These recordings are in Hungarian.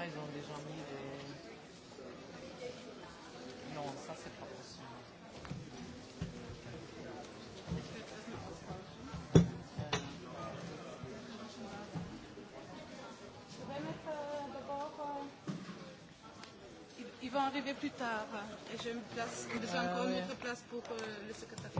là, ils ont déjà mis des... Non, ça c'est pas possible. Ils vont arriver plus tard et j'ai une place, j'ai ah encore une autre place pour euh, le secrétaire.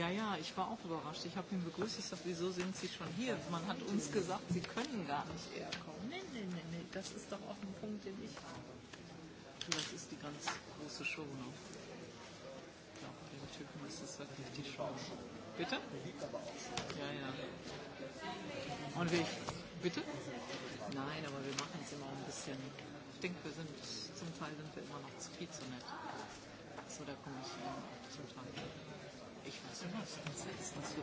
Ja, ja, ich war auch überrascht. Ich habe ihn begrüßt. Ich sage, wieso sind Sie schon hier? Man hat uns gesagt, Sie können gar nicht eher kommen. Nee, nee, nee, nee. Das ist doch auch ein Punkt, den ich habe. Das ist die ganz große Show. Ne? Ja, bei dem Typen ist es wirklich die Show. Bitte? Ja, ja. Und wie Bitte? Nein, aber wir machen es immer ein bisschen. Ich denke, wir sind zum Teil sind wir immer noch zu viel zu nett. So, da komme ich zum Teil. Ich weiß nicht, was das ist.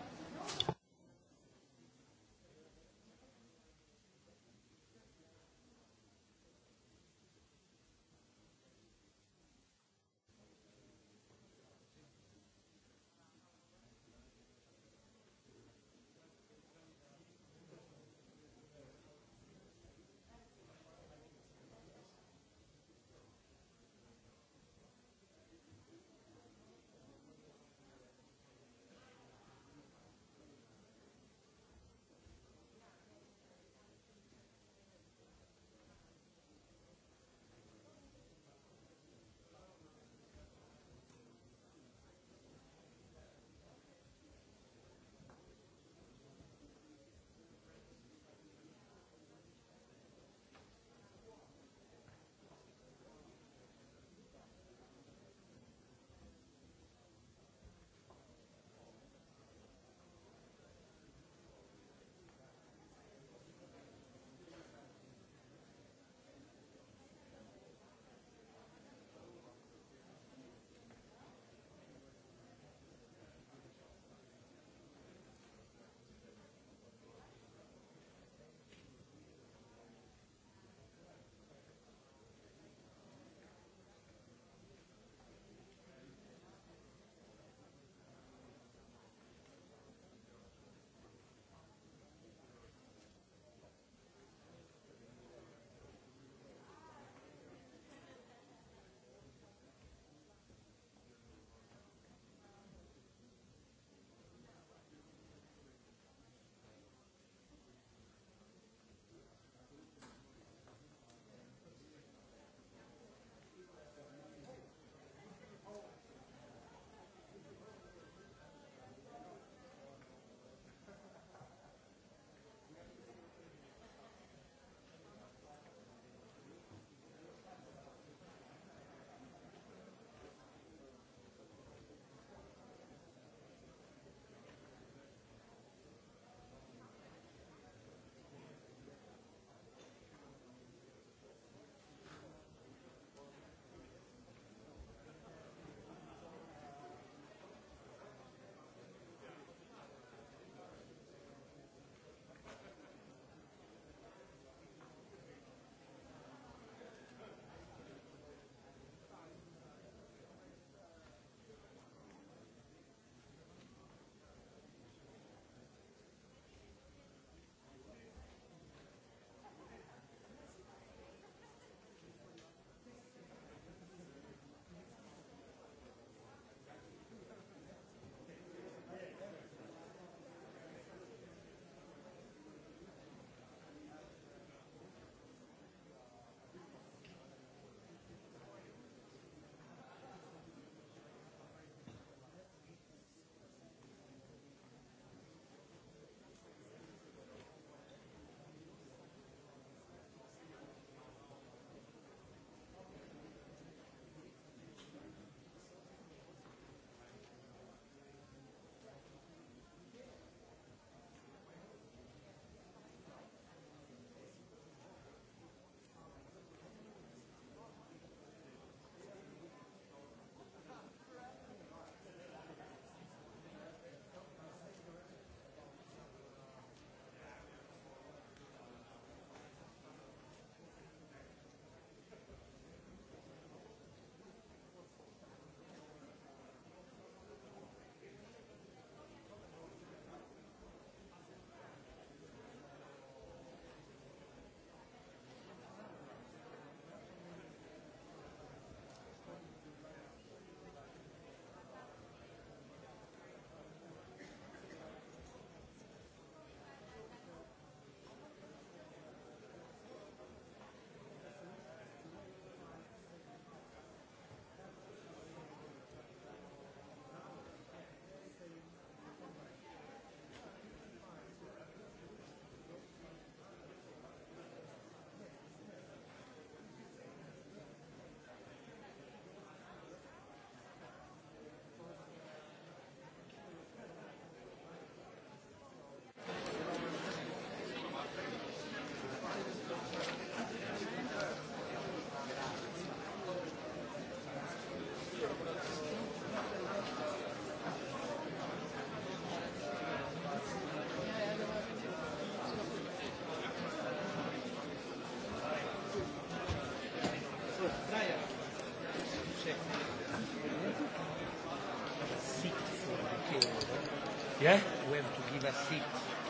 Yeah? Who have to give a seat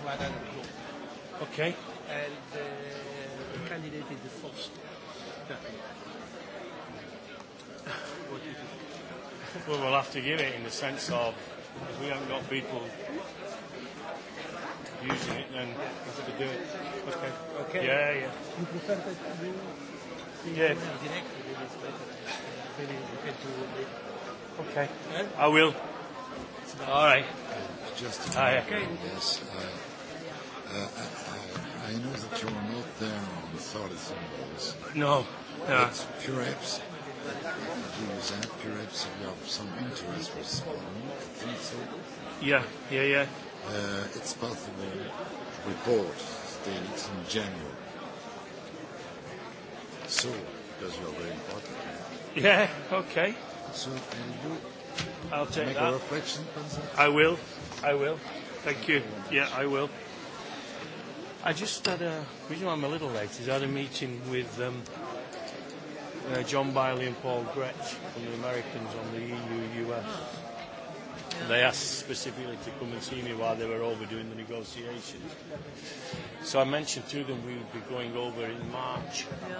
to another group. Okay. And uh, the candidate is the first. what do you think? Well, we'll have to give it in the sense of if we haven't got people using it, then we have to do it. Okay. okay. Yeah, yeah. You prefer that you, you yeah. directly, Okay. Yeah? I will. All right. Just a minute. Okay. Yes, I, uh, I, uh, uh, I know that you are not there on solid symbols. No. no. It's pure apps. Use eh, that pure apps if you have some interest for small. I think so. Yeah, yeah, yeah. Uh, it's part of the report dated in general. So, because you're very important. Eh? Yeah, okay. So, can uh, you I'll take make that. a reflection I will. I will. Thank you. Yeah, I will. I just had a reason why I'm a little late is I had a meeting with um, uh, John Biley and Paul Gretsch from the Americans on the EU US. They asked specifically to come and see me while they were over doing the negotiations. So I mentioned to them we would be going over in March. Yeah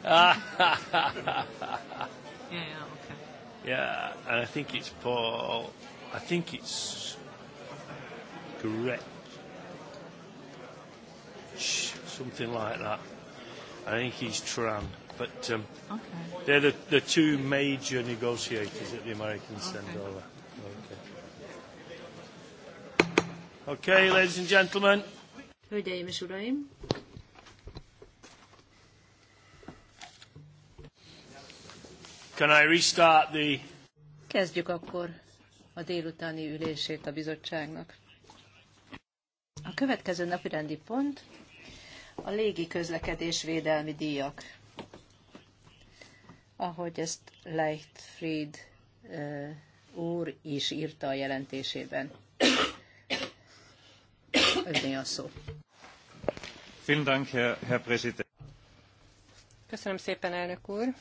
yeah, okay. Yeah, and I think it's Paul. I think it's Gretsch. Something like that. I think he's Tran. But um, okay. they're the, the two major negotiators that the Americans okay. send over. Okay. okay, ladies and gentlemen. Hölgyeim és uraim, Can I restart the... Kezdjük akkor a délutáni ülését a bizottságnak. A következő napirendi pont a légi közlekedés védelmi díjak. Ahogy ezt Leichtfried uh, úr is írta a jelentésében. Ödné a szó. Vielen Dank, Herr, Herr Präsident. Köszönöm szépen, elnök úr.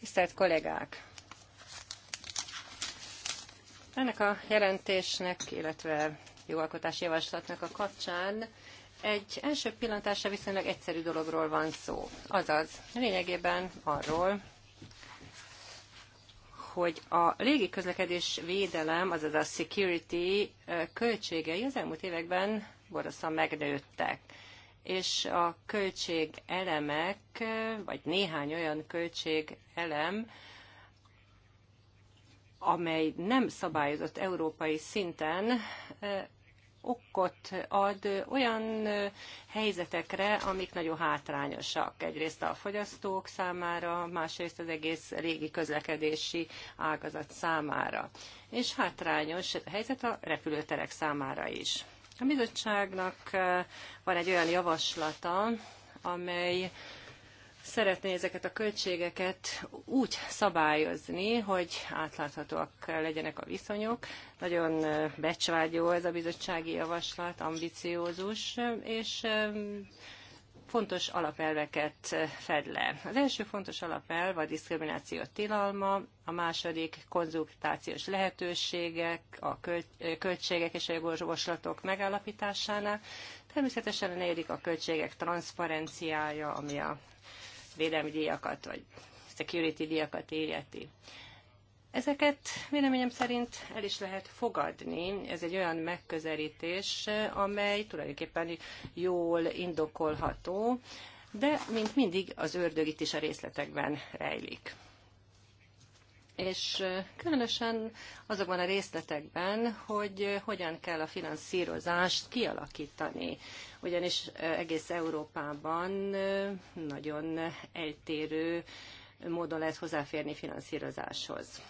Tisztelt kollégák! Ennek a jelentésnek, illetve jogalkotási javaslatnak a kapcsán egy első pillantásra viszonylag egyszerű dologról van szó. Azaz, lényegében arról, hogy a légi közlekedés védelem, azaz a security költségei az elmúlt években borzasztóan megnőttek és a költség elemek, vagy néhány olyan költség elem, amely nem szabályozott európai szinten, okot ad olyan helyzetekre, amik nagyon hátrányosak. Egyrészt a fogyasztók számára, másrészt az egész régi közlekedési ágazat számára. És hátrányos a helyzet a repülőterek számára is. A bizottságnak eh, van egy olyan javaslata, amely szeretné ezeket a költségeket úgy szabályozni, hogy átláthatóak legyenek a viszonyok. Nagyon eh, becsvágyó ez a bizottsági javaslat, ambiciózus, és eh, fontos alapelveket fed le. Az első fontos alapelv a diszkrimináció tilalma, a második konzultációs lehetőségek, a költségek és a jogorvoslatok megállapításánál, természetesen a negyedik a költségek transzparenciája, ami a védelmi díjakat vagy security díjakat érjeti. Ezeket véleményem szerint el is lehet fogadni. Ez egy olyan megközelítés, amely tulajdonképpen jól indokolható, de mint mindig az ördög itt is a részletekben rejlik. És különösen azokban a részletekben, hogy hogyan kell a finanszírozást kialakítani. Ugyanis egész Európában nagyon eltérő módon lehet hozzáférni finanszírozáshoz.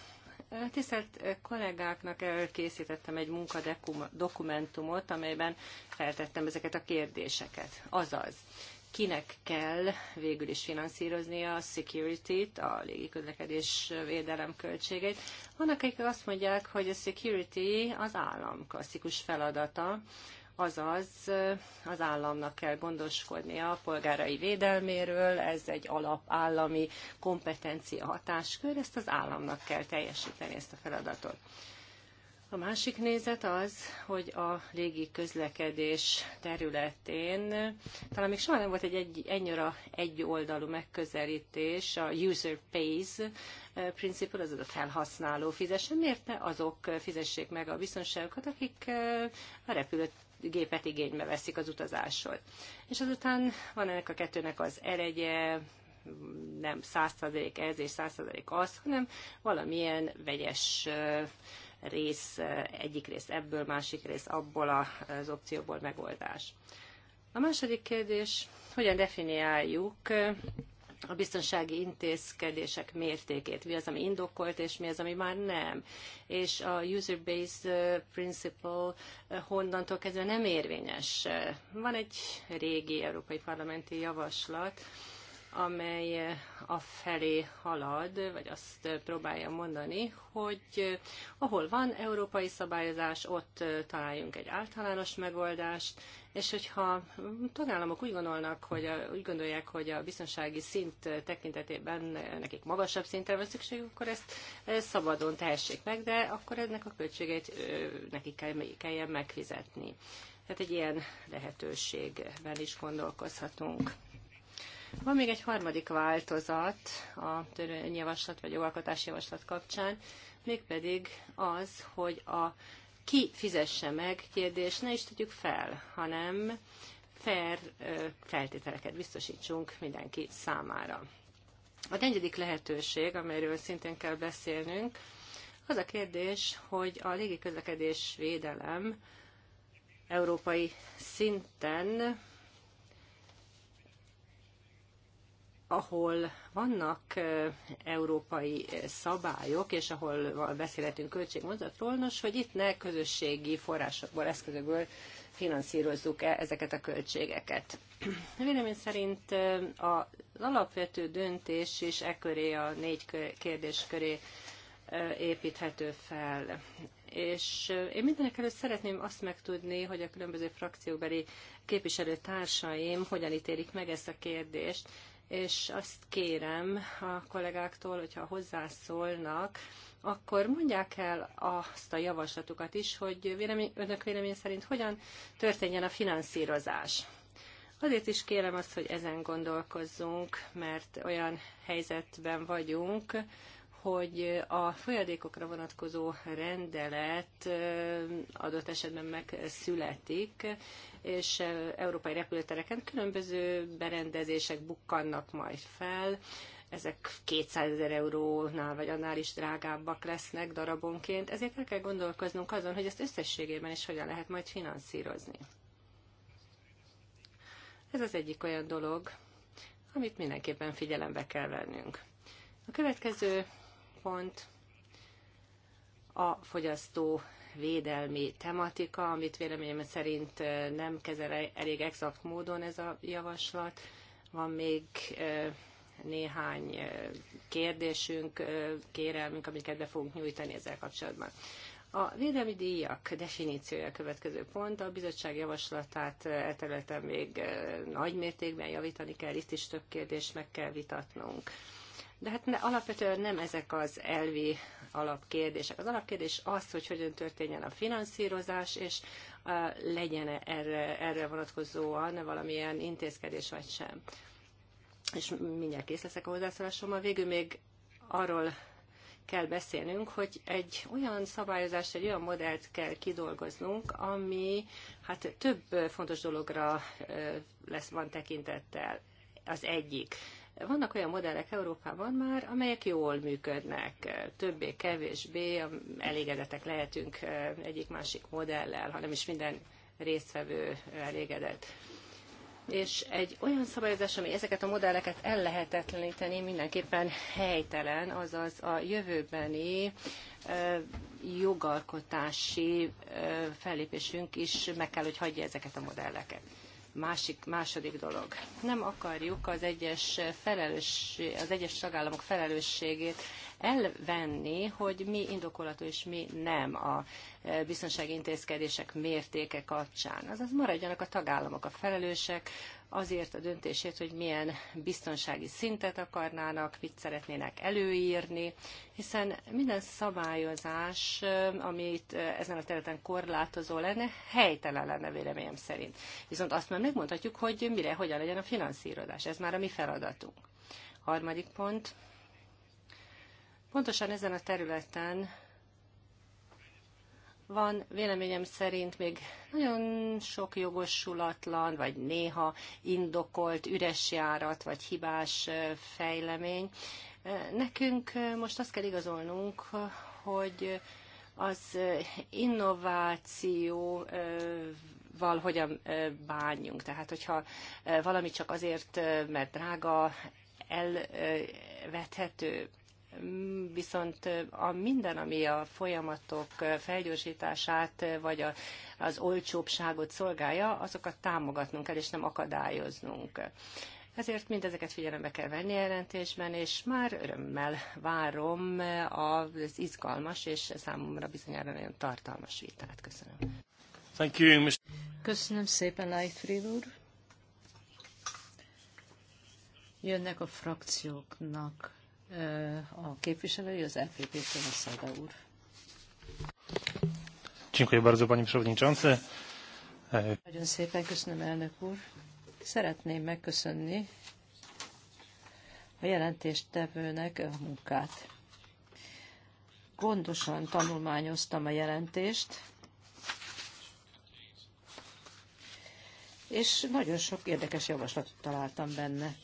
Tisztelt kollégáknak elkészítettem egy munkadokumentumot, amelyben feltettem ezeket a kérdéseket. Azaz, kinek kell végül is finanszíroznia a security-t, a légiközlekedés védelem költségeit. Vannak, akik azt mondják, hogy a security az állam klasszikus feladata, azaz az államnak kell gondoskodnia a polgárai védelméről, ez egy alapállami kompetencia hatáskör, ezt az államnak kell teljesíteni ezt a feladatot. A másik nézet az, hogy a légi közlekedés területén talán még soha nem volt egy, egy ennyira egyoldalú megközelítés, a user pays eh, principle, azaz a felhasználó fizesse, miért ne azok fizessék meg a biztonságokat, akik eh, a repülőt gépet igénybe veszik az utazásról. És azután van ennek a kettőnek az eregye, nem százszerzelék ez és százszerzelék az, hanem valamilyen vegyes rész, egyik rész ebből, másik rész abból az opcióból megoldás. A második kérdés, hogyan definiáljuk a biztonsági intézkedések mértékét, mi az, ami indokolt, és mi az, ami már nem. És a user-based principle honnantól kezdve nem érvényes. Van egy régi európai parlamenti javaslat, amely a felé halad, vagy azt próbálja mondani, hogy ahol van európai szabályozás, ott találjunk egy általános megoldást, és hogyha tagállamok úgy gondolnak, hogy a, úgy gondolják, hogy a biztonsági szint tekintetében nekik magasabb szintre van szükségük, akkor ezt szabadon tehessék meg, de akkor ennek a költségeit nekik kell, kelljen megfizetni. Tehát egy ilyen lehetőségben is gondolkozhatunk. Van még egy harmadik változat a törvényjavaslat vagy jogalkotási javaslat kapcsán, mégpedig az, hogy a ki fizesse meg kérdés ne is tudjuk fel, hanem fair feltételeket biztosítsunk mindenki számára. A negyedik lehetőség, amelyről szintén kell beszélnünk, az a kérdés, hogy a légiközlekedés védelem európai szinten ahol vannak európai szabályok, és ahol beszélhetünk költségmozatról, nos, hogy itt ne közösségi forrásokból, eszközökből finanszírozzuk -e ezeket a költségeket. Vélemény szerint az alapvető döntés is e köré, a négy kérdés köré építhető fel. És én mindenek előtt szeretném azt megtudni, hogy a különböző frakcióbeli képviselőtársaim hogyan ítélik meg ezt a kérdést, és azt kérem a kollégáktól, hogyha hozzászólnak, akkor mondják el azt a javaslatukat is, hogy vélemény, önök vélemény szerint hogyan történjen a finanszírozás. Azért is kérem azt, hogy ezen gondolkozzunk, mert olyan helyzetben vagyunk, hogy a folyadékokra vonatkozó rendelet adott esetben megszületik, és európai repülőtereken különböző berendezések bukkannak majd fel, ezek 200 ezer eurónál vagy annál is drágábbak lesznek darabonként, ezért el kell gondolkoznunk azon, hogy ezt összességében is hogyan lehet majd finanszírozni. Ez az egyik olyan dolog, amit mindenképpen figyelembe kell vennünk. A következő pont a fogyasztó védelmi tematika, amit véleményem szerint nem kezel elég exakt módon ez a javaslat. Van még néhány kérdésünk, kérelmünk, amiket be fogunk nyújtani ezzel kapcsolatban. A védelmi díjak definíciója a következő pont. A bizottság javaslatát e területen még nagy mértékben javítani kell, itt is több kérdést meg kell vitatnunk. De hát ne, alapvetően nem ezek az elvi alapkérdések. Az alapkérdés az, hogy hogyan történjen a finanszírozás, és legyen -e erre, erre vonatkozóan valamilyen intézkedés vagy sem. És mindjárt kész leszek a hozzászólásommal. Végül még arról kell beszélnünk, hogy egy olyan szabályozást, egy olyan modellt kell kidolgoznunk, ami hát több fontos dologra lesz van tekintettel. Az egyik vannak olyan modellek Európában már, amelyek jól működnek, többé-kevésbé elégedetek lehetünk eh, egyik-másik modellel, hanem is minden résztvevő elégedett és egy olyan szabályozás, ami ezeket a modelleket ellehetetleníteni, mindenképpen helytelen, azaz a jövőbeni eh, jogalkotási eh, fellépésünk is meg kell, hogy hagyja ezeket a modelleket másik, második dolog. Nem akarjuk az egyes, felelős, az egyes tagállamok felelősségét elvenni, hogy mi indokolatú és mi nem a e, biztonsági intézkedések mértéke kapcsán. Azaz maradjanak a tagállamok a felelősek, azért a döntését, hogy milyen biztonsági szintet akarnának, mit szeretnének előírni, hiszen minden szabályozás, amit eh, ezen a területen korlátozó lenne, helytelen lenne véleményem szerint. Viszont azt már megmondhatjuk, hogy mire, hogyan legyen a finanszírozás. Ez már a mi feladatunk. Harmadik pont. Pontosan ezen a területen van véleményem szerint még nagyon sok jogosulatlan, vagy néha indokolt üres járat, vagy hibás fejlemény. Nekünk most azt kell igazolnunk, hogy az innováció hogyan bánjunk. Tehát, hogyha valami csak azért, mert drága, elvethető, viszont a minden, ami a folyamatok felgyorsítását, vagy a, az olcsóbbságot szolgálja, azokat támogatnunk kell, és nem akadályoznunk. Ezért mindezeket figyelembe kell venni a jelentésben, és már örömmel várom az izgalmas és számomra bizonyára nagyon tartalmas vitát. Köszönöm. Thank you, Mr. Köszönöm szépen, Lightfield úr. Jönnek a frakcióknak a képviselői, az LPP-től a úr. Dziękuję bardzo, panie przewodniczący. Nagyon szépen köszönöm, elnök úr. Szeretném megköszönni a jelentéstevőnek a munkát. Gondosan tanulmányoztam a jelentést, és nagyon sok érdekes javaslatot találtam benne.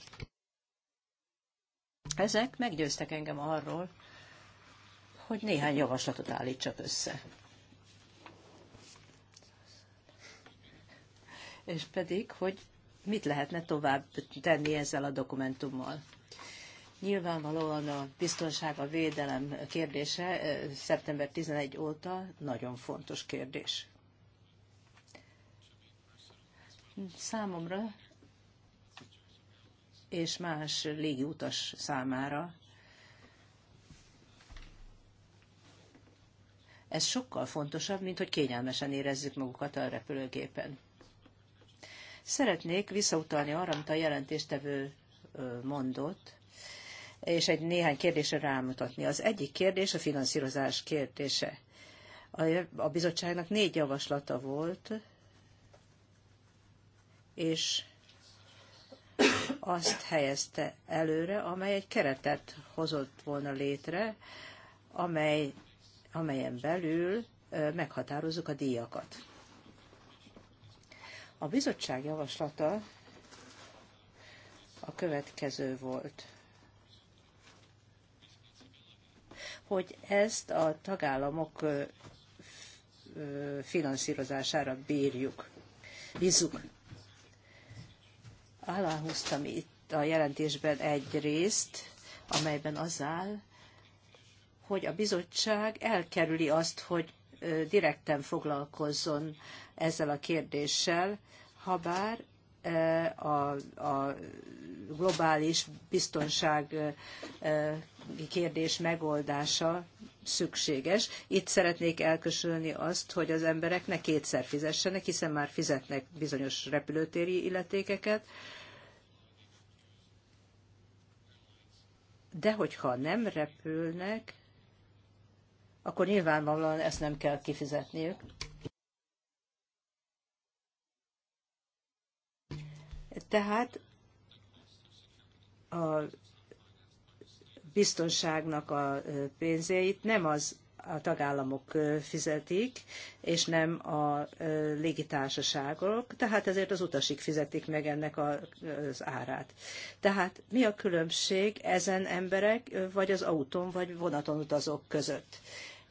Ezek meggyőztek engem arról, hogy néhány javaslatot állítsak össze. És pedig, hogy mit lehetne tovább tenni ezzel a dokumentummal. Nyilvánvalóan a biztonság, a védelem kérdése szeptember 11 óta nagyon fontos kérdés. Számomra és más légiutas számára. Ez sokkal fontosabb, mint hogy kényelmesen érezzük magukat a repülőgépen. Szeretnék visszautalni arra, amit a jelentéstevő mondott, és egy néhány kérdésre rámutatni. Az egyik kérdés a finanszírozás kérdése. A bizottságnak négy javaslata volt, és azt helyezte előre, amely egy keretet hozott volna létre, amely, amelyen belül meghatározzuk a díjakat. A bizottság javaslata a következő volt, hogy ezt a tagállamok finanszírozására bírjuk, bízzuk aláhúztam itt a jelentésben egy részt, amelyben az áll, hogy a bizottság elkerüli azt, hogy direkten foglalkozzon ezzel a kérdéssel, ha bár a, a globális biztonság kérdés megoldása szükséges. Itt szeretnék elkösölni azt, hogy az emberek ne kétszer fizessenek, hiszen már fizetnek bizonyos repülőtéri illetékeket, De hogyha nem repülnek, akkor nyilvánvalóan ezt nem kell kifizetniük. Tehát a biztonságnak a pénzét nem az a tagállamok fizetik, és nem a légitársaságok, tehát ezért az utasik fizetik meg ennek az árát. Tehát mi a különbség ezen emberek, vagy az autón, vagy vonaton utazók között?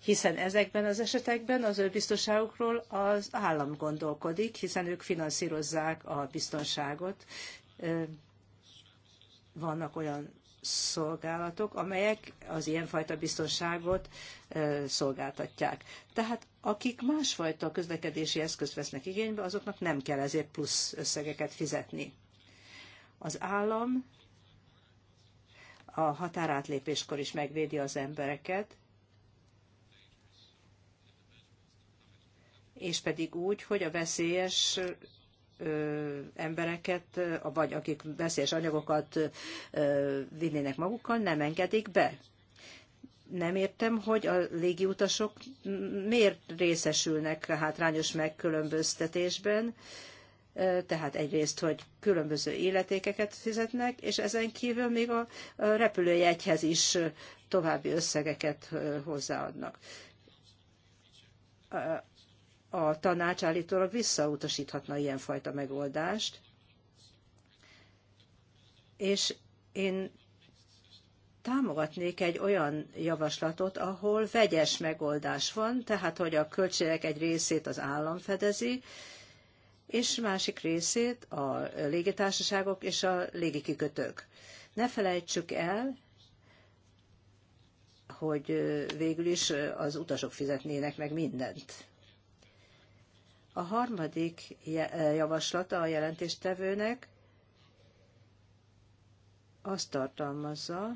hiszen ezekben az esetekben az ő biztonságukról az állam gondolkodik, hiszen ők finanszírozzák a biztonságot. Vannak olyan szolgálatok, amelyek az ilyenfajta biztonságot szolgáltatják. Tehát akik másfajta közlekedési eszközt vesznek igénybe, azoknak nem kell ezért plusz összegeket fizetni. Az állam a határátlépéskor is megvédi az embereket, és pedig úgy, hogy a veszélyes embereket, vagy akik veszélyes anyagokat vinnének magukkal, nem engedik be. Nem értem, hogy a légiutasok miért részesülnek hátrányos megkülönböztetésben, tehát egyrészt, hogy különböző életékeket fizetnek, és ezen kívül még a repülőjegyhez is további összegeket hozzáadnak a tanács állítólag visszautasíthatna ilyenfajta megoldást. És én támogatnék egy olyan javaslatot, ahol vegyes megoldás van, tehát hogy a költségek egy részét az állam fedezi, és másik részét a légitársaságok és a légikikötők. Ne felejtsük el, hogy végül is az utasok fizetnének meg mindent. A harmadik eh, javaslata a jelentéstevőnek azt tartalmazza,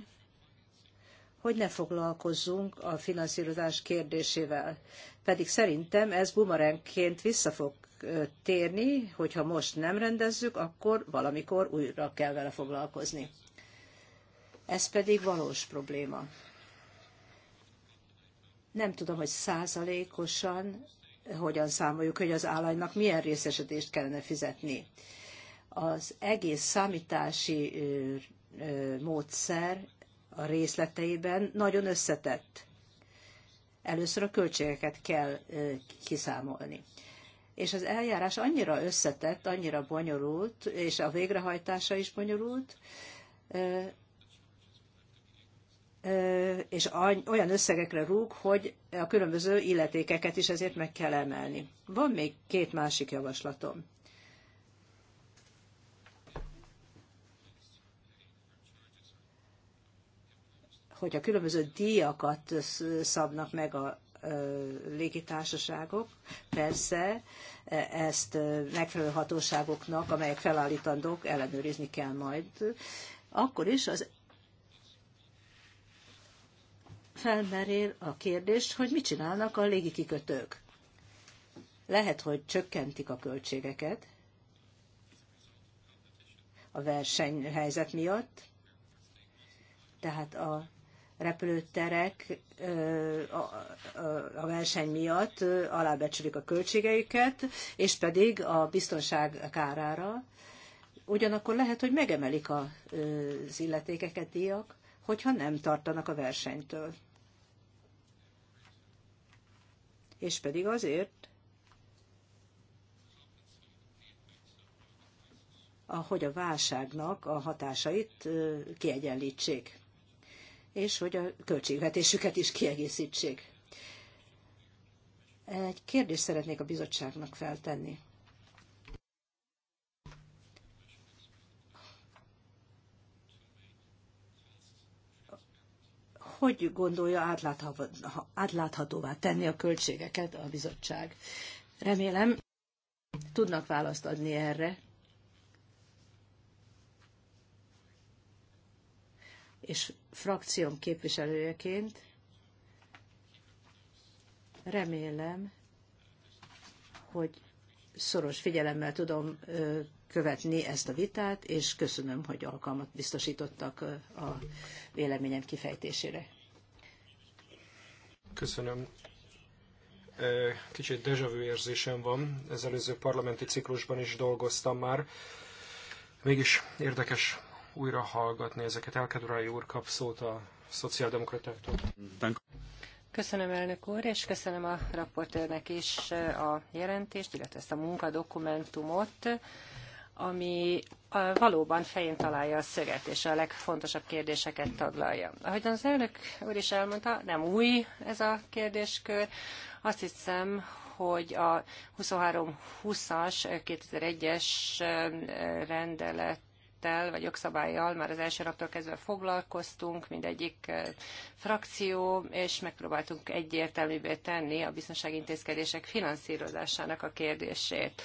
hogy ne foglalkozzunk a finanszírozás kérdésével. Pedig szerintem ez bumerangként vissza fog eh, térni, hogyha most nem rendezzük, akkor valamikor újra kell vele foglalkozni. Ez pedig valós probléma. Nem tudom, hogy százalékosan hogyan számoljuk, hogy az állánynak milyen részesedést kellene fizetni. Az egész számítási módszer a részleteiben nagyon összetett. Először a költségeket kell kiszámolni. És az eljárás annyira összetett, annyira bonyolult, és a végrehajtása is bonyolult, és olyan összegekre rúg, hogy a különböző illetékeket is ezért meg kell emelni. Van még két másik javaslatom. Hogy a különböző díjakat szabnak meg a légitársaságok, persze e, ezt megfelelő hatóságoknak, amelyek felállítandók, ellenőrizni kell majd, akkor is az felmerül a kérdés, hogy mit csinálnak a légikikötők. Lehet, hogy csökkentik a költségeket a versenyhelyzet miatt, tehát a repülőterek a verseny miatt alábecsülik a költségeiket, és pedig a biztonság kárára. Ugyanakkor lehet, hogy megemelik az illetékeket díjak, hogyha nem tartanak a versenytől. és pedig azért, hogy a válságnak a hatásait kiegyenlítsék, és hogy a költségvetésüket is kiegészítsék. Egy kérdést szeretnék a bizottságnak feltenni. hogy gondolja átláthatóvá tenni a költségeket a bizottság. Remélem, tudnak választ adni erre. És frakcióm képviselőjeként remélem, hogy szoros figyelemmel tudom követni ezt a vitát, és köszönöm, hogy alkalmat biztosítottak a véleményem kifejtésére. Köszönöm. Kicsit dejavű érzésem van, ez előző parlamenti ciklusban is dolgoztam már. Mégis érdekes újra hallgatni ezeket. Elkedurai úr kap szót a szociáldemokratáktól. Köszönöm elnök úr, és köszönöm a raportőrnek is a jelentést, illetve ezt a munkadokumentumot ami valóban fején találja a szöget, és a legfontosabb kérdéseket taglalja. Ahogy az elnök úr is elmondta, nem új ez a kérdéskör. Azt hiszem, hogy a 23-20-as 2001-es rendelet rendelettel vagy jogszabályjal már az első naptól kezdve foglalkoztunk, mindegyik frakció, és megpróbáltunk egyértelművé tenni a biztonsági intézkedések finanszírozásának a kérdését.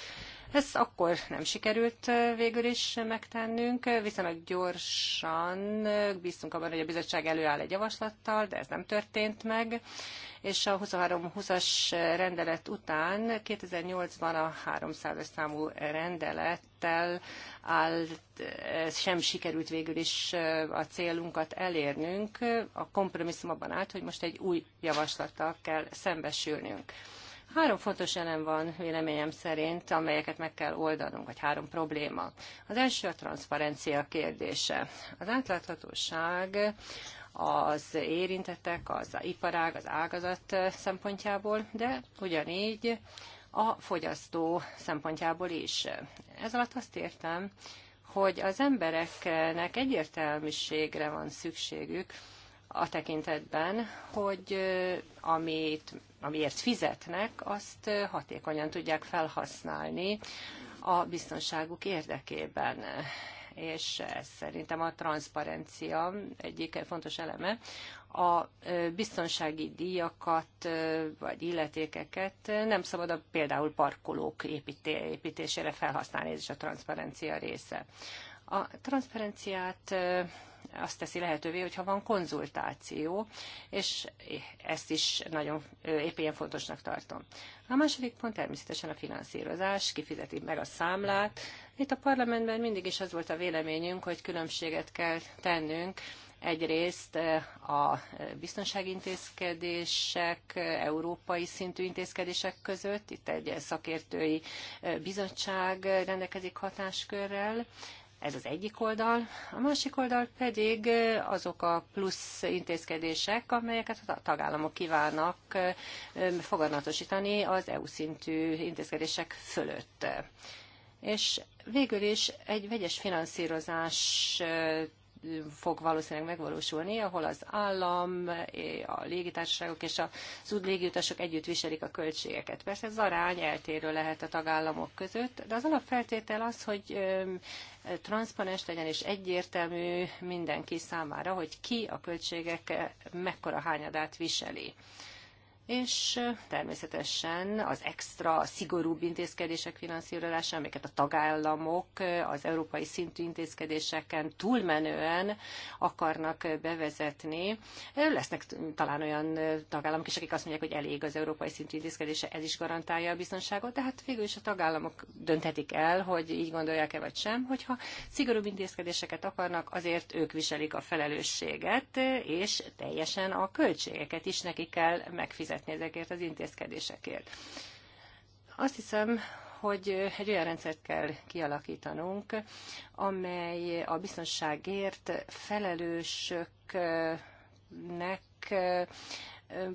Ezt akkor nem sikerült végül is megtennünk, viszonylag gyorsan bíztunk abban, hogy a bizottság előáll egy javaslattal, de ez nem történt meg, és a 23-20-as rendelet után 2008-ban a 300 számú rendelettel áll, sem sikerült végül is a célunkat elérnünk. A kompromisszum abban állt, hogy most egy új javaslattal kell szembesülnünk. Három fontos elem van véleményem szerint, amelyeket meg kell oldanunk, vagy három probléma. Az első a transzparencia kérdése. Az átláthatóság az érintettek, az iparág, az ágazat szempontjából, de ugyanígy a fogyasztó szempontjából is. Ez alatt azt értem, hogy az embereknek egyértelműségre van szükségük, a tekintetben, hogy amit, amiért fizetnek, azt hatékonyan tudják felhasználni a biztonságuk érdekében. És ez szerintem a transzparencia egyik fontos eleme. A biztonsági díjakat vagy illetékeket nem szabad a például parkolók építésére felhasználni, ez is a transzparencia része. A transzparenciát azt teszi lehetővé, hogyha van konzultáció, és ezt is nagyon épp ilyen fontosnak tartom. A második pont természetesen a finanszírozás, kifizeti meg a számlát. Itt a parlamentben mindig is az volt a véleményünk, hogy különbséget kell tennünk, Egyrészt a biztonsági intézkedések, európai szintű intézkedések között, itt egy szakértői bizottság rendelkezik hatáskörrel, ez az egyik oldal. A másik oldal pedig azok a plusz intézkedések, amelyeket a tagállamok kívánnak foganatosítani az EU szintű intézkedések fölött. És végül is egy vegyes finanszírozás fog valószínűleg megvalósulni, ahol az állam, a légitársaságok és az útlégiutasok együtt viselik a költségeket. Persze ez arány eltérő lehet a tagállamok között, de az alapfeltétel az, hogy transzponens legyen és egyértelmű mindenki számára, hogy ki a költségek mekkora hányadát viseli és természetesen az extra, szigorúbb intézkedések finanszírozása, amiket a tagállamok az európai szintű intézkedéseken túlmenően akarnak bevezetni. Lesznek talán olyan tagállamok is, akik azt mondják, hogy elég az európai szintű intézkedése, ez is garantálja a biztonságot, de hát végül is a tagállamok dönthetik el, hogy így gondolják-e vagy sem, hogyha szigorúbb intézkedéseket akarnak, azért ők viselik a felelősséget, és teljesen a költségeket is nekik kell megfizetni fizetni ezekért az intézkedésekért. Azt hiszem, hogy egy olyan rendszert kell kialakítanunk, amely a biztonságért felelősöknek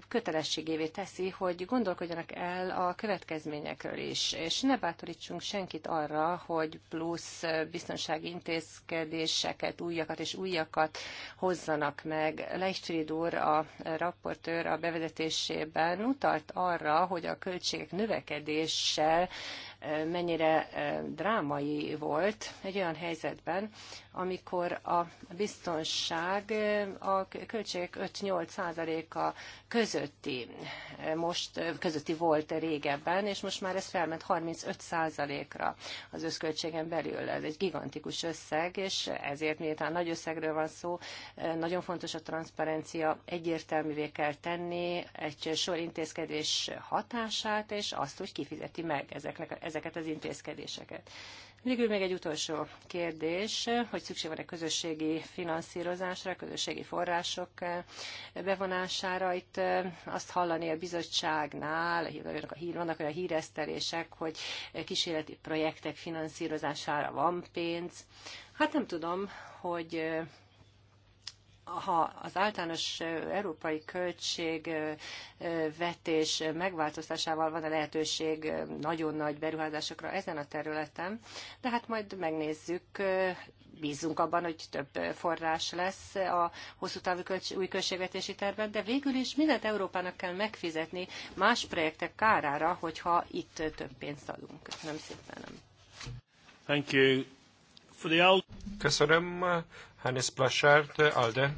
kötelességévé teszi, hogy gondolkodjanak el a következményekről is, és ne bátorítsunk senkit arra, hogy plusz biztonsági intézkedéseket, újakat és újakat hozzanak meg. Leichtfried úr, a raportőr a bevezetésében utalt arra, hogy a költségek növekedéssel mennyire drámai volt egy olyan helyzetben, amikor a biztonság a költségek 5-8%-a közötti, most közötti volt régebben, és most már ez felment 35%-ra az összköltségen belül. Ez egy gigantikus összeg, és ezért miután nagy összegről van szó, nagyon fontos a transzparencia, egyértelművé kell tenni egy sor intézkedés hatását, és azt, hogy kifizeti meg ezeknek, ezeket az intézkedéseket. Végül még egy utolsó kérdés, hogy szükség van-e közösségi finanszírozásra, közösségi források eh, bevonására. Itt eh, azt hallani a bizottságnál, a hír, vannak olyan híresztelések, hogy kísérleti projektek finanszírozására van pénz. Hát nem tudom, hogy eh, ha az általános európai költségvetés megváltoztatásával van a lehetőség nagyon nagy beruházásokra ezen a területen, de hát majd megnézzük, bízunk abban, hogy több forrás lesz a hosszú távú új költségvetési tervben, de végül is mindent Európának kell megfizetni más projektek kárára, hogyha itt több pénzt adunk. Köszönöm szépen. Thank you. For the old... Köszönöm Hannes Alde.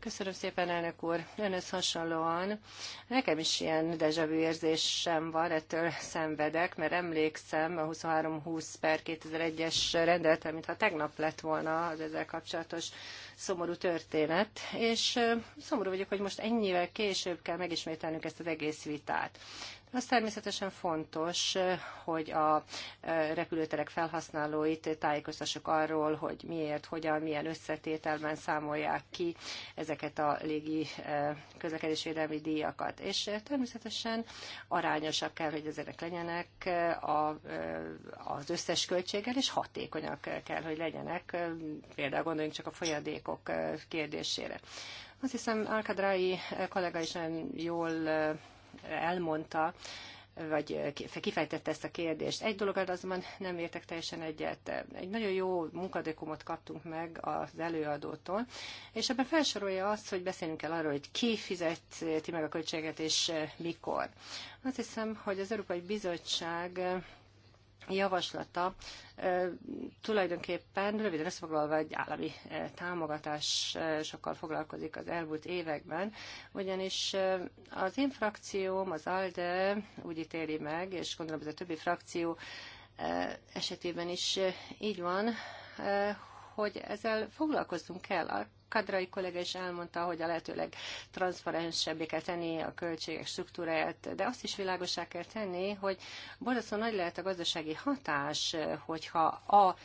Köszönöm szépen, elnök úr. Önhöz hasonlóan nekem is ilyen dejavű érzésem van, ettől szenvedek, mert emlékszem a 2320 per 2001-es rendeletre, mintha tegnap lett volna az ezzel kapcsolatos szomorú történet, és szomorú vagyok, hogy most ennyivel később kell megismételnünk ezt az egész vitát. Az természetesen fontos, hogy a repülőterek felhasználóit tájékoztassuk arról, hogy miért, hogyan, milyen összetételben számolják ki ezeket a légi közlekedésvédelmi díjakat. És természetesen arányosak kell, hogy ezek legyenek a, az összes költséggel, és hatékonyak kell, hogy legyenek. Például gondoljunk csak a folyadékok kérdésére. Azt hiszem, Alkadrai kollega is nagyon jól elmondta, vagy kifejtette ezt a kérdést. Egy dolog azonban nem értek teljesen egyet. Egy nagyon jó munkadokumot kaptunk meg az előadótól, és ebben felsorolja azt, hogy beszélünk kell arról, hogy ki fizeti meg a költséget és mikor. Azt hiszem, hogy az Európai Bizottság javaslata tulajdonképpen röviden összefoglalva egy állami támogatásokkal foglalkozik az elmúlt években, ugyanis az én frakcióm, az ALDE úgy ítéli meg, és gondolom ez a többi frakció esetében is így van, hogy ezzel foglalkoznunk kell. Kadrai kollega is elmondta, hogy a lehetőleg transzparensebbé kell tenni a költségek struktúráját, de azt is világosá kell tenni, hogy borzasztó nagy lehet a gazdasági hatás, hogyha a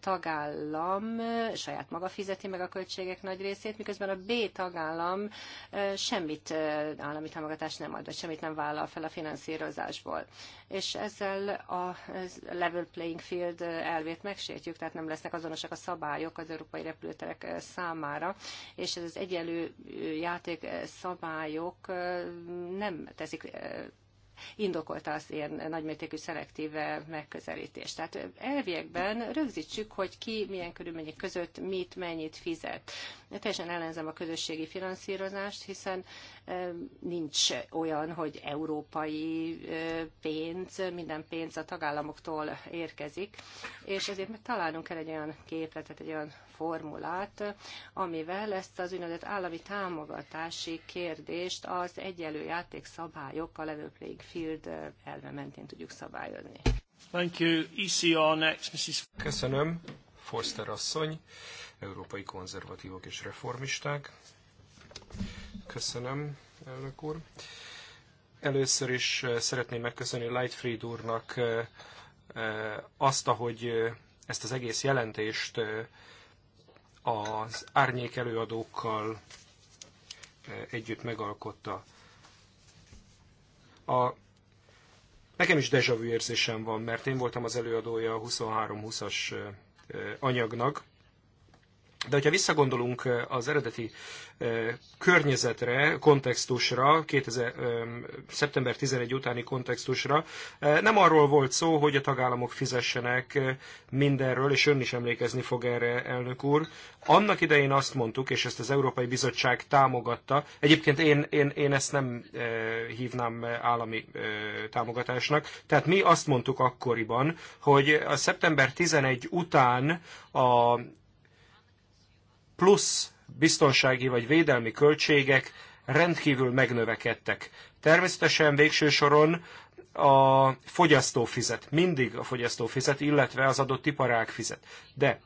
tagállam saját maga fizeti meg a költségek nagy részét, miközben a B tagállam semmit állami támogatást nem ad, vagy semmit nem vállal fel a finanszírozásból. És ezzel a level playing field elvét megsértjük, tehát nem lesznek azonosak a szabályok az európai repülőterek számára, és ez az egyenlő játék szabályok nem teszik indokolta az ilyen nagymértékű szelektív eh, megközelítést. Tehát eh, elviekben rögzítsük, hogy ki milyen körülmények között mit, mennyit fizet. Teljesen ellenzem a közösségi finanszírozást, hiszen nincs olyan, hogy európai pénz, minden pénz a tagállamoktól érkezik, és ezért meg találnunk kell egy olyan képletet, egy olyan formulát, amivel ezt az úgynevezett állami támogatási kérdést az egyelő játékszabályok, a level playing field elve mentén tudjuk szabályozni. Thank you. ECR next, Mrs. Köszönöm, Forster asszony, európai konzervatívok és reformisták. Köszönöm, elnök úr. Először is szeretném megköszönni Lightfried úrnak azt, hogy ezt az egész jelentést az árnyék előadókkal együtt megalkotta. A, nekem is vu érzésem van, mert én voltam az előadója a 23-20-as anyagnak, de hogyha visszagondolunk az eredeti környezetre, kontextusra, 2000, szeptember 11 utáni kontextusra, nem arról volt szó, hogy a tagállamok fizessenek mindenről, és ön is emlékezni fog erre, elnök úr. Annak idején azt mondtuk, és ezt az Európai Bizottság támogatta, egyébként én, én, én ezt nem hívnám állami támogatásnak, tehát mi azt mondtuk akkoriban, hogy a szeptember 11 után a plusz biztonsági vagy védelmi költségek rendkívül megnövekedtek. Természetesen végső soron a fogyasztó fizet, mindig a fogyasztó fizet, illetve az adott iparág fizet. De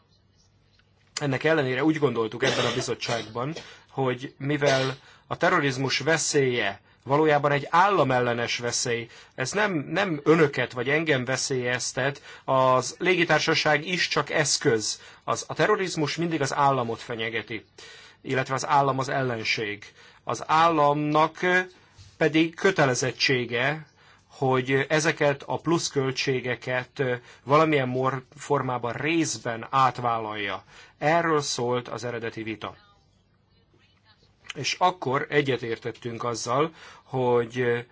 ennek ellenére úgy gondoltuk ebben a bizottságban, hogy mivel a terrorizmus veszélye valójában egy államellenes veszély. Ez nem, nem önöket vagy engem veszélyeztet, az légitársaság is csak eszköz. Az, a terrorizmus mindig az államot fenyegeti, illetve az állam az ellenség. Az államnak pedig kötelezettsége, hogy ezeket a pluszköltségeket valamilyen formában részben átvállalja. Erről szólt az eredeti vita és akkor egyetértettünk azzal, hogy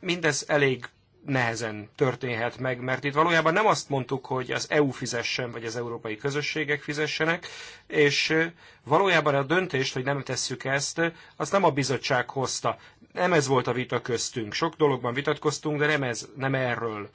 mindez elég nehezen történhet meg, mert itt valójában nem azt mondtuk, hogy az EU fizessen, vagy az európai közösségek fizessenek, és valójában a döntést, hogy nem tesszük ezt, azt nem a bizottság hozta. Nem ez volt a vita köztünk. Sok dologban vitatkoztunk, de nem, ez, nem erről.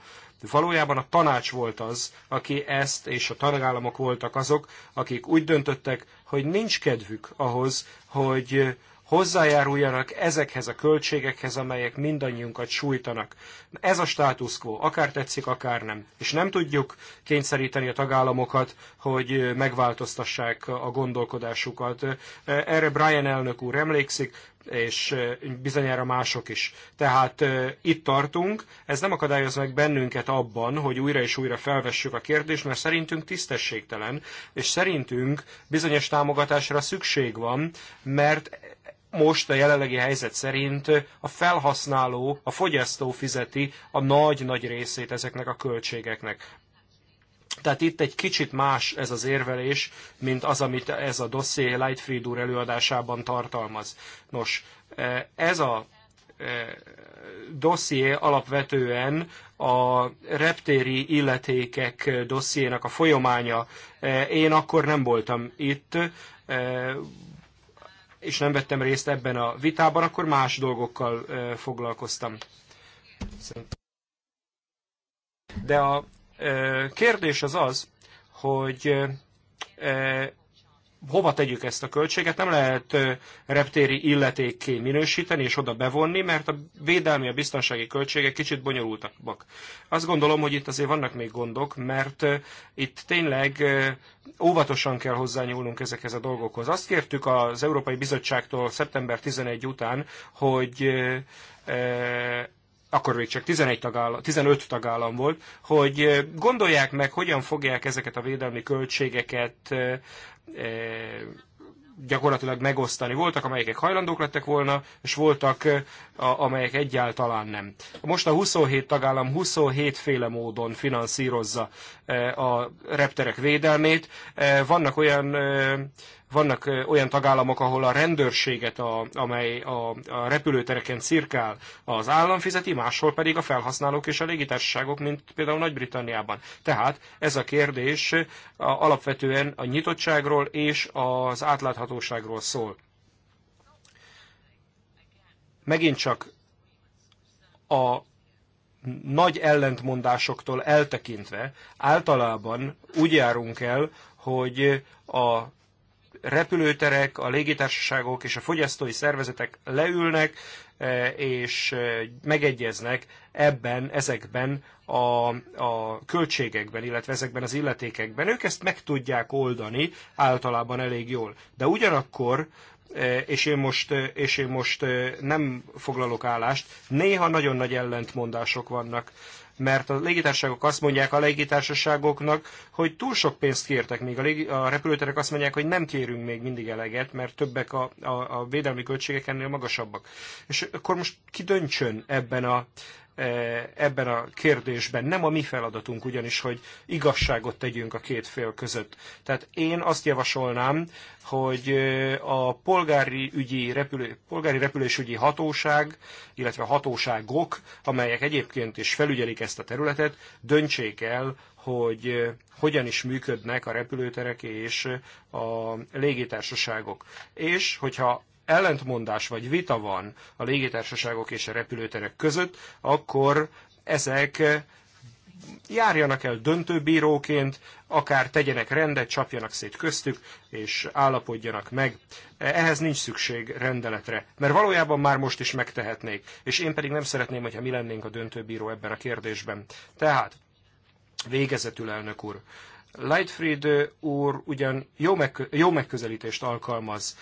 Valójában a tanács volt az, aki ezt, és a tagállamok voltak azok, akik úgy döntöttek, hogy nincs kedvük ahhoz, hogy hozzájáruljanak ezekhez a költségekhez, amelyek mindannyiunkat sújtanak. Ez a status quo, akár tetszik, akár nem. És nem tudjuk kényszeríteni a tagállamokat, hogy megváltoztassák a gondolkodásukat. Erre Brian elnök úr emlékszik, és bizonyára mások is. Tehát itt tartunk, ez nem akadályoz meg bennünket abban, hogy újra és újra felvessük a kérdést, mert szerintünk tisztességtelen, és szerintünk bizonyos támogatásra szükség van, mert most a jelenlegi helyzet szerint a felhasználó, a fogyasztó fizeti a nagy-nagy részét ezeknek a költségeknek. Tehát itt egy kicsit más ez az érvelés, mint az, amit ez a dosszié Lightfried úr előadásában tartalmaz. Nos, e, ez a e, dosszié alapvetően a reptéri illetékek dossziénak a folyamánya. E, én akkor nem voltam itt, és nem vettem részt ebben a vitában, akkor más dolgokkal foglalkoztam. De a kérdés az az, hogy hova tegyük ezt a költséget, nem lehet reptéri illetékké minősíteni és oda bevonni, mert a védelmi, a biztonsági költségek kicsit bonyolultak. Azt gondolom, hogy itt azért vannak még gondok, mert itt tényleg óvatosan kell hozzányúlnunk ezekhez a dolgokhoz. Azt kértük az Európai Bizottságtól szeptember 11 után, hogy akkor még csak 11 tagállam, 15 tagállam volt, hogy gondolják meg, hogyan fogják ezeket a védelmi költségeket gyakorlatilag megosztani. Voltak, amelyek hajlandók lettek volna, és voltak, a, amelyek egyáltalán nem. Most a 27 tagállam 27 féle módon finanszírozza a repterek védelmét. Vannak olyan vannak olyan tagállamok, ahol a rendőrséget, a, amely a, a repülőtereken cirkál, az állam fizeti, máshol pedig a felhasználók és a légitársaságok, mint például Nagy-Britanniában. Tehát ez a kérdés a, alapvetően a nyitottságról és az átláthatóságról szól. Megint csak a nagy ellentmondásoktól eltekintve általában úgy járunk el, hogy a repülőterek, a légitársaságok és a fogyasztói szervezetek leülnek, e, és e, megegyeznek ebben, ezekben a, a költségekben, illetve ezekben az illetékekben. Ők ezt meg tudják oldani általában elég jól. De ugyanakkor e, és én, most, és én most nem foglalok állást. Néha nagyon nagy ellentmondások vannak mert a légitársaságok azt mondják a légitársaságoknak, hogy túl sok pénzt kértek, még a, légi, a repülőterek azt mondják, hogy nem kérünk még mindig eleget, mert többek a, a, a védelmi költségek ennél magasabbak. És akkor most ki döntsön ebben a E, ebben a kérdésben. Nem a mi feladatunk ugyanis, hogy igazságot tegyünk a két fél között. Tehát én azt javasolnám, hogy e, a polgári, ügyi repülő, polgári repülésügyi hatóság, illetve hatóságok, amelyek egyébként is felügyelik ezt a területet, döntsék el, hogy e, hogyan is működnek a repülőterek és a légitársaságok. És hogyha ellentmondás vagy vita van a légitársaságok és a repülőterek között, akkor ezek járjanak el döntőbíróként, akár tegyenek rendet, csapjanak szét köztük, és állapodjanak meg. Ehhez nincs szükség rendeletre, mert valójában már most is megtehetnék, és én pedig nem szeretném, hogyha mi lennénk a döntőbíró ebben a kérdésben. Tehát, végezetül elnök úr, Lightfried úr ugyan jó, megkö- jó megközelítést alkalmaz,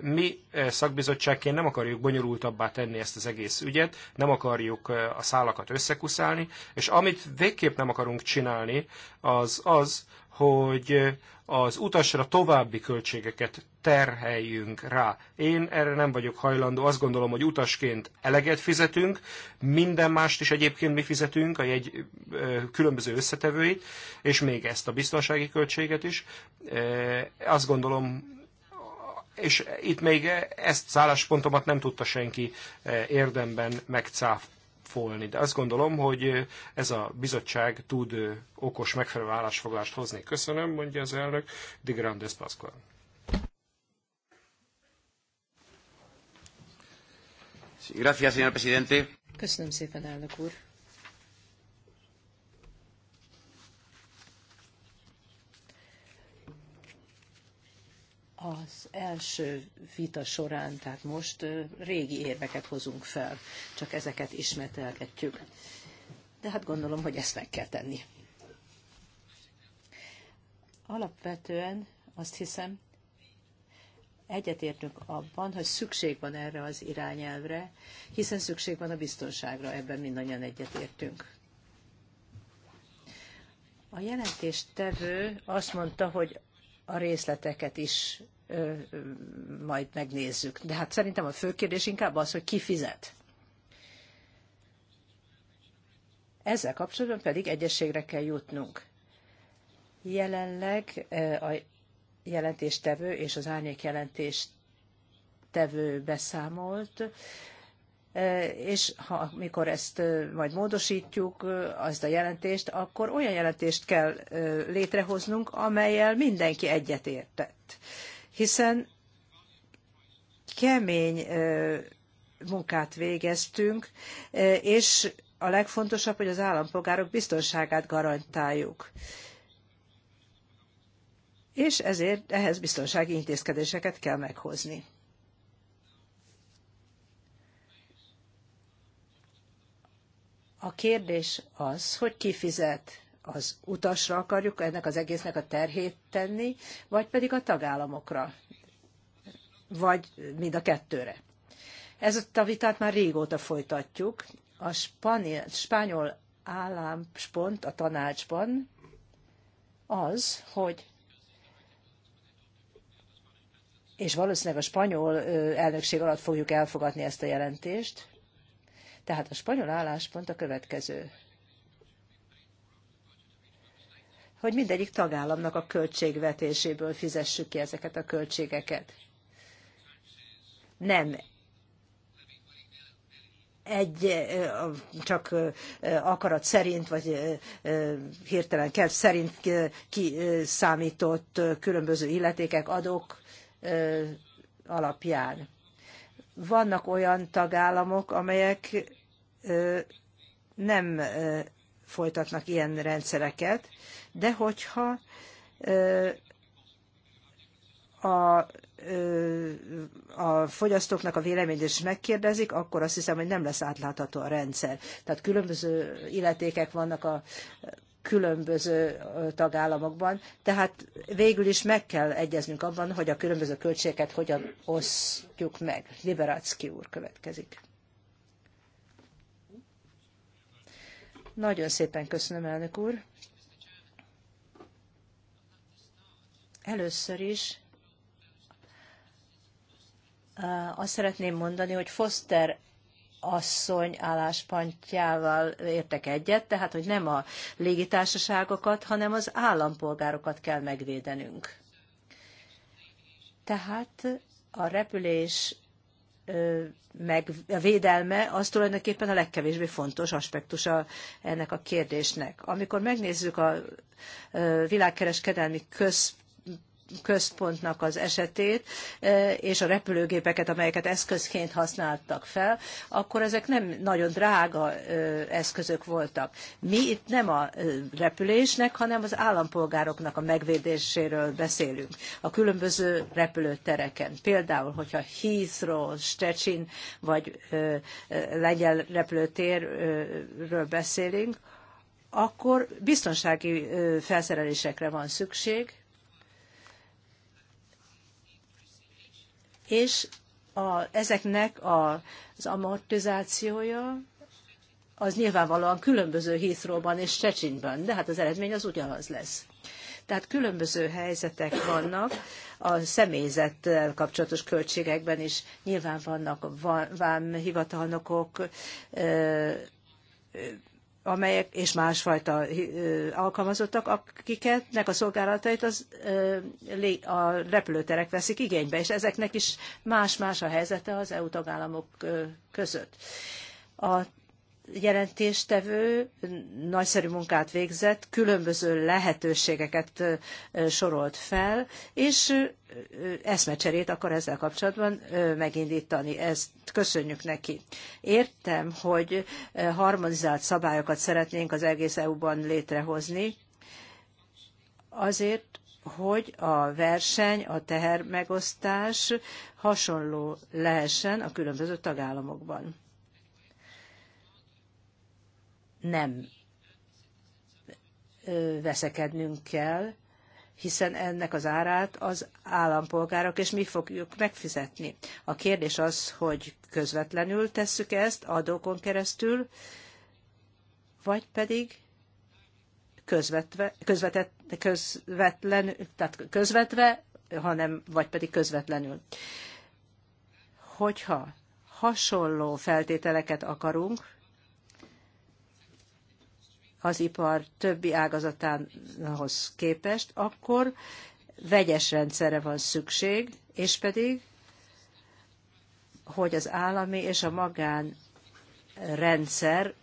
mi eh, szakbizottságként nem akarjuk bonyolultabbá tenni ezt az egész ügyet, nem akarjuk eh, a szálakat összekuszálni, és amit végképp nem akarunk csinálni, az az, hogy eh, az utasra további költségeket terheljünk rá. Én erre nem vagyok hajlandó, azt gondolom, hogy utasként eleget fizetünk, minden mást is egyébként mi fizetünk, a jegy különböző összetevőit, és még ezt a biztonsági költséget is. Azt gondolom, és itt még ezt szálláspontomat nem tudta senki eh, érdemben megcáfolni. De azt gondolom, hogy eh, ez a bizottság tud eh, okos, megfelelő állásfoglást hozni. Köszönöm, mondja az elnök, de grandes Pascual. señor presidente. Köszönöm szépen, elnök úr. az első vita során, tehát most régi érveket hozunk fel, csak ezeket ismételgetjük. De hát gondolom, hogy ezt meg kell tenni. Alapvetően azt hiszem, egyetértünk abban, hogy szükség van erre az irányelvre, hiszen szükség van a biztonságra, ebben mindannyian egyetértünk. A jelentéstevő azt mondta, hogy a részleteket is majd megnézzük. De hát szerintem a fő kérdés inkább az, hogy ki fizet. Ezzel kapcsolatban pedig egyességre kell jutnunk. Jelenleg a jelentéstevő és az árnyék jelentéstevő beszámolt, és ha, amikor ezt majd módosítjuk, azt a jelentést, akkor olyan jelentést kell létrehoznunk, amelyel mindenki egyetértett hiszen kemény munkát végeztünk, és a legfontosabb, hogy az állampolgárok biztonságát garantáljuk. És ezért ehhez biztonsági intézkedéseket kell meghozni. A kérdés az, hogy ki fizet az utasra akarjuk ennek az egésznek a terhét tenni, vagy pedig a tagállamokra, vagy mind a kettőre. Ez a vitát már régóta folytatjuk. A spanyol, spanyol álláspont a tanácsban az, hogy és valószínűleg a spanyol elnökség alatt fogjuk elfogadni ezt a jelentést. Tehát a spanyol álláspont a következő. hogy mindegyik tagállamnak a költségvetéséből fizessük ki ezeket a költségeket. Nem egy csak akarat szerint, vagy hirtelen kell szerint kiszámított különböző illetékek, adók alapján. Vannak olyan tagállamok, amelyek nem folytatnak ilyen rendszereket, de hogyha a, a fogyasztóknak a véleményt is megkérdezik, akkor azt hiszem, hogy nem lesz átlátható a rendszer. Tehát különböző illetékek vannak a különböző tagállamokban, tehát végül is meg kell egyeznünk abban, hogy a különböző költségeket hogyan osztjuk meg. Liberácki úr következik. Nagyon szépen köszönöm, elnök úr. Először is eh, azt szeretném mondani, hogy Foster asszony álláspontjával értek egyet, tehát hogy nem a légitársaságokat, hanem az állampolgárokat kell megvédenünk. Tehát a repülés meg, a védelme az tulajdonképpen a legkevésbé fontos aspektusa ennek a kérdésnek. Amikor megnézzük a világkereskedelmi köz központnak az esetét, e, és a repülőgépeket, amelyeket eszközként használtak fel, akkor ezek nem nagyon drága e, eszközök voltak. Mi itt nem a e, repülésnek, hanem az állampolgároknak a megvédéséről beszélünk. A különböző repülőtereken. Például, hogyha Heathrow, Stettin vagy lengyel repülőtérről beszélünk, akkor biztonsági felszerelésekre van szükség, és a, ezeknek a, az amortizációja az nyilvánvalóan különböző hízróban és Csecsinyben, de hát az eredmény az ugyanaz lesz. Tehát különböző helyzetek vannak, a személyzettel kapcsolatos költségekben is nyilván vannak vámhivatalnokok, amelyek és másfajta alkalmazottak, akiknek a szolgálatait az, a repülőterek veszik igénybe, és ezeknek is más-más a helyzete az EU tagállamok között. A jelentéstevő nagyszerű munkát végzett, különböző lehetőségeket sorolt fel, és eszmecserét akar ezzel kapcsolatban megindítani. Ezt köszönjük neki. Értem, hogy harmonizált szabályokat szeretnénk az egész EU-ban létrehozni, azért, hogy a verseny, a tehermegosztás hasonló lehessen a különböző tagállamokban nem veszekednünk kell, hiszen ennek az árát az állampolgárok és mi fogjuk megfizetni. A kérdés az, hogy közvetlenül tesszük ezt adókon keresztül, vagy pedig közvetve, közvetlenül, közvetlen, tehát közvetve, hanem, vagy pedig közvetlenül. Hogyha hasonló feltételeket akarunk, az ipar többi ágazatához képest, akkor vegyes rendszerre van szükség, és pedig, hogy az állami és a magán rendszer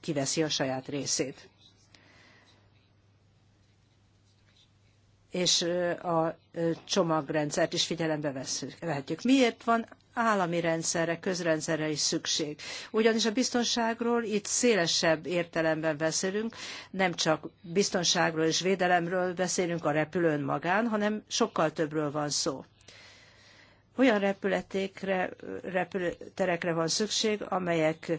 kiveszi a saját részét. és a csomagrendszert is figyelembe vehetjük. Miért van állami rendszerre, közrendszerre is szükség. Ugyanis a biztonságról itt szélesebb értelemben beszélünk, nem csak biztonságról és védelemről beszélünk a repülőn magán, hanem sokkal többről van szó olyan repületékre, repülőterekre van szükség, amelyek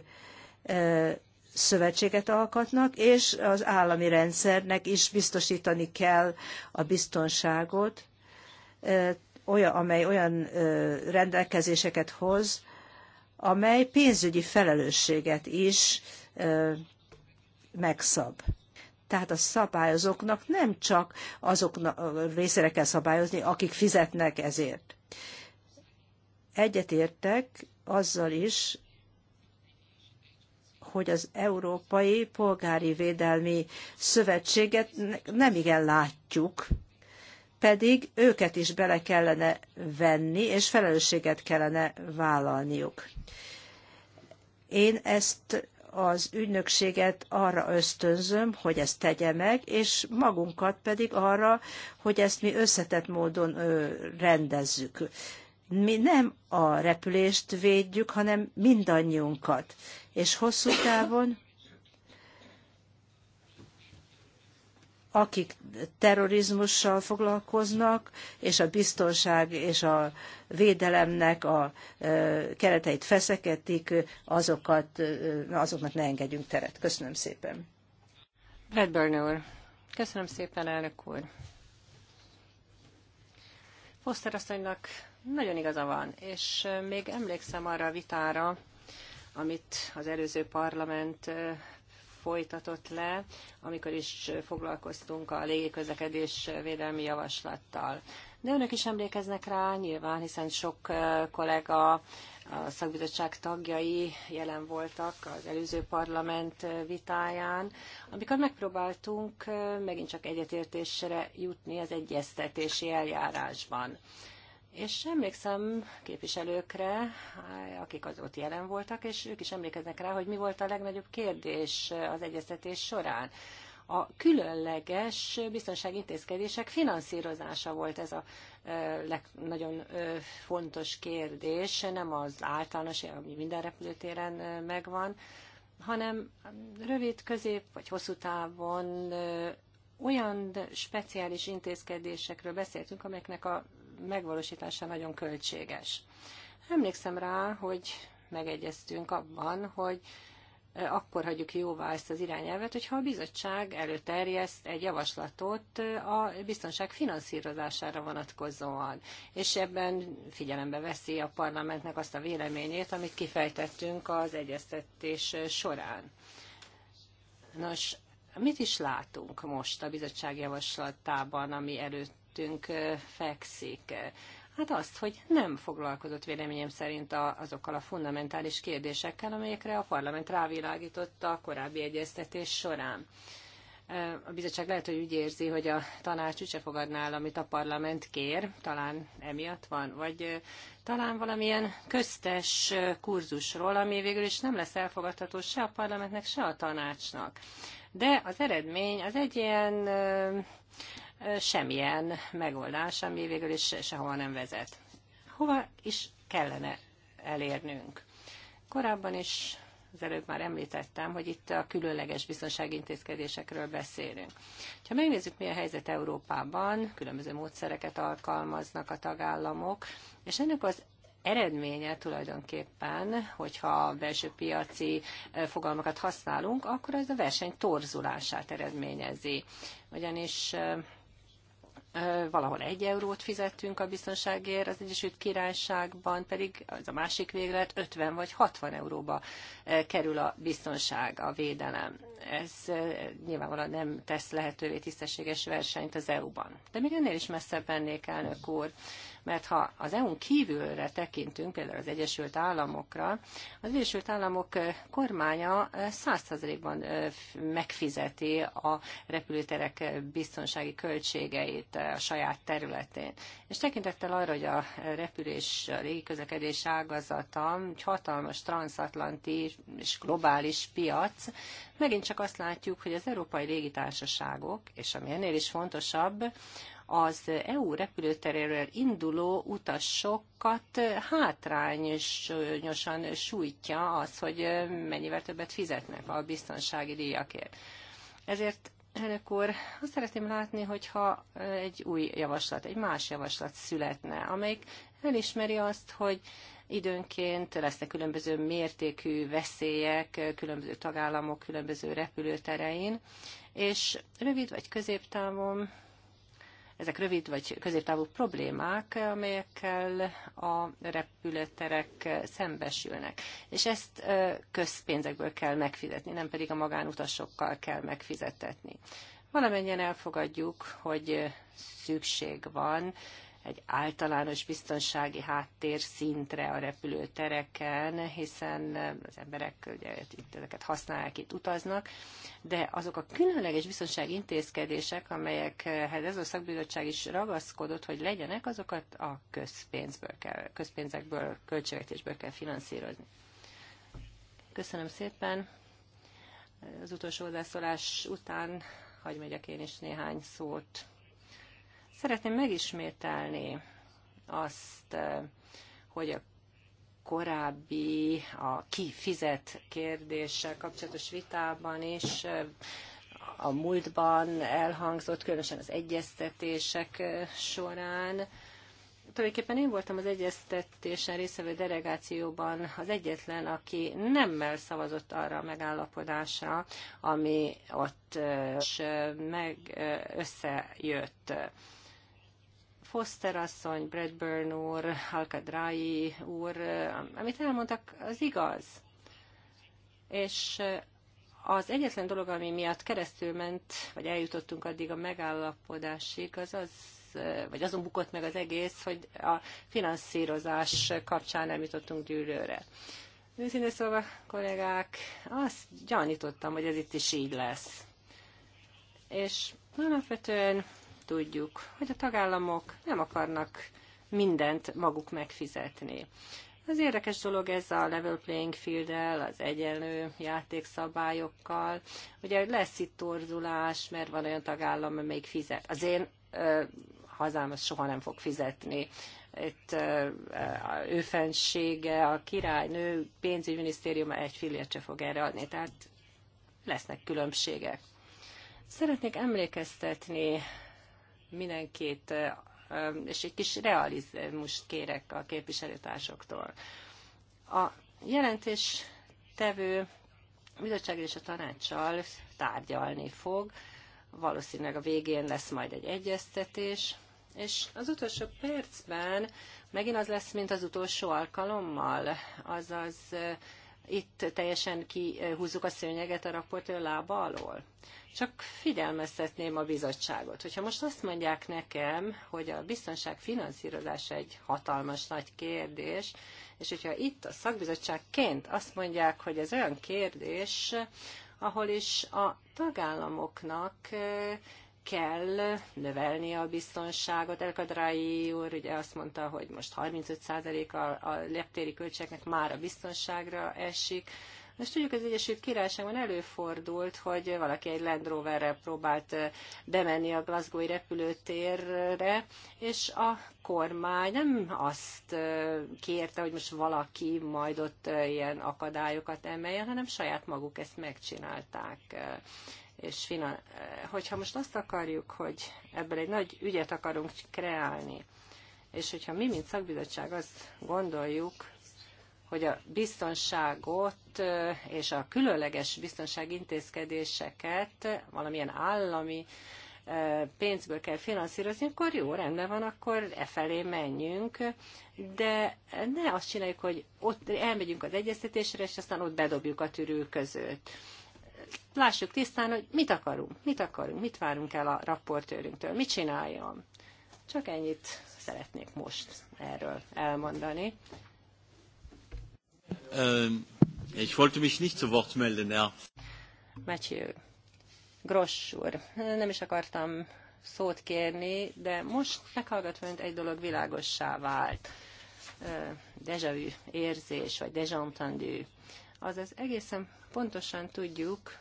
szövetséget alkotnak, és az állami rendszernek is biztosítani kell a biztonságot, olyan, amely olyan rendelkezéseket hoz, amely pénzügyi felelősséget is megszab. Tehát a szabályozóknak nem csak azoknak részére kell szabályozni, akik fizetnek ezért. Egyetértek azzal is, hogy az Európai Polgári Védelmi Szövetséget nem igen látjuk pedig őket is bele kellene venni, és felelősséget kellene vállalniuk. Én ezt az ügynökséget arra ösztönzöm, hogy ezt tegye meg, és magunkat pedig arra, hogy ezt mi összetett módon rendezzük. Mi nem a repülést védjük, hanem mindannyiunkat. És hosszú távon akik terrorizmussal foglalkoznak, és a biztonság és a védelemnek a kereteit feszeketik, azokat, azoknak ne engedjünk teret. Köszönöm szépen. Redburn úr. Köszönöm szépen, elnök úr. Foster asszonynak nagyon igaza van, és még emlékszem arra a vitára, amit az előző parlament folytatott le, amikor is foglalkoztunk a légiközlekedés védelmi javaslattal. De önök is emlékeznek rá, nyilván, hiszen sok kollega, a szakbizottság tagjai jelen voltak az előző parlament vitáján, amikor megpróbáltunk megint csak egyetértésre jutni az egyeztetési eljárásban. És emlékszem képviselőkre, akik az ott jelen voltak, és ők is emlékeznek rá, hogy mi volt a legnagyobb kérdés az egyeztetés során. A különleges biztonsági intézkedések finanszírozása volt ez a leg, nagyon fontos kérdés, nem az általános, ami minden repülőtéren megvan, hanem rövid, közép vagy hosszú távon olyan speciális intézkedésekről beszéltünk, amelyeknek a megvalósítása nagyon költséges. Emlékszem rá, hogy megegyeztünk abban, hogy e, akkor hagyjuk jóvá ezt az irányelvet, hogyha a bizottság előterjeszt egy javaslatot e, a biztonság finanszírozására vonatkozóan, és ebben figyelembe veszi a parlamentnek azt a véleményét, amit kifejtettünk az egyeztetés során. Nos, mit is látunk most a bizottság javaslatában, ami előtt előttünk fekszik. Hát azt, hogy nem foglalkozott véleményem szerint a, azokkal a fundamentális kérdésekkel, amelyekre a parlament rávilágított a korábbi egyeztetés során. A bizottság lehet, hogy úgy érzi, hogy a tanács úgyse fogadná el, amit a parlament kér, talán emiatt van, vagy talán valamilyen köztes kurzusról, ami végül is nem lesz elfogadható se a parlamentnek, se a tanácsnak. De az eredmény az egy ilyen semmilyen megoldás, ami végül is sehova nem vezet. Hova is kellene elérnünk? Korábban is az előbb már említettem, hogy itt a különleges biztonsági intézkedésekről beszélünk. Ha megnézzük, mi a helyzet Európában, különböző módszereket alkalmaznak a tagállamok, és ennek az eredménye tulajdonképpen, hogyha belső piaci eh, fogalmakat használunk, akkor ez a verseny torzulását eredményezi. Ugyanis eh, valahol egy eurót fizettünk a biztonságért, az Egyesült Királyságban pedig az a másik véglet 50 vagy 60 euróba kerül a biztonság, a védelem. Ez nyilvánvalóan nem tesz lehetővé tisztességes versenyt az EU-ban. De még ennél is messzebb mennék, elnök úr mert ha az EU-n kívülre tekintünk, például az Egyesült Államokra, az Egyesült Államok kormánya 100%-ban megfizeti a repülőterek biztonsági költségeit a saját területén. És tekintettel arra, hogy a repülés, a közlekedés ágazata egy hatalmas transatlanti és globális piac, megint csak azt látjuk, hogy az európai légitársaságok, és ami ennél is fontosabb, az EU repülőteréről induló utasokat hátrányosan sújtja az, hogy mennyivel többet fizetnek a biztonsági díjakért. Ezért Elnök úr, azt szeretném látni, hogyha egy új javaslat, egy más javaslat születne, amelyik elismeri azt, hogy időnként lesznek különböző mértékű veszélyek különböző tagállamok, különböző repülőterein, és rövid vagy középtávon ezek rövid vagy középtávú problémák, amelyekkel a repülőterek szembesülnek. És ezt közpénzekből kell megfizetni, nem pedig a magánutasokkal kell megfizetetni. Valamennyien elfogadjuk, hogy szükség van egy általános biztonsági háttér szintre a repülőtereken, hiszen az emberek ugye, itt ezeket használják, itt utaznak, de azok a különleges biztonsági intézkedések, amelyekhez ez a szakbizottság is ragaszkodott, hogy legyenek, azokat a közpénzből kell, közpénzekből, költségvetésből kell finanszírozni. Köszönöm szépen. Az utolsó hozzászólás után hagyj megyek én is néhány szót Szeretném megismételni azt, eh, hogy a korábbi a kifizet fizet kérdéssel kapcsolatos vitában is eh, a múltban elhangzott, különösen az egyeztetések eh, során. Tulajdonképpen én voltam az egyeztetésen részvevő delegációban az egyetlen, aki nemmel szavazott arra a megállapodásra, ami ott meg összejött. Foster asszony, Bradburn úr, Alkadrái úr, amit elmondtak, az igaz. És az egyetlen dolog, ami miatt keresztül ment, vagy eljutottunk addig a megállapodásig, az az, vagy azon bukott meg az egész, hogy a finanszírozás kapcsán nem jutottunk gyűlőre. Őszintén szóval, kollégák, azt gyanítottam, hogy ez itt is így lesz. És alapvetően tudjuk, hogy a tagállamok nem akarnak mindent maguk megfizetni. Az érdekes dolog ez a level playing field az egyenlő játékszabályokkal. Ugye lesz itt torzulás, mert van olyan tagállam, amelyik fizet. Az én ö, hazám az soha nem fog fizetni. Itt ö, ő fensége, a királynő, pénzügyminisztériuma egy fillért se fog erre adni, tehát lesznek különbségek. Szeretnék emlékeztetni mindenkit, és egy kis realizmust kérek a képviselőtársoktól. A jelentés tevő bizottság és a tanácssal tárgyalni fog, valószínűleg a végén lesz majd egy egyeztetés, és az utolsó percben megint az lesz, mint az utolsó alkalommal, azaz itt teljesen kihúzzuk a szőnyeget a raportőr lába alól. Csak figyelmeztetném a bizottságot, hogyha most azt mondják nekem, hogy a biztonság finanszírozása egy hatalmas nagy kérdés, és hogyha itt a szakbizottságként azt mondják, hogy ez olyan kérdés, ahol is a tagállamoknak kell növelni a biztonságot. Elkadrái úr ugye azt mondta, hogy most 35% a, a leptéri költségnek már a biztonságra esik. Most tudjuk, az Egyesült Királyságban előfordult, hogy valaki egy Land Roverrel próbált bemenni a Glasgow-i repülőtérre, és a kormány nem azt kérte, hogy most valaki majd ott ilyen akadályokat emeljen, hanem saját maguk ezt megcsinálták és finan... hogyha most azt akarjuk, hogy ebből egy nagy ügyet akarunk kreálni, és hogyha mi, mint szakbizottság azt gondoljuk, hogy a biztonságot és a különleges biztonsági intézkedéseket valamilyen állami pénzből kell finanszírozni, akkor jó, rendben van, akkor e felé menjünk, de ne azt csináljuk, hogy ott elmegyünk az egyeztetésre, és aztán ott bedobjuk a tűrő között. Lássuk tisztán, hogy mit akarunk, mit akarunk, mit várunk el a raportőrünktől, mit csináljon. Csak ennyit szeretnék most erről elmondani. Ähm, ich wollte mich nicht zu Wort melden, Matthew, Gross úr, nem is akartam szót kérni, de most meghallgatva önt egy dolog világossá vált. Deja vu érzés, vagy déjà entendu. Azaz egészen pontosan tudjuk,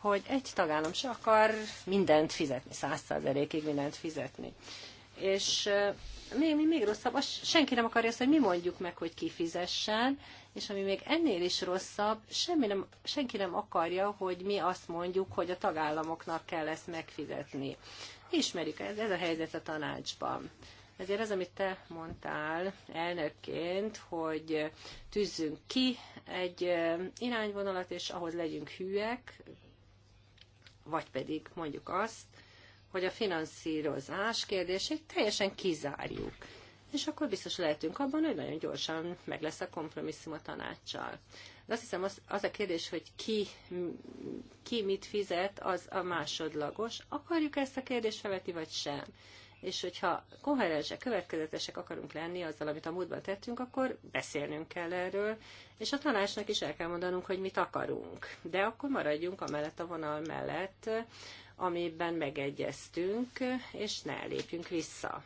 hogy egy tagállam se akar mindent fizetni, 100%-ig mindent fizetni. És még, még, rosszabb, az senki nem akarja azt, hogy mi mondjuk meg, hogy ki fizessen, és ami még ennél is rosszabb, semmi nem, senki nem akarja, hogy mi azt mondjuk, hogy a tagállamoknak kell ezt megfizetni. Ismerjük, ez, ez a helyzet a tanácsban. Ezért az, amit te mondtál elnökként, hogy tűzzünk ki egy irányvonalat, és ahhoz legyünk hűek, vagy pedig mondjuk azt, hogy a finanszírozás kérdését teljesen kizárjuk és akkor biztos lehetünk abban, hogy nagyon gyorsan meg lesz a kompromisszum a tanácssal. De azt hiszem, az, az a kérdés, hogy ki, ki mit fizet, az a másodlagos. Akarjuk ezt a kérdést felvetni, vagy sem? És hogyha koherensek, következetesek akarunk lenni azzal, amit a múltban tettünk, akkor beszélnünk kell erről, és a tanácsnak is el kell mondanunk, hogy mit akarunk. De akkor maradjunk amellett a vonal mellett, amiben megegyeztünk, és ne lépjünk vissza.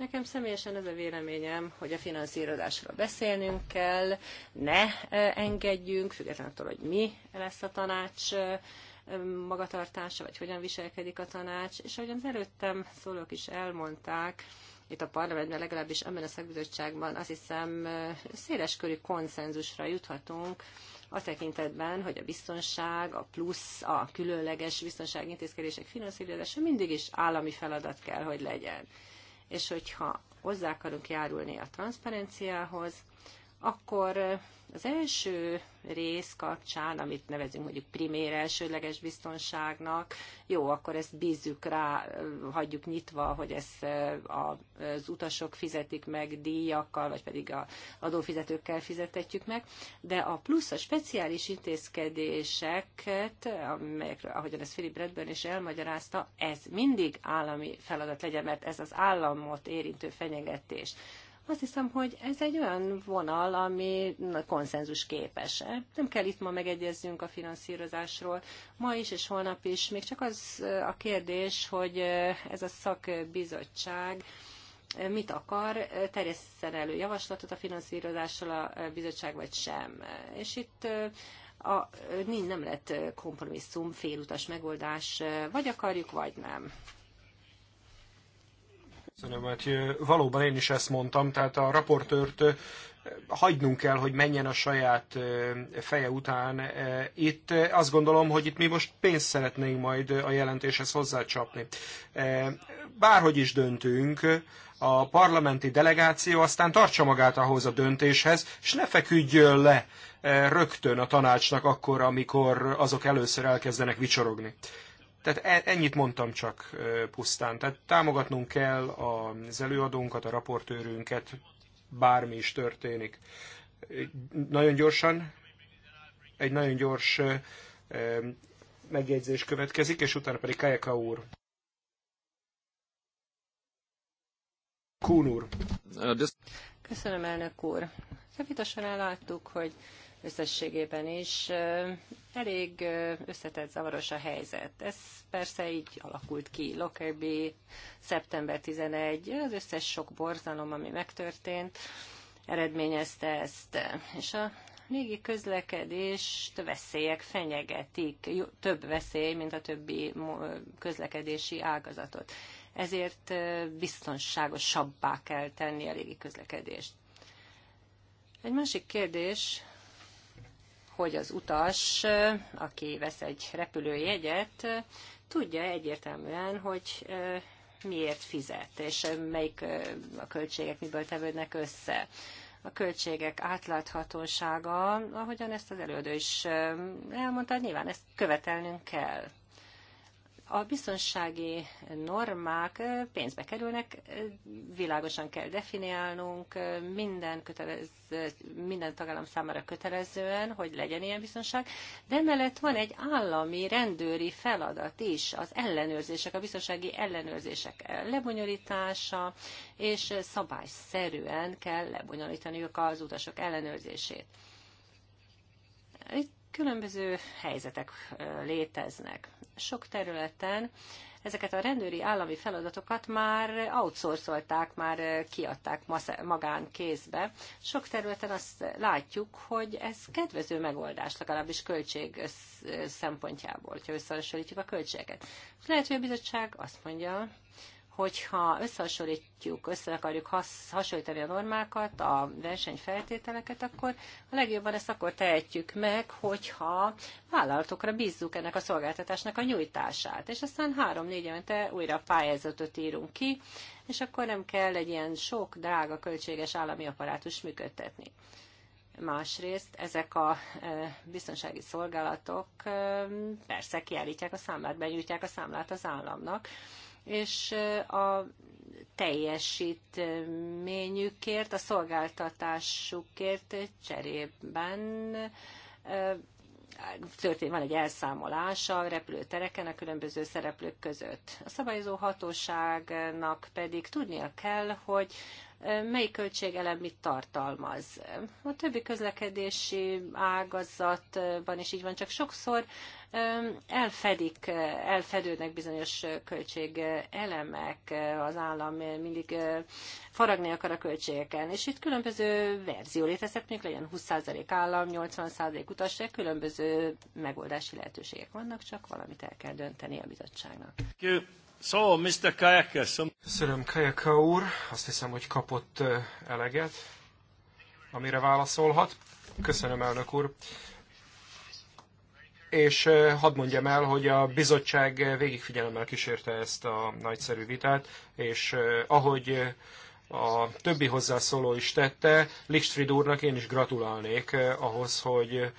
Nekem személyesen az a véleményem, hogy a finanszírozásról beszélnünk kell, ne e, engedjünk, függetlenül attól, hogy mi lesz a tanács e, magatartása, vagy hogyan viselkedik a tanács, és ahogy az előttem szólók is elmondták, itt a parlamentben, legalábbis ebben a szakbizottságban azt hiszem e, széleskörű konszenzusra juthatunk, a tekintetben, hogy a biztonság, a plusz, a különleges biztonsági intézkedések finanszírozása mindig is állami feladat kell, hogy legyen és hogyha hozzá akarunk járulni a transzparenciához, akkor az első rész kapcsán, amit nevezünk mondjuk primér elsődleges biztonságnak, jó, akkor ezt bízzük rá, hagyjuk nyitva, hogy ezt az utasok fizetik meg díjakkal, vagy pedig a adófizetőkkel fizetetjük meg, de a plusz a speciális intézkedéseket, amelyekről, ahogyan ezt Philip Redburn is elmagyarázta, ez mindig állami feladat legyen, mert ez az államot érintő fenyegetés. Azt hiszem, hogy ez egy olyan vonal, ami konszenzus képes. Nem kell itt ma megegyezzünk a finanszírozásról. Ma is és holnap is. Még csak az a kérdés, hogy ez a szakbizottság mit akar, terjesszen elő javaslatot a finanszírozásról a bizottság, vagy sem. És itt a, nem lett kompromisszum, félutas megoldás, vagy akarjuk, vagy nem. Köszönöm, hogy hát, valóban én is ezt mondtam, tehát a raportőrt hagynunk kell, hogy menjen a saját feje után. Itt azt gondolom, hogy itt mi most pénzt szeretnénk majd a jelentéshez hozzácsapni. Bárhogy is döntünk, a parlamenti delegáció aztán tartsa magát ahhoz a döntéshez, és ne feküdjön le rögtön a tanácsnak akkor, amikor azok először elkezdenek vicsorogni. Tehát e, ennyit mondtam csak pusztán. Tehát támogatnunk kell az előadónkat, a raportőrünket, bármi is történik. Nagyon gyorsan, egy nagyon gyors megjegyzés következik, és utána pedig Kajeka úr. Kún úr. Köszönöm, elnök úr. Rövidesen láttuk, hogy összességében is elég összetett, zavaros a helyzet. Ez persze így alakult ki. Lockerbie, szeptember 11, az összes sok borzalom, ami megtörtént, eredményezte ezt. És a légi közlekedést veszélyek fenyegetik, több veszély, mint a többi közlekedési ágazatot. Ezért biztonságosabbá kell tenni a légi közlekedést. Egy másik kérdés, hogy az utas, aki vesz egy repülőjegyet, tudja egyértelműen, hogy miért fizet, és melyik a költségek miből tevődnek össze. A költségek átláthatósága, ahogyan ezt az előadó is elmondta, nyilván ezt követelnünk kell. A biztonsági normák pénzbe kerülnek, világosan kell definiálnunk minden, kötelez, minden tagállam számára kötelezően, hogy legyen ilyen biztonság, de emellett van egy állami rendőri feladat is, az ellenőrzések, a biztonsági ellenőrzések lebonyolítása, és szabályszerűen kell lebonyolítaniuk az utasok ellenőrzését. Itt Különböző helyzetek léteznek. Sok területen ezeket a rendőri állami feladatokat már outsourcolták, már kiadták magán kézbe. Sok területen azt látjuk, hogy ez kedvező megoldás, legalábbis költség szempontjából, hogyha összehasonlítjuk a költségeket. Lehet, hogy a bizottság azt mondja, hogyha összehasonlítjuk, össze akarjuk has, hasonlítani a normákat, a versenyfeltételeket, akkor a legjobban ezt akkor tehetjük meg, hogyha vállalatokra bízzuk ennek a szolgáltatásnak a nyújtását. És aztán három-négy évente újra pályázatot írunk ki, és akkor nem kell egy ilyen sok, drága, költséges állami apparátus működtetni. Másrészt ezek a e, biztonsági szolgálatok e, persze kiállítják a számlát, benyújtják a számlát az államnak, és a teljesítményükért, a szolgáltatásukért cserében történt, van egy elszámolás a repülőtereken a különböző szereplők között. A szabályozó hatóságnak pedig tudnia kell, hogy melyik költségelem mit tartalmaz. A többi közlekedési ágazatban is így van, csak sokszor elfedik, elfedődnek bizonyos költségelemek, az állam mindig faragni akar a költségeken, és itt különböző verzió létezhet, mondjuk legyen 20% állam, 80% utasság, különböző megoldási lehetőségek vannak, csak valamit el kell dönteni a bizottságnak. Köszönöm. So, Mr. Kajaka, some... Köszönöm, Kajaka úr. Azt hiszem, hogy kapott eleget, amire válaszolhat. Köszönöm, elnök úr. És hadd mondjam el, hogy a bizottság végigfigyelemmel kísérte ezt a nagyszerű vitát, és ahogy a többi hozzászóló is tette, Lichtfried úrnak én is gratulálnék ahhoz, hogy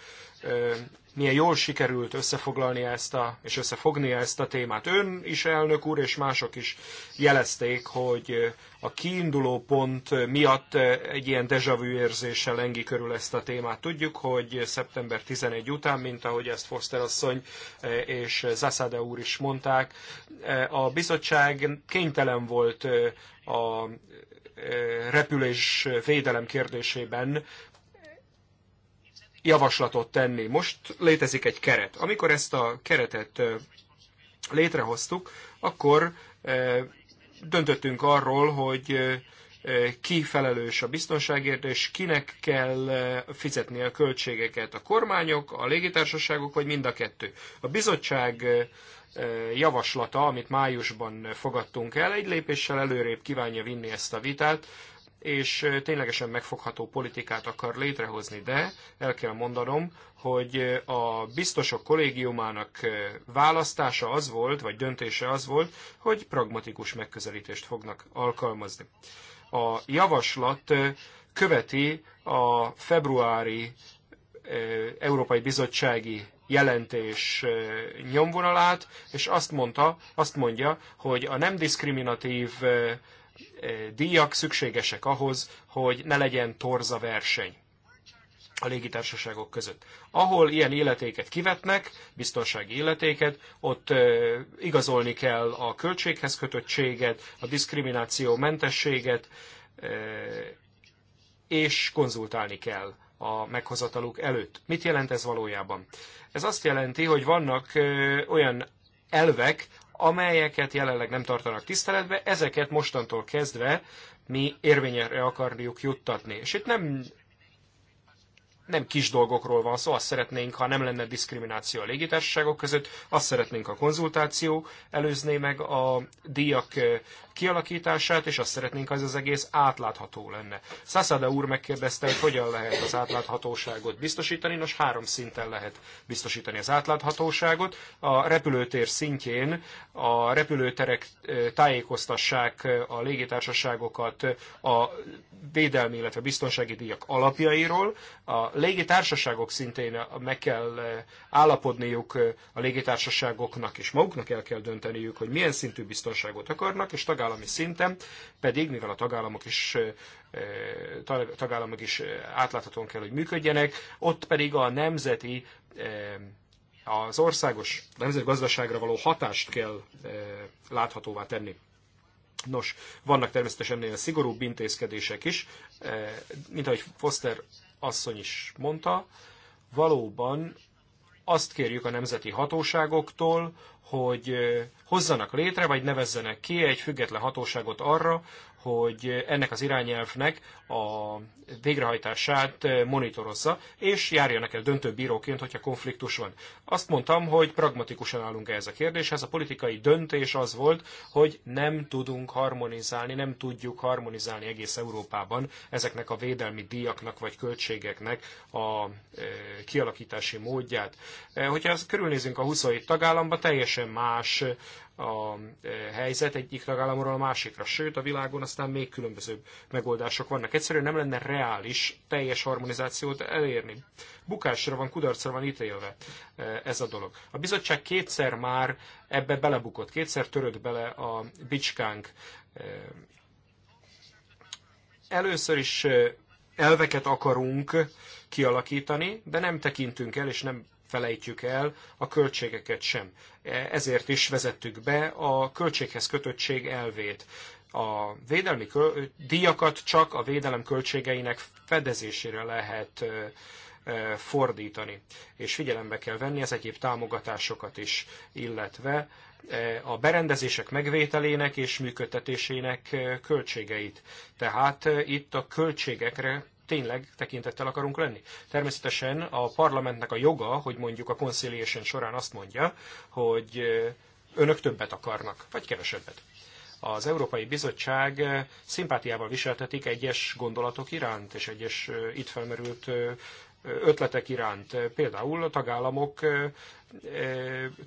milyen jól sikerült összefoglalni ezt a, és összefogni ezt a témát. Ön is, elnök úr, és mások is jelezték, hogy a kiinduló pont miatt egy ilyen dejavű vu érzéssel lengi körül ezt a témát. Tudjuk, hogy szeptember 11 után, mint ahogy ezt Foster asszony és Zaszade úr is mondták, a bizottság kénytelen volt a repülés védelem kérdésében javaslatot tenni. Most létezik egy keret. Amikor ezt a keretet létrehoztuk, akkor döntöttünk arról, hogy ki felelős a biztonságért, és kinek kell fizetni a költségeket, a kormányok, a légitársaságok, vagy mind a kettő. A bizottság javaslata, amit májusban fogadtunk el, egy lépéssel előrébb kívánja vinni ezt a vitát, és ténylegesen megfogható politikát akar létrehozni, de el kell mondanom, hogy a biztosok kollégiumának választása az volt, vagy döntése az volt, hogy pragmatikus megközelítést fognak alkalmazni. A javaslat követi a februári Európai Bizottsági jelentés nyomvonalát, és azt mondta, azt mondja, hogy a nem diszkriminatív díjak szükségesek ahhoz, hogy ne legyen torza verseny a légitársaságok között. Ahol ilyen életéket kivetnek, biztonsági életéket, ott igazolni kell a költséghez kötöttséget, a diszkrimináció mentességet, és konzultálni kell a meghozataluk előtt. Mit jelent ez valójában? Ez azt jelenti, hogy vannak olyan elvek, amelyeket jelenleg nem tartanak tiszteletbe, ezeket mostantól kezdve mi érvényre akarjuk juttatni. És itt nem nem kis dolgokról van szó, azt szeretnénk, ha nem lenne diszkrimináció a légitársaságok között, azt szeretnénk, a konzultáció előzné meg a díjak kialakítását, és azt szeretnénk, ha ez az egész átlátható lenne. Szaszada úr megkérdezte, hogy hogyan lehet az átláthatóságot biztosítani. Nos, három szinten lehet biztosítani az átláthatóságot. A repülőtér szintjén a repülőterek tájékoztassák a légitársaságokat a védelmi, illetve biztonsági díjak alapjairól, a légitársaságok szintén meg kell eh, állapodniuk eh, a légitársaságoknak, és maguknak el kell dönteniük, hogy milyen szintű biztonságot akarnak, és tagállami szinten pedig, mivel a tagállamok is eh, tagállamok is átláthatóan kell, hogy működjenek, ott pedig a nemzeti az országos nemzetgazdaságra való hatást kell láthatóvá tenni. Nos, vannak természetesen ennél szigorúbb intézkedések is, mint ahogy Foster asszony is mondta, valóban azt kérjük a nemzeti hatóságoktól, hogy hozzanak létre, vagy nevezzenek ki egy független hatóságot arra, hogy ennek az irányelvnek a végrehajtását monitorozza, és járjanak el döntő bíróként, hogyha konfliktus van. Azt mondtam, hogy pragmatikusan állunk ehhez a kérdéshez. A politikai döntés az volt, hogy nem tudunk harmonizálni, nem tudjuk harmonizálni egész Európában ezeknek a védelmi díjaknak vagy költségeknek a e, kialakítási módját. E, hogyha körülnézünk a 27 tagállamba, teljesen más a e, helyzet egyik tagállamról a másikra. Sőt, a világon aztán még különbözőbb megoldások vannak. Egyszerűen nem lenne reális teljes harmonizációt elérni. Bukásra van, kudarcra van ítélve e, ez a dolog. A bizottság kétszer már ebbe belebukott, kétszer törött bele a bicskánk. E, először is elveket akarunk kialakítani, de nem tekintünk el, és nem felejtjük el a költségeket sem. E, ezért is vezettük be a költséghez kötöttség elvét. A védelmi díjakat csak a védelem költségeinek fedezésére lehet fordítani. És figyelembe kell venni az egyéb támogatásokat is, illetve a berendezések megvételének és működtetésének költségeit. Tehát itt a költségekre tényleg tekintettel akarunk lenni. Természetesen a parlamentnek a joga, hogy mondjuk a conciliation során azt mondja, hogy önök többet akarnak, vagy kevesebbet. Az Európai Bizottság szimpátiával viseltetik egyes gondolatok iránt, és egyes itt felmerült ötletek iránt. Például a tagállamok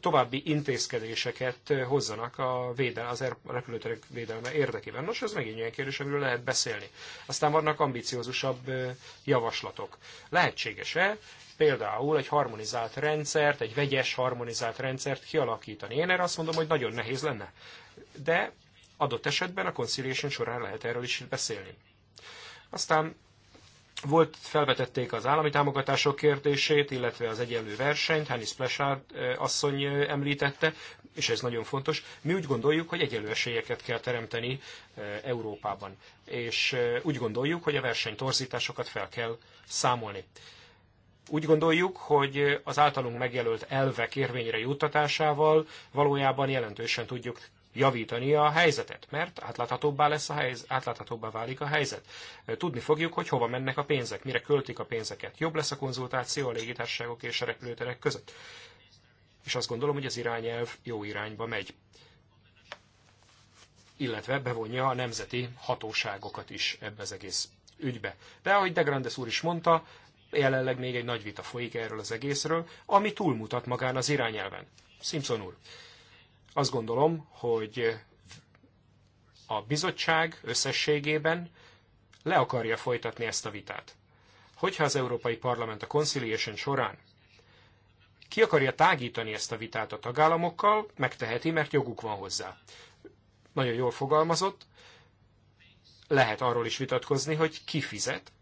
további intézkedéseket hozzanak a védel, az er- repülőterek védelme érdekében. Nos, ez megint olyan kérdés, amiről lehet beszélni. Aztán vannak ambiciózusabb javaslatok. Lehetséges-e például egy harmonizált rendszert, egy vegyes harmonizált rendszert kialakítani? Én erre azt mondom, hogy nagyon nehéz lenne. De adott esetben a conciliation során lehet erről is beszélni. Aztán volt, felvetették az állami támogatások kérdését, illetve az egyenlő versenyt, Hannis Plesard asszony említette, és ez nagyon fontos. Mi úgy gondoljuk, hogy egyenlő esélyeket kell teremteni Európában, és úgy gondoljuk, hogy a versenytorzításokat fel kell számolni. Úgy gondoljuk, hogy az általunk megjelölt elvek érvényre juttatásával valójában jelentősen tudjuk javítani a helyzetet, mert átláthatóbbá, lesz a helyz, átláthatóbbá válik a helyzet. Tudni fogjuk, hogy hova mennek a pénzek, mire költik a pénzeket. Jobb lesz a konzultáció a légitársaságok és a repülőterek között. És azt gondolom, hogy az irányelv jó irányba megy illetve bevonja a nemzeti hatóságokat is ebbe az egész ügybe. De ahogy De Grandes úr is mondta, jelenleg még egy nagy vita folyik erről az egészről, ami túlmutat magán az irányelven. Simpson úr, azt gondolom, hogy a bizottság összességében le akarja folytatni ezt a vitát. Hogyha az Európai Parlament a conciliation során ki akarja tágítani ezt a vitát a tagállamokkal, megteheti, mert joguk van hozzá. Nagyon jól fogalmazott, lehet arról is vitatkozni, hogy ki fizet.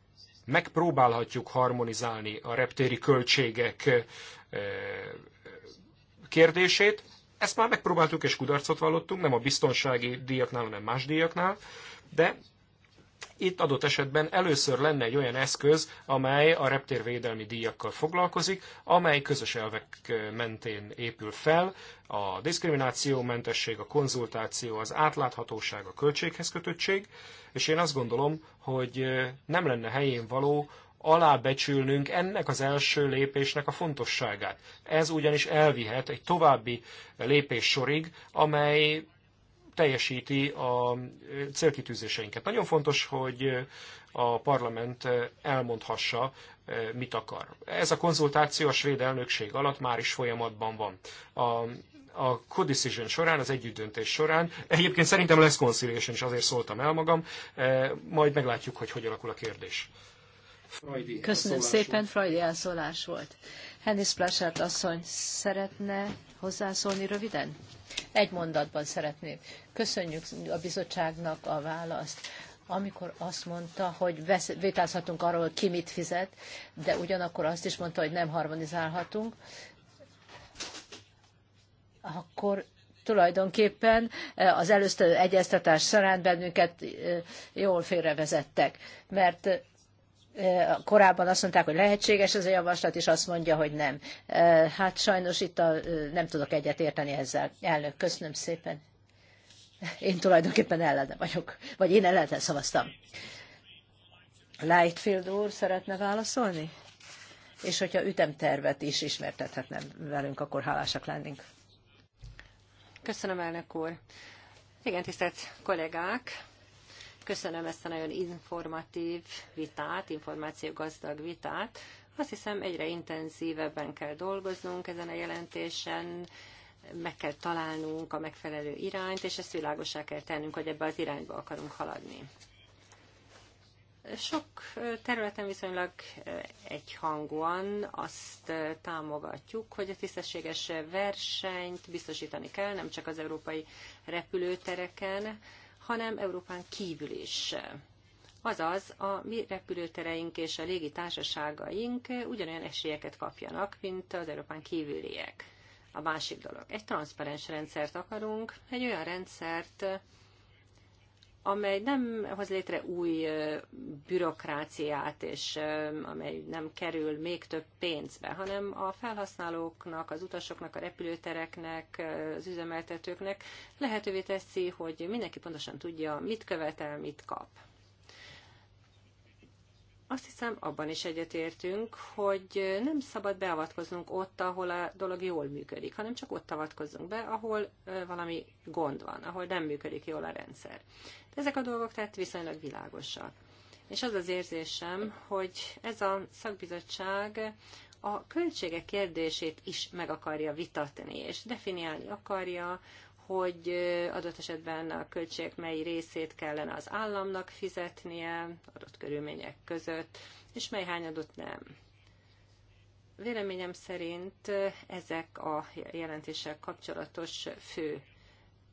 Megpróbálhatjuk harmonizálni a reptéri költségek kérdését, ezt már megpróbáltuk és kudarcot vallottunk, nem a biztonsági díjaknál, hanem más díjaknál, de itt adott esetben először lenne egy olyan eszköz, amely a reptérvédelmi díjakkal foglalkozik, amely közös elvek mentén épül fel, a mentesség, a konzultáció, az átláthatóság, a költséghez kötöttség, és én azt gondolom, hogy nem lenne helyén való, alábecsülnünk ennek az első lépésnek a fontosságát. Ez ugyanis elvihet egy további lépés sorig, amely teljesíti a célkitűzéseinket. Nagyon fontos, hogy a parlament elmondhassa, mit akar. Ez a konzultáció a svéd elnökség alatt már is folyamatban van. A a co-decision során, az együttdöntés során. Egyébként szerintem lesz conciliation, és azért szóltam el magam. Majd meglátjuk, hogy hogy alakul a kérdés. Köszönöm szépen, Freudi elszólás volt. Hennis Plasert asszony szeretne hozzászólni röviden? Egy mondatban szeretném. Köszönjük a bizottságnak a választ amikor azt mondta, hogy vétázhatunk arról, hogy ki mit fizet, de ugyanakkor azt is mondta, hogy nem harmonizálhatunk, akkor tulajdonképpen e, az előző egyeztetés során bennünket e, jól félrevezettek, mert korábban azt mondták, hogy lehetséges ez a javaslat, és azt mondja, hogy nem. Hát sajnos itt a, nem tudok egyet érteni ezzel. Elnök, köszönöm szépen. Én tulajdonképpen ellene vagyok, vagy én ellene szavaztam. Lightfield úr szeretne válaszolni? És hogyha ütemtervet is ismertethetne velünk, akkor hálásak lennénk. Köszönöm, elnök úr. Igen, tisztelt kollégák! Köszönöm ezt a nagyon informatív vitát, információgazdag vitát. Azt hiszem, egyre intenzívebben kell dolgoznunk ezen a jelentésen, meg kell találnunk a megfelelő irányt, és ezt világosá kell tennünk, hogy ebbe az irányba akarunk haladni. Sok területen viszonylag egyhangúan azt támogatjuk, hogy a tisztességes versenyt biztosítani kell, nem csak az európai repülőtereken, hanem Európán kívül is. Azaz, a mi repülőtereink és a légitársaságaink ugyanolyan esélyeket kapjanak, mint az Európán kívüliek. A másik dolog. Egy transzparens rendszert akarunk, egy olyan rendszert, amely nem hoz létre új bürokráciát, és amely nem kerül még több pénzbe, hanem a felhasználóknak, az utasoknak, a repülőtereknek, az üzemeltetőknek lehetővé teszi, hogy mindenki pontosan tudja, mit követel, mit kap. Azt hiszem, abban is egyetértünk, hogy nem szabad beavatkoznunk ott, ahol a dolog jól működik, hanem csak ott avatkozzunk be, ahol valami gond van, ahol nem működik jól a rendszer. De ezek a dolgok tehát viszonylag világosak. És az az érzésem, hogy ez a szakbizottság a költségek kérdését is meg akarja vitatni, és definiálni akarja, hogy adott esetben a költségek mely részét kellene az államnak fizetnie, adott körülmények között, és mely hányadot nem. Véleményem szerint ezek a jelentéssel kapcsolatos fő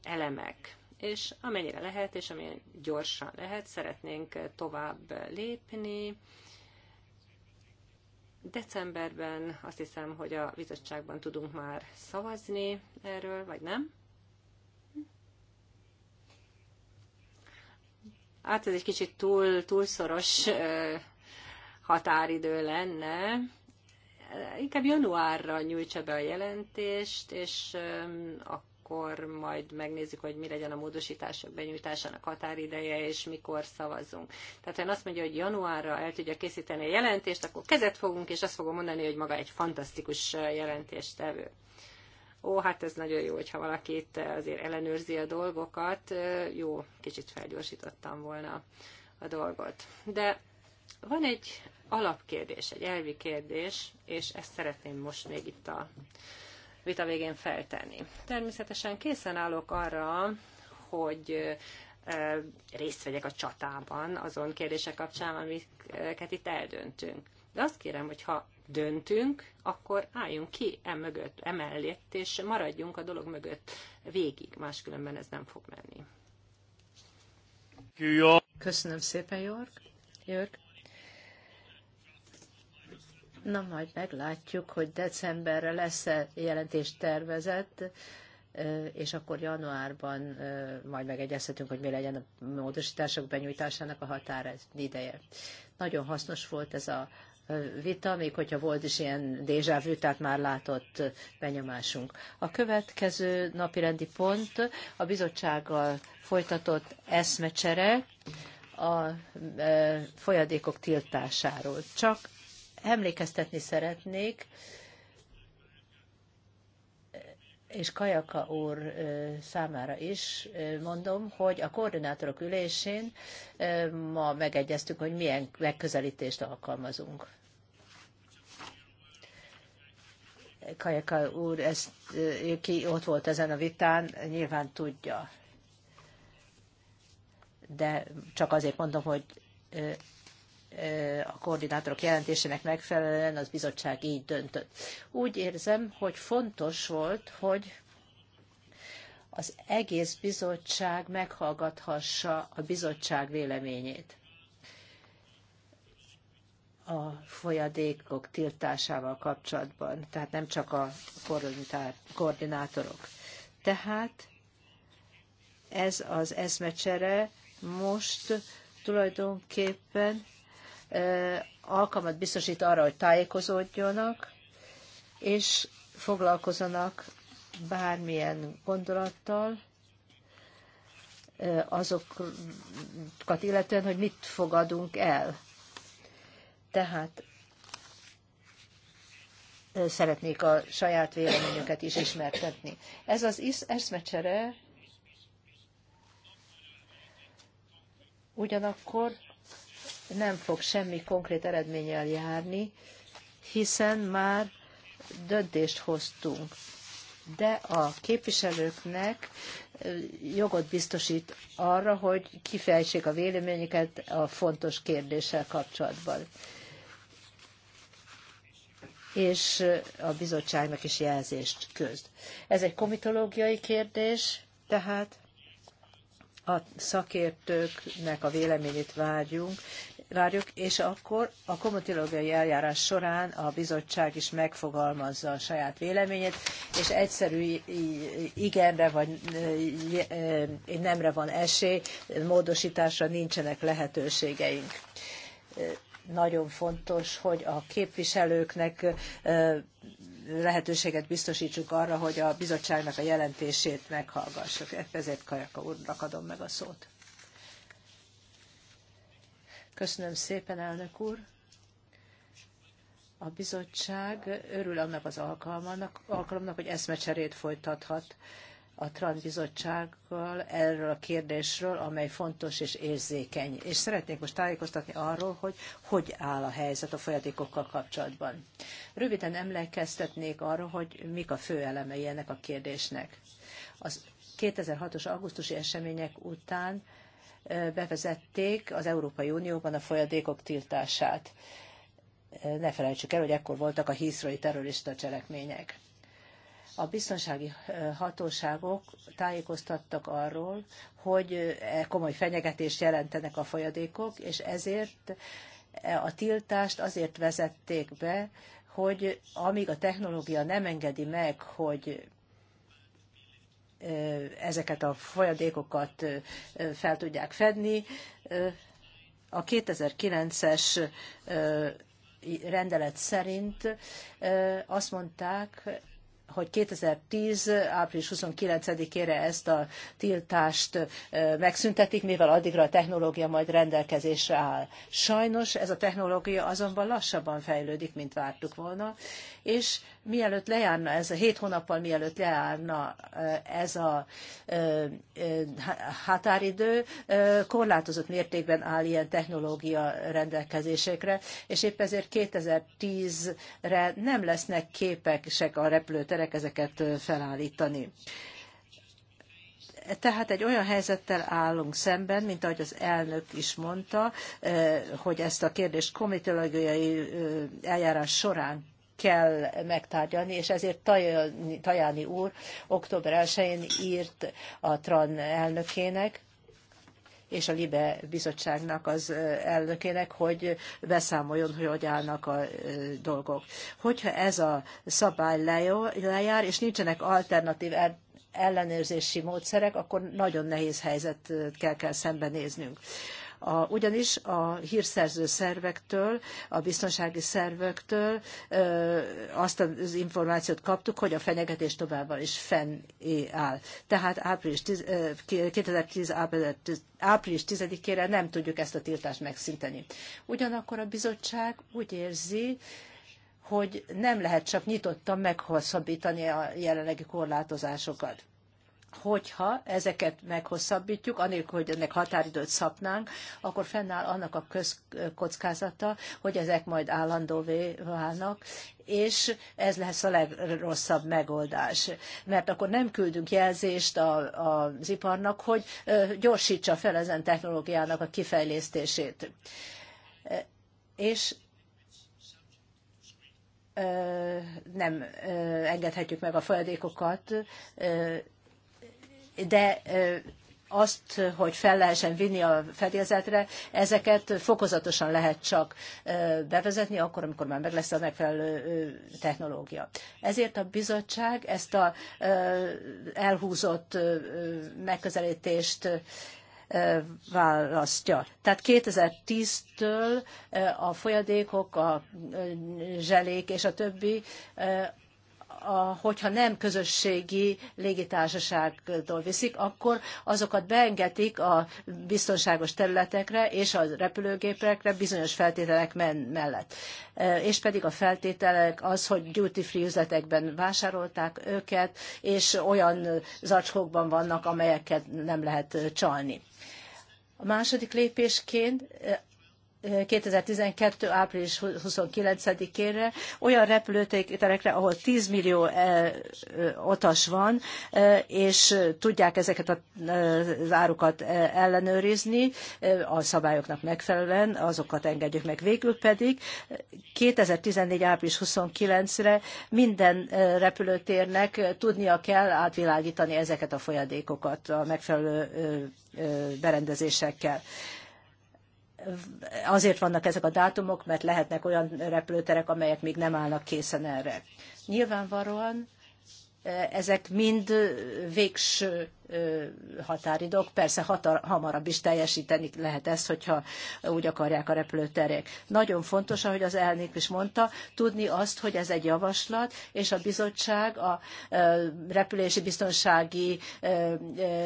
elemek és amennyire lehet, és amilyen gyorsan lehet, szeretnénk tovább lépni. Decemberben azt hiszem, hogy a bizottságban tudunk már szavazni erről, vagy nem. Hát ez egy kicsit túl, túlszoros határidő lenne. Inkább januárra nyújtsa be a jelentést, és akkor majd megnézzük, hogy mi legyen a módosítások benyújtásának határideje, és mikor szavazunk. Tehát ha azt mondja, hogy januárra el tudja készíteni a jelentést, akkor kezet fogunk, és azt fogom mondani, hogy maga egy fantasztikus jelentéstevő ó, hát ez nagyon jó, hogyha valaki itt eh, azért ellenőrzi a dolgokat, eh, jó, kicsit felgyorsítottam volna a dolgot. De van egy alapkérdés, egy elvi kérdés, és ezt szeretném most még itt a vita végén feltenni. Természetesen készen állok arra, hogy eh, részt vegyek a csatában azon kérdések kapcsán, amiket itt eldöntünk. De azt kérem, hogy ha döntünk, akkor álljunk ki emögött, emellett, és maradjunk a dolog mögött végig, máskülönben ez nem fog menni. Köszönöm szépen, Jörg. Jörg. Na majd meglátjuk, hogy decemberre lesz-e tervezett, e, és akkor januárban e, majd megegyezhetünk, hogy mi legyen a módosítások benyújtásának a határa ideje. Nagyon hasznos volt ez a vita, még hogyha volt is ilyen déjà vu, tehát már látott benyomásunk. A következő napi rendi pont a bizottsággal folytatott eszmecsere a e, folyadékok tiltásáról. Csak emlékeztetni szeretnék, és Kajaka úr e, számára is e, mondom, hogy a koordinátorok ülésén ma megegyeztük, hogy milyen megközelítést alkalmazunk. Kajaka úr, ezt, ki ott volt ezen a vitán, nyilván tudja. De csak azért mondom, hogy a koordinátorok jelentésének megfelelően az bizottság így döntött. Úgy érzem, hogy fontos volt, hogy az egész bizottság meghallgathassa a bizottság véleményét a folyadékok tiltásával kapcsolatban, tehát nem csak a koordinátorok. Tehát ez az eszmecsere most tulajdonképpen alkalmat biztosít arra, hogy tájékozódjanak, és foglalkozanak bármilyen gondolattal, azokat illetően, hogy mit fogadunk el tehát szeretnék a saját véleményüket is ismertetni. Ez az eszmecsere ugyanakkor nem fog semmi konkrét eredménnyel járni, hiszen már döntést hoztunk. De a képviselőknek jogot biztosít arra, hogy kifejtsék a véleményeket a fontos kérdéssel kapcsolatban és a bizottságnak is jelzést közd. Ez egy komitológiai kérdés, tehát a szakértőknek a véleményét várjunk, várjuk, és akkor a komitológiai eljárás során a bizottság is megfogalmazza a saját véleményét, és egyszerű igenre vagy e, e, nemre van esély, módosításra nincsenek lehetőségeink nagyon fontos, hogy a képviselőknek lehetőséget biztosítsuk arra, hogy a bizottságnak a jelentését meghallgassuk. Ezért Kajaka úrnak adom meg a szót. Köszönöm szépen, elnök úr. A bizottság örül annak az alkalmának, alkalomnak hogy eszmecserét folytathat a Trump bizottsággal erről a kérdésről, amely fontos és érzékeny. És szeretnék most tájékoztatni arról, hogy hogy áll a helyzet a folyadékokkal kapcsolatban. Röviden emlékeztetnék arról, hogy mik a fő elemei ennek a kérdésnek. Az 2006-os augusztusi események után bevezették az Európai Unióban a folyadékok tiltását. Ne felejtsük el, hogy ekkor voltak a hiszrai terrorista cselekmények a biztonsági hatóságok tájékoztattak arról, hogy e komoly fenyegetést jelentenek a folyadékok, és ezért e, a tiltást azért vezették be, hogy amíg a technológia nem engedi meg, hogy ezeket a folyadékokat fel tudják fedni. A 2009-es rendelet szerint azt mondták, hogy 2010. április 29-ére ezt a tiltást megszüntetik, mivel addigra a technológia majd rendelkezésre áll. Sajnos ez a technológia azonban lassabban fejlődik, mint vártuk volna, és mielőtt lejárna ez a hét hónappal mielőtt lejárna ez a határidő, korlátozott mértékben áll ilyen technológia rendelkezésekre, és épp ezért 2010-re nem lesznek képesek a repülőterek ezeket felállítani. Tehát egy olyan helyzettel állunk szemben, mint ahogy az elnök is mondta, hogy ezt a kérdést komitológiai eljárás során kell megtárgyalni, és ezért Tajani úr október 1-én írt a TRAN elnökének, és a LIBE bizottságnak az elnökének, hogy beszámoljon, hogy hogy állnak a dolgok. Hogyha ez a szabály lejár, és nincsenek alternatív ellenőrzési módszerek, akkor nagyon nehéz helyzet kell, kell szembenéznünk. A, ugyanis a hírszerző szervektől, a biztonsági szervektől ö, azt az információt kaptuk, hogy a fenyegetés továbbá is fennáll. Tehát április 10, 2010 április 10-ére nem tudjuk ezt a tiltást megszinteni. Ugyanakkor a bizottság úgy érzi, hogy nem lehet csak nyitottan meghosszabbítani a jelenlegi korlátozásokat hogyha ezeket meghosszabbítjuk, anélkül, hogy ennek határidőt szabnánk, akkor fennáll annak a kockázata, hogy ezek majd állandóvé válnak, és ez lesz a legrosszabb megoldás. Mert akkor nem küldünk jelzést a, a, az iparnak, hogy gyorsítsa fel ezen technológiának a kifejlesztését. És nem engedhetjük meg a folyadékokat, de azt, hogy fel lehessen vinni a fedélzetre, ezeket fokozatosan lehet csak bevezetni, akkor, amikor már meg lesz a megfelelő technológia. Ezért a bizottság ezt a elhúzott megközelítést választja. Tehát 2010-től a folyadékok, a zselék és a többi a, hogyha nem közösségi légitársaságtól viszik, akkor azokat beengedik a biztonságos területekre és a repülőgépekre bizonyos feltételek mellett. E, és pedig a feltételek az, hogy duty free üzletekben vásárolták őket, és olyan zacskókban vannak, amelyeket nem lehet csalni. A második lépésként 2012. április 29-ére olyan repülőterekre, ahol 10 millió eh, eh, otas van, eh, és tudják ezeket az árukat ellenőrizni a szabályoknak megfelelően, azokat engedjük meg. Végül pedig 2014. április 29-re minden repülőtérnek tudnia kell átvilágítani ezeket a folyadékokat a megfelelő berendezésekkel azért vannak ezek a dátumok, mert lehetnek olyan repülőterek, amelyek még nem állnak készen erre. Nyilvánvalóan ezek mind végső határidok. Persze hatar, hamarabb is teljesíteni lehet ezt, hogyha úgy akarják a repülőterek. Nagyon fontos, ahogy az elnök is mondta, tudni azt, hogy ez egy javaslat, és a bizottság a repülési biztonsági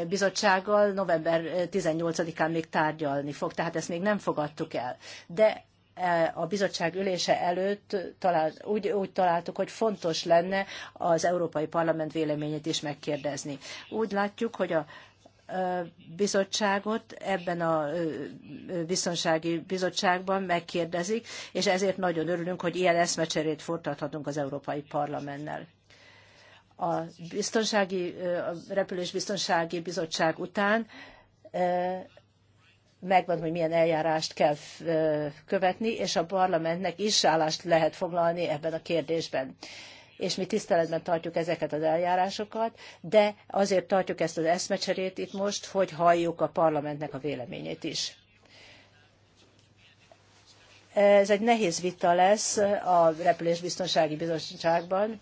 bizottsággal november 18-án még tárgyalni fog, tehát ezt még nem fogadtuk el. De E, a bizottság ülése előtt talált, úgy, úgy találtuk, hogy fontos lenne az Európai Parlament véleményét is megkérdezni. Úgy látjuk, hogy a e, bizottságot ebben a e, biztonsági bizottságban megkérdezik, és ezért nagyon örülünk, hogy ilyen eszmecserét fordíthatunk az Európai Parlamentnel a biztonsági, a repülésbiztonsági bizottság után megvan, hogy milyen eljárást kell követni, és a parlamentnek is állást lehet foglalni ebben a kérdésben. És mi tiszteletben tartjuk ezeket az eljárásokat, de azért tartjuk ezt az eszmecserét itt most, hogy halljuk a parlamentnek a véleményét is. Ez egy nehéz vita lesz a Repülésbiztonsági Bizottságban,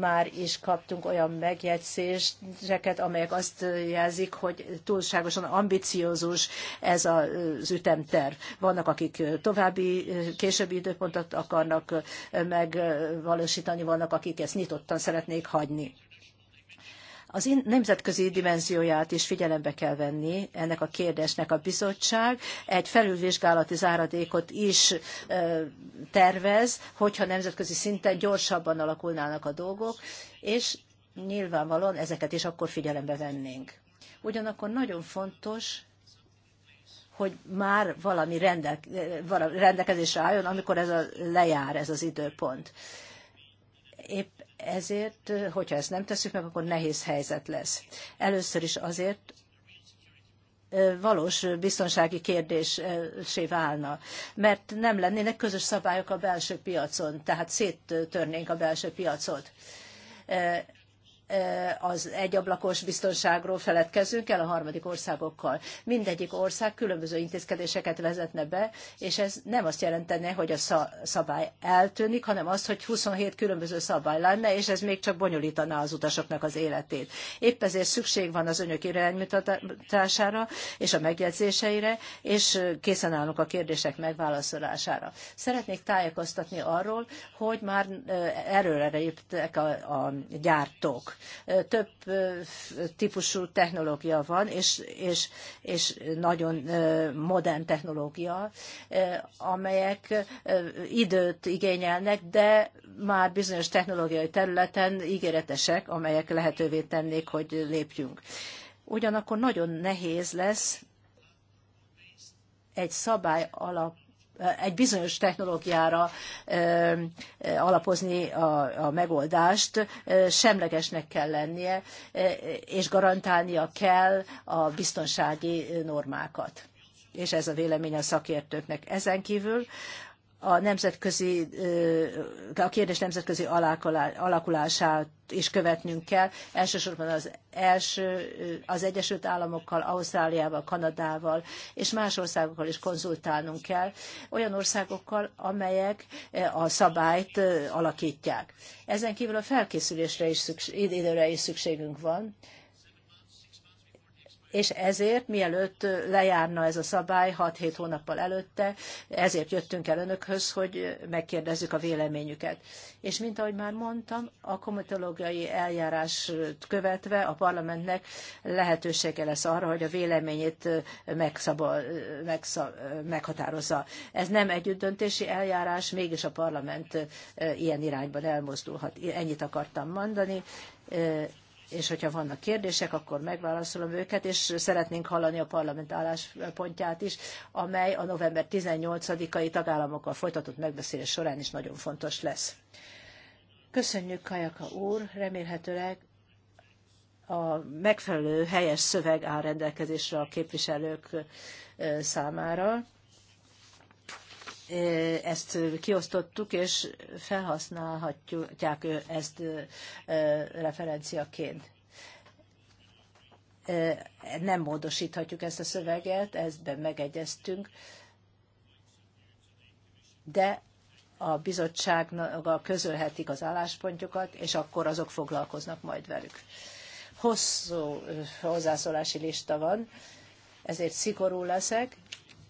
már is kaptunk olyan megjegyzéseket, amelyek azt jelzik, hogy túlságosan ambiciózus ez az ütemterv. Vannak, akik további, későbbi időpontot akarnak megvalósítani, vannak, akik ezt nyitottan szeretnék hagyni. Az nemzetközi dimenzióját is figyelembe kell venni ennek a kérdésnek a bizottság. Egy felülvizsgálati záradékot is tervez, hogyha nemzetközi szinten gyorsabban alakulnának a dolgok, és nyilvánvalóan ezeket is akkor figyelembe vennénk. Ugyanakkor nagyon fontos, hogy már valami rendel, rendelkezésre álljon, amikor ez a, lejár ez az időpont. Épp ezért, hogyha ezt nem teszük meg, akkor nehéz helyzet lesz. Először is azért, valós biztonsági kérdésé válna, mert nem lennének közös szabályok a belső piacon, tehát széttörnénk a belső piacot az egyablakos biztonságról feledkezünk el a harmadik országokkal. Mindegyik ország különböző intézkedéseket vezetne be, és ez nem azt jelentene, hogy a szabály eltűnik, hanem azt, hogy 27 különböző szabály lenne, és ez még csak bonyolítaná az utasoknak az életét. Épp ezért szükség van az önök iránymutatására és a megjegyzéseire, és készen állunk a kérdések megválaszolására. Szeretnék tájékoztatni arról, hogy már erőre léptek a, a gyártók több típusú technológia van, és, és, és nagyon modern technológia, amelyek időt igényelnek, de már bizonyos technológiai területen ígéretesek, amelyek lehetővé tennék, hogy lépjünk. Ugyanakkor nagyon nehéz lesz egy szabály alap egy bizonyos technológiára alapozni a, a megoldást, semlegesnek kell lennie, és garantálnia kell a biztonsági normákat és ez a vélemény a szakértőknek. Ezen kívül a nemzetközi, a kérdés nemzetközi alakulását is követnünk kell. Elsősorban az, első, az Egyesült Államokkal, Ausztráliával, Kanadával és más országokkal is konzultálnunk kell, olyan országokkal, amelyek a szabályt alakítják. Ezen kívül a felkészülésre is szükség, időre is szükségünk van és ezért mielőtt lejárna ez a szabály 6-7 hónappal előtte, ezért jöttünk el önökhöz, hogy megkérdezzük a véleményüket. És mint ahogy már mondtam, a komitológiai eljárás követve a parlamentnek lehetősége lesz arra, hogy a véleményét megszabol, megszab, meghatározza. Ez nem együttdöntési eljárás, mégis a parlament ilyen irányban elmozdulhat. Ennyit akartam mondani és hogyha vannak kérdések, akkor megválaszolom őket, és szeretnénk hallani a parlament álláspontját is, amely a november 18-ai tagállamokkal folytatott megbeszélés során is nagyon fontos lesz. Köszönjük, Kajaka úr, remélhetőleg a megfelelő helyes szöveg áll rendelkezésre a képviselők számára ezt kiosztottuk, és felhasználhatják ezt referenciaként. Nem módosíthatjuk ezt a szöveget, ezben megegyeztünk, de a bizottságnak közölhetik az álláspontjukat, és akkor azok foglalkoznak majd velük. Hosszú hozzászólási lista van, ezért szigorú leszek.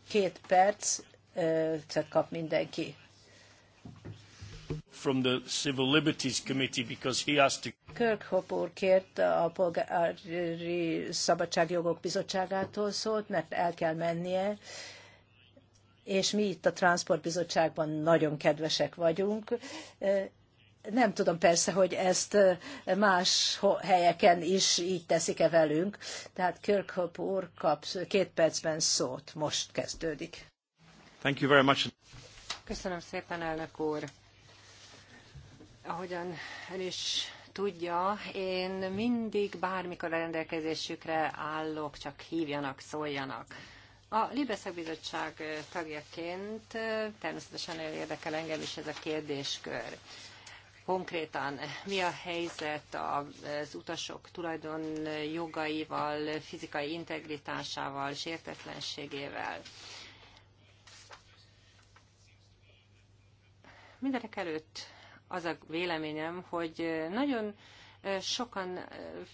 Két perc kap mindenki. From the Civil Liberties Committee because he has to... Kirk úr kért a Polgári Szabadságjogok Bizottságától szót, mert el kell mennie, és mi itt a transport Bizottságban nagyon kedvesek vagyunk. Nem tudom persze, hogy ezt más helyeken is így teszik-e velünk. Tehát Kirk úr kap két percben szót, most kezdődik. Köszönöm szépen, Ahogyan ön is tudja, én mindig bármikor a rendelkezésükre állok, csak hívjanak, szóljanak. A Libeszak Bizottság tagjaként természetesen érdekel engem is ez a kérdéskör. Konkrétan mi a helyzet az utasok tulajdon jogaival, fizikai integritásával, sértetlenségével? Mindenek előtt az a véleményem, hogy nagyon sokan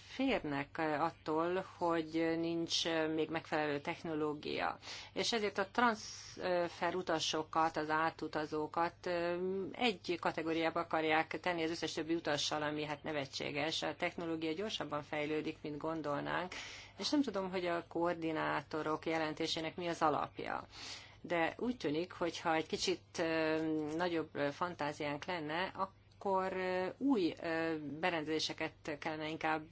férnek attól, hogy nincs még megfelelő technológia. És ezért a transfer utasokat, az átutazókat egy kategóriába akarják tenni az összes többi utassal, ami hát nevetséges. A technológia gyorsabban fejlődik, mint gondolnánk, és nem tudom, hogy a koordinátorok jelentésének mi az alapja de úgy tűnik, hogy ha egy kicsit nagyobb fantáziánk lenne, akkor új berendezéseket kellene inkább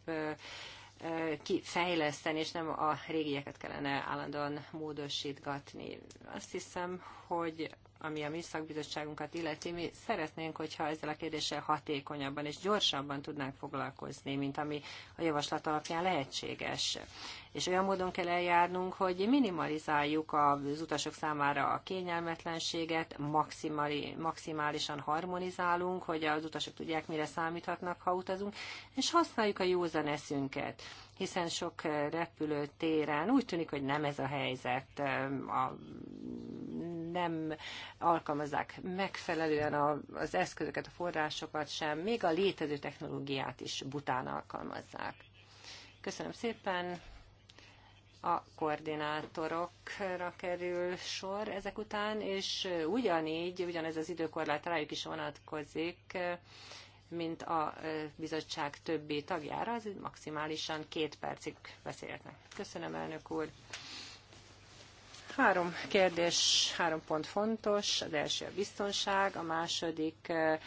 kifejleszteni, és nem a régieket kellene állandóan módosítgatni. Azt hiszem, hogy ami a mi szakbizottságunkat illeti, mi szeretnénk, hogyha ezzel a kérdéssel hatékonyabban és gyorsabban tudnánk foglalkozni, mint ami a javaslat alapján lehetséges. És olyan módon kell eljárnunk, hogy minimalizáljuk az utasok számára a kényelmetlenséget, maximálisan harmonizálunk, hogy az utasok tudják, mire számíthatnak, ha utazunk, és használjuk a józan eszünket hiszen sok repülőtéren úgy tűnik, hogy nem ez a helyzet. A nem alkalmazzák megfelelően az eszközöket, a forrásokat sem, még a létező technológiát is bután alkalmazzák. Köszönöm szépen! a koordinátorokra kerül sor ezek után, és ugyanígy, ugyanez az időkorlát rájuk is vonatkozik, mint a bizottság többi tagjára, az maximálisan két percig beszélhetnek. Köszönöm, elnök úr! Három kérdés, három pont fontos. Az első a biztonság, a második eh,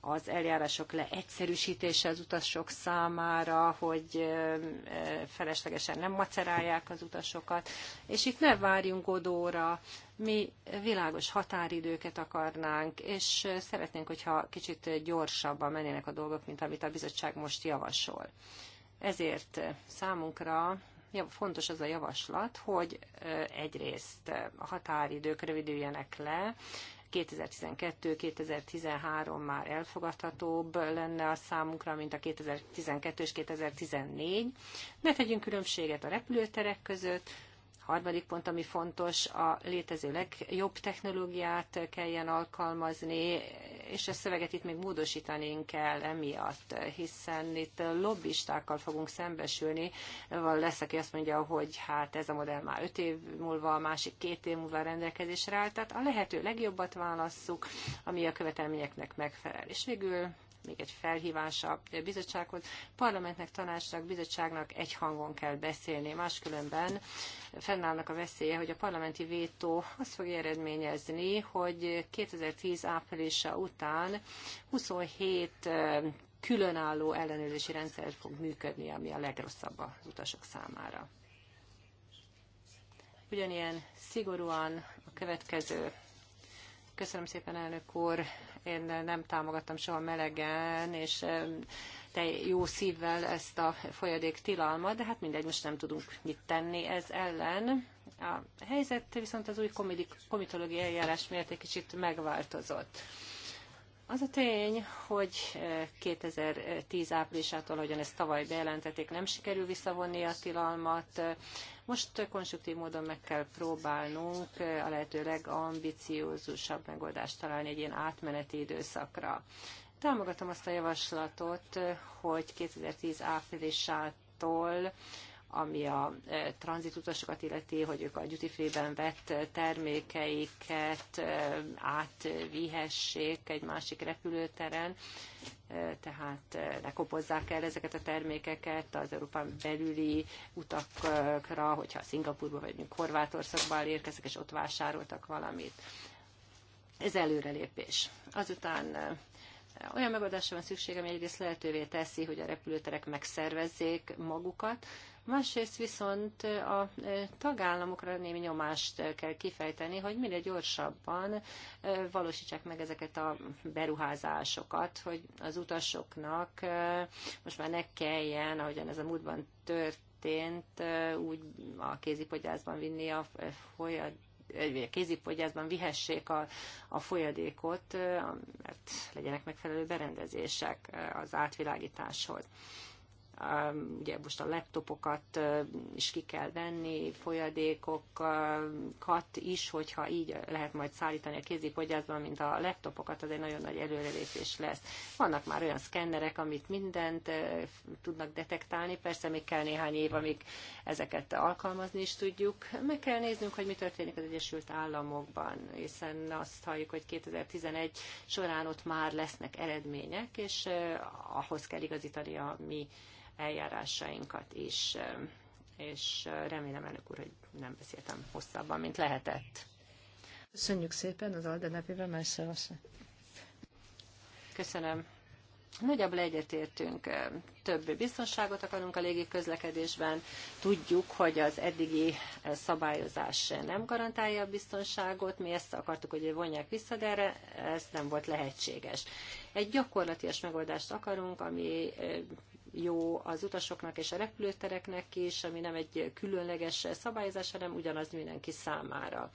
az eljárások leegyszerűsítése az utasok számára, hogy eh, eh, feleslegesen nem macerálják az utasokat, és itt ne várjunk Godóra, mi világos határidőket akarnánk, és szeretnénk, hogyha kicsit gyorsabban mennének a dolgok, mint amit a bizottság most javasol. Ezért számunkra fontos az a javaslat, hogy egyrészt a határidők rövidüljenek le, 2012-2013 már elfogadhatóbb lenne a számunkra, mint a 2012 és 2014. Ne tegyünk különbséget a repülőterek között, Harmadik pont, ami fontos, a létező legjobb technológiát kelljen alkalmazni, és ezt szöveget itt még módosítani kell emiatt, hiszen itt lobbistákkal fogunk szembesülni. Van lesz, aki azt mondja, hogy hát ez a modell már öt év múlva, a másik két év múlva rendelkezésre áll, tehát a lehető legjobbat válasszuk, ami a követelményeknek megfelel. És végül még egy felhívás a bizottsághoz. Parlamentnek, tanácsnak, bizottságnak egy hangon kell beszélni, máskülönben fennállnak a veszélye, hogy a parlamenti vétó azt fogja eredményezni, hogy 2010 áprilisa után 27 különálló ellenőrzési rendszer fog működni, ami a legrosszabb az utasok számára. Ugyanilyen szigorúan a következő. Köszönöm szépen, elnök úr! Én nem támogattam soha melegen, és te jó szívvel ezt a folyadék tilalma, de hát mindegy, most nem tudunk mit tenni ez ellen. A helyzet viszont az új komitológiai eljárás miatt egy kicsit megváltozott. Az a tény, hogy 2010 eh, áprilisától, ahogyan ezt tavaly bejelentették, nem sikerül visszavonni a tilalmat. Most konstruktív módon meg kell próbálnunk eh, a lehető legambiciózusabb megoldást találni egy ilyen átmeneti időszakra. Támogatom azt a javaslatot, eh, hogy 2010 áprilisától ami a e, tranzitutasokat illeti, hogy ők a duty free-ben vett termékeiket e, átvihessék egy másik repülőteren, e, tehát ne kopozzák el ezeket a termékeket az Európán belüli utakra, hogyha Szingapurba vagy Horvátországba érkeztek, és ott vásároltak valamit. Ez előrelépés. Azután olyan megoldásra van szükség, ami egyrészt lehetővé teszi, hogy a repülőterek megszervezzék magukat, másrészt viszont a e, tagállamokra némi nyomást e, kell kifejteni, hogy minél gyorsabban e, valósítsák meg ezeket a beruházásokat, hogy az utasoknak most már ne kelljen, ahogyan ez a múltban történt, úgy a kézipogyászban vinni a folyadékot, vagy a kézipogyászban vihessék a, a folyadékot, mert legyenek megfelelő berendezések az átvilágításhoz ugye most a laptopokat is ki kell venni, folyadékokat is, hogyha így lehet majd szállítani a kézi fogyászban, mint a laptopokat, az egy nagyon nagy előrelépés lesz. Vannak már olyan szkennerek, amit mindent tudnak detektálni, persze még kell néhány év, amíg ezeket alkalmazni is tudjuk. Meg kell néznünk, hogy mi történik az Egyesült Államokban, hiszen azt halljuk, hogy 2011 során ott már lesznek eredmények, és ahhoz kell igazítani a mi eljárásainkat is. És remélem, elnök úr, hogy nem beszéltem hosszabban, mint lehetett. Köszönjük szépen az Alde nevében, Köszönöm. Nagyjából egyetértünk, több biztonságot akarunk a légi közlekedésben. Tudjuk, hogy az eddigi szabályozás nem garantálja a biztonságot, mi ezt akartuk, hogy vonják vissza, de erre ez nem volt lehetséges. Egy gyakorlatias megoldást akarunk, ami jó az utasoknak és a repülőtereknek is, ami nem egy különleges szabályozás, hanem ugyanaz mindenki számára.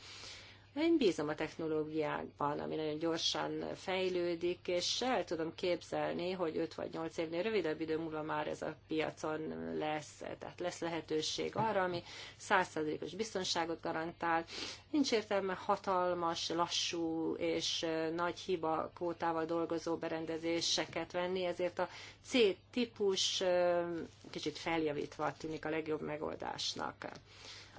Én bízom a technológiákban, ami nagyon gyorsan fejlődik, és el tudom képzelni, hogy 5 vagy 8 évnél rövidebb idő múlva már ez a piacon lesz, tehát lesz lehetőség arra, ami 100%-os biztonságot garantál. Nincs értelme hatalmas, lassú és nagy hiba kvótával dolgozó berendezéseket venni, ezért a C-típus kicsit feljavítva tűnik a legjobb megoldásnak.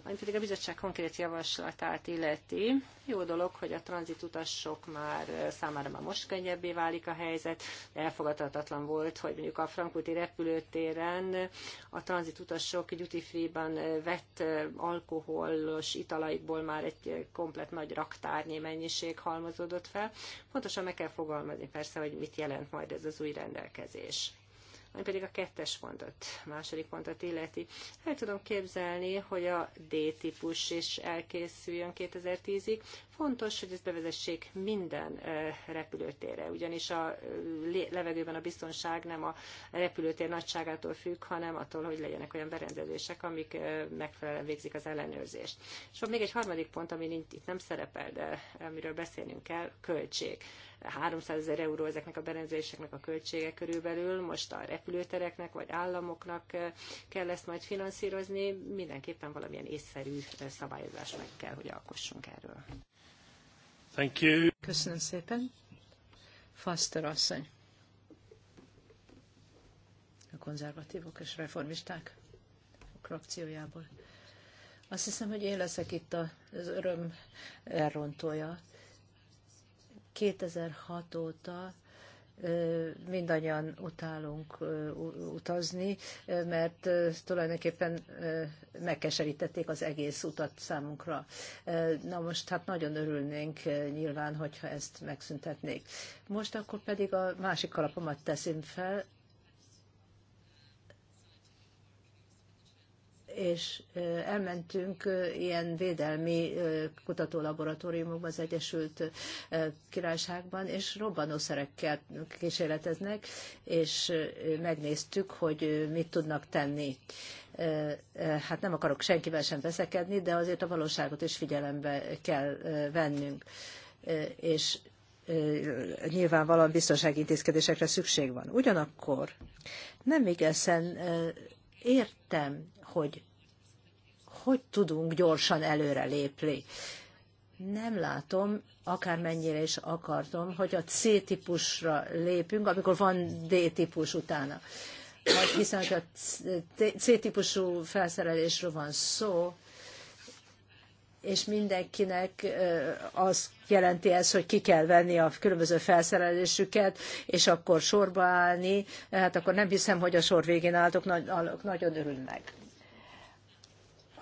Ami pedig a bizottság konkrét javaslatát illeti, jó dolog, hogy a tranzitutasok már számára már most könnyebbé válik a helyzet, de elfogadhatatlan volt, hogy mondjuk a frankfurti repülőtéren a tranzitutasok duty free-ban vett alkoholos italaikból már egy komplet nagy raktárnyi mennyiség halmozódott fel. Pontosan meg kell fogalmazni persze, hogy mit jelent majd ez az új rendelkezés ami pedig a kettes pontot, második pontot illeti. El tudom képzelni, hogy a D-típus is elkészüljön 2010-ig, Fontos, hogy ezt bevezessék minden repülőtérre, ugyanis a levegőben a biztonság nem a repülőtér nagyságától függ, hanem attól, hogy legyenek olyan berendezések, amik megfelelően végzik az ellenőrzést. És még egy harmadik pont, ami itt nem szerepel, de amiről beszélnünk kell, költség. 300 ezer euró ezeknek a berendezéseknek a költsége körülbelül, most a repülőtereknek vagy államoknak kell ezt majd finanszírozni, mindenképpen valamilyen észszerű szabályozás meg kell, hogy alkossunk erről. Thank you. Köszönöm szépen. Foster asszony. A konzervatívok és reformisták frakciójából. Azt hiszem, hogy én leszek itt az öröm elrontója. 2006 óta mindannyian utálunk utazni, mert tulajdonképpen megkeserítették az egész utat számunkra. Na most hát nagyon örülnénk nyilván, hogyha ezt megszüntetnék. Most akkor pedig a másik kalapomat teszem fel, és elmentünk ilyen védelmi kutatólaboratóriumokba az Egyesült Királyságban, és robbanószerekkel kísérleteznek, és megnéztük, hogy mit tudnak tenni hát nem akarok senkivel sem veszekedni, de azért a valóságot is figyelembe kell vennünk. És nyilvánvalóan biztonsági intézkedésekre szükség van. Ugyanakkor nem igazán értem, hogy hogy tudunk gyorsan előrelépni. Nem látom, akármennyire is akartom, hogy a C-típusra lépünk, amikor van D-típus utána. Hiszen, a C-típusú felszerelésről van szó, és mindenkinek az jelenti ez, hogy ki kell venni a különböző felszerelésüket, és akkor sorba állni, hát akkor nem hiszem, hogy a sor végén álltok, nagyon örülnek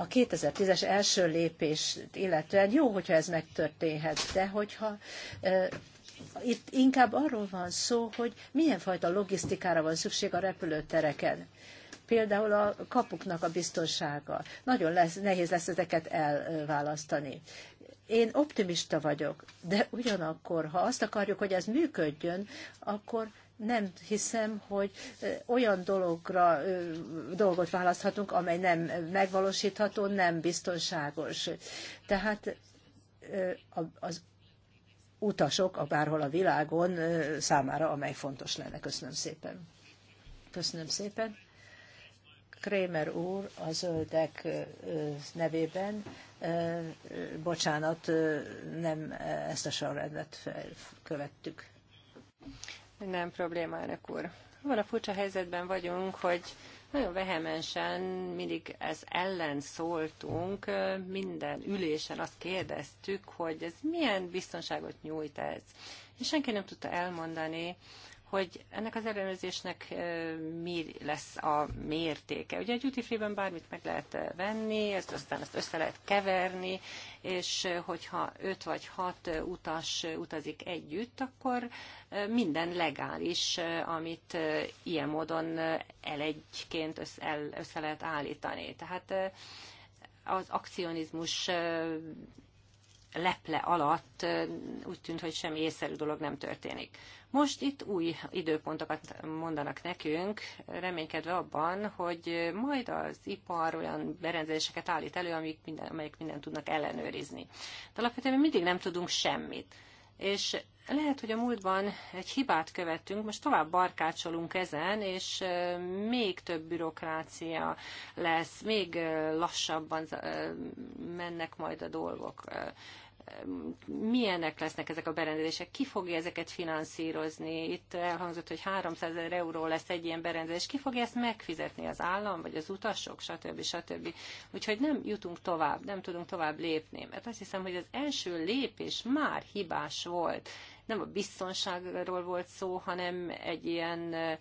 a 2010-es első lépést illetően jó, hogyha ez megtörténhet, de hogyha itt inkább arról van szó, hogy milyen fajta logisztikára van szükség a repülőtereken. Például a kapuknak a biztonsága. Nagyon lesz, nehéz lesz ezeket elválasztani. Én optimista vagyok, de ugyanakkor, ha azt akarjuk, hogy ez működjön, akkor nem hiszem, hogy olyan dologra, dolgot választhatunk, amely nem megvalósítható, nem biztonságos. Tehát az utasok, a bárhol a világon számára, amely fontos lenne. Köszönöm szépen. Köszönöm szépen. Krémer úr a zöldek nevében, bocsánat, nem ezt a sorrendet követtük. Nem probléma, elnök úr. Van a furcsa helyzetben vagyunk, hogy nagyon vehemensen mindig ez ellen szóltunk, minden ülésen azt kérdeztük, hogy ez milyen biztonságot nyújt ez. És senki nem tudta elmondani, hogy ennek az ellenőrzésnek mi lesz a mértéke. Ugye a duty free-ben bármit meg lehet venni, ezt aztán ezt össze lehet keverni, és hogyha öt vagy hat utas utazik együtt, akkor minden legális, amit ilyen módon elegyként össze, össze lehet állítani. Tehát az akcionizmus leple alatt úgy tűnt, hogy semmi észszerű dolog nem történik. Most itt új időpontokat mondanak nekünk, reménykedve abban, hogy majd az ipar olyan berendezéseket állít elő, amik minden, amelyek mindent tudnak ellenőrizni. De alapvetően mi mindig nem tudunk semmit. És lehet, hogy a múltban egy hibát követtünk, most tovább barkácsolunk ezen, és még több bürokrácia lesz, még lassabban mennek majd a dolgok milyenek lesznek ezek a berendezések, ki fogja ezeket finanszírozni. Itt elhangzott, hogy 300 ezer euró lesz egy ilyen berendezés, ki fogja ezt megfizetni az állam, vagy az utasok, stb. stb. Úgyhogy nem jutunk tovább, nem tudunk tovább lépni, mert azt hiszem, hogy az első lépés már hibás volt. Nem a biztonságról volt szó, hanem egy ilyen eh,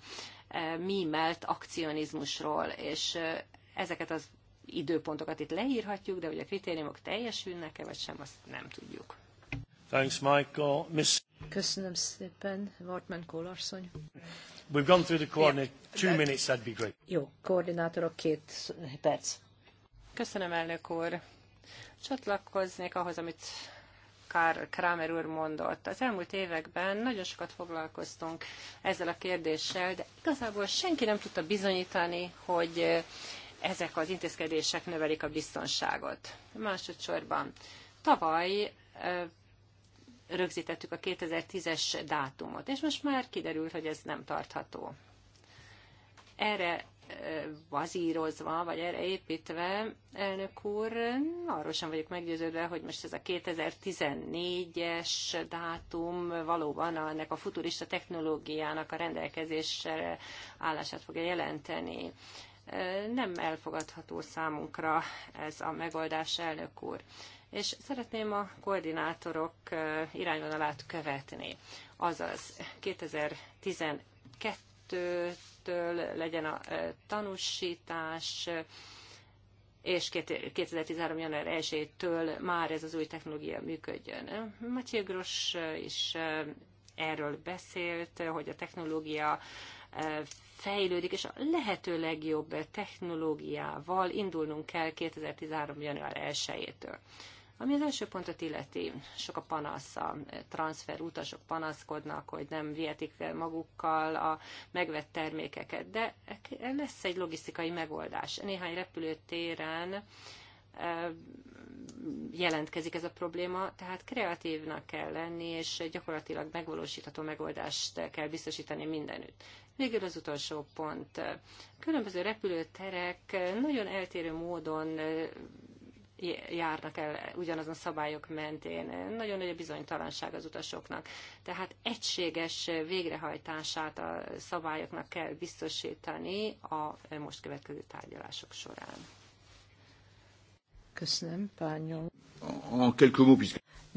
eh, mímelt akcionizmusról, és eh, ezeket az időpontokat itt leírhatjuk, de hogy a kritériumok teljesülnek-e, vagy sem, azt nem tudjuk. Thanks, Michael. Miss... Köszönöm szépen, Wartman Kólarszony. We've gone through the coordinate. Two minutes, that'd be great. Jó, koordinátorok két perc. Köszönöm, elnök úr. Csatlakoznék ahhoz, amit Kár Kramer úr mondott. Az elmúlt években nagyon sokat foglalkoztunk ezzel a kérdéssel, de igazából senki nem tudta bizonyítani, hogy ezek az intézkedések növelik a biztonságot. Másodszorban tavaly rögzítettük a 2010-es dátumot, és most már kiderült, hogy ez nem tartható. Erre vazírozva, vagy erre építve, elnök úr, arról sem vagyok meggyőződve, hogy most ez a 2014-es dátum valóban ennek a futurista technológiának a rendelkezésre állását fogja jelenteni. Nem elfogadható számunkra ez a megoldás, elnök úr. És szeretném a koordinátorok irányvonalát követni. Azaz 2012-től legyen a tanúsítás, és 2013. január 1-től már ez az új technológia működjön. Matyé Gros is erről beszélt, hogy a technológia fejlődik, és a lehető legjobb technológiával indulnunk kell 2013. január 1-től. Ami az első pontot illeti, sok a panasz, a transfer utasok panaszkodnak, hogy nem vihetik magukkal a megvett termékeket, de lesz egy logisztikai megoldás. Néhány repülőtéren jelentkezik ez a probléma, tehát kreatívnak kell lenni, és gyakorlatilag megvalósítható megoldást kell biztosítani mindenütt. Végül az utolsó pont. Különböző repülőterek nagyon eltérő módon eh, járnak el ugyanazon szabályok mentén. Nagyon nagy a bizonytalanság az utasoknak. Tehát egységes végrehajtását a szabályoknak kell biztosítani a most következő tárgyalások során. Köszönöm, pányom.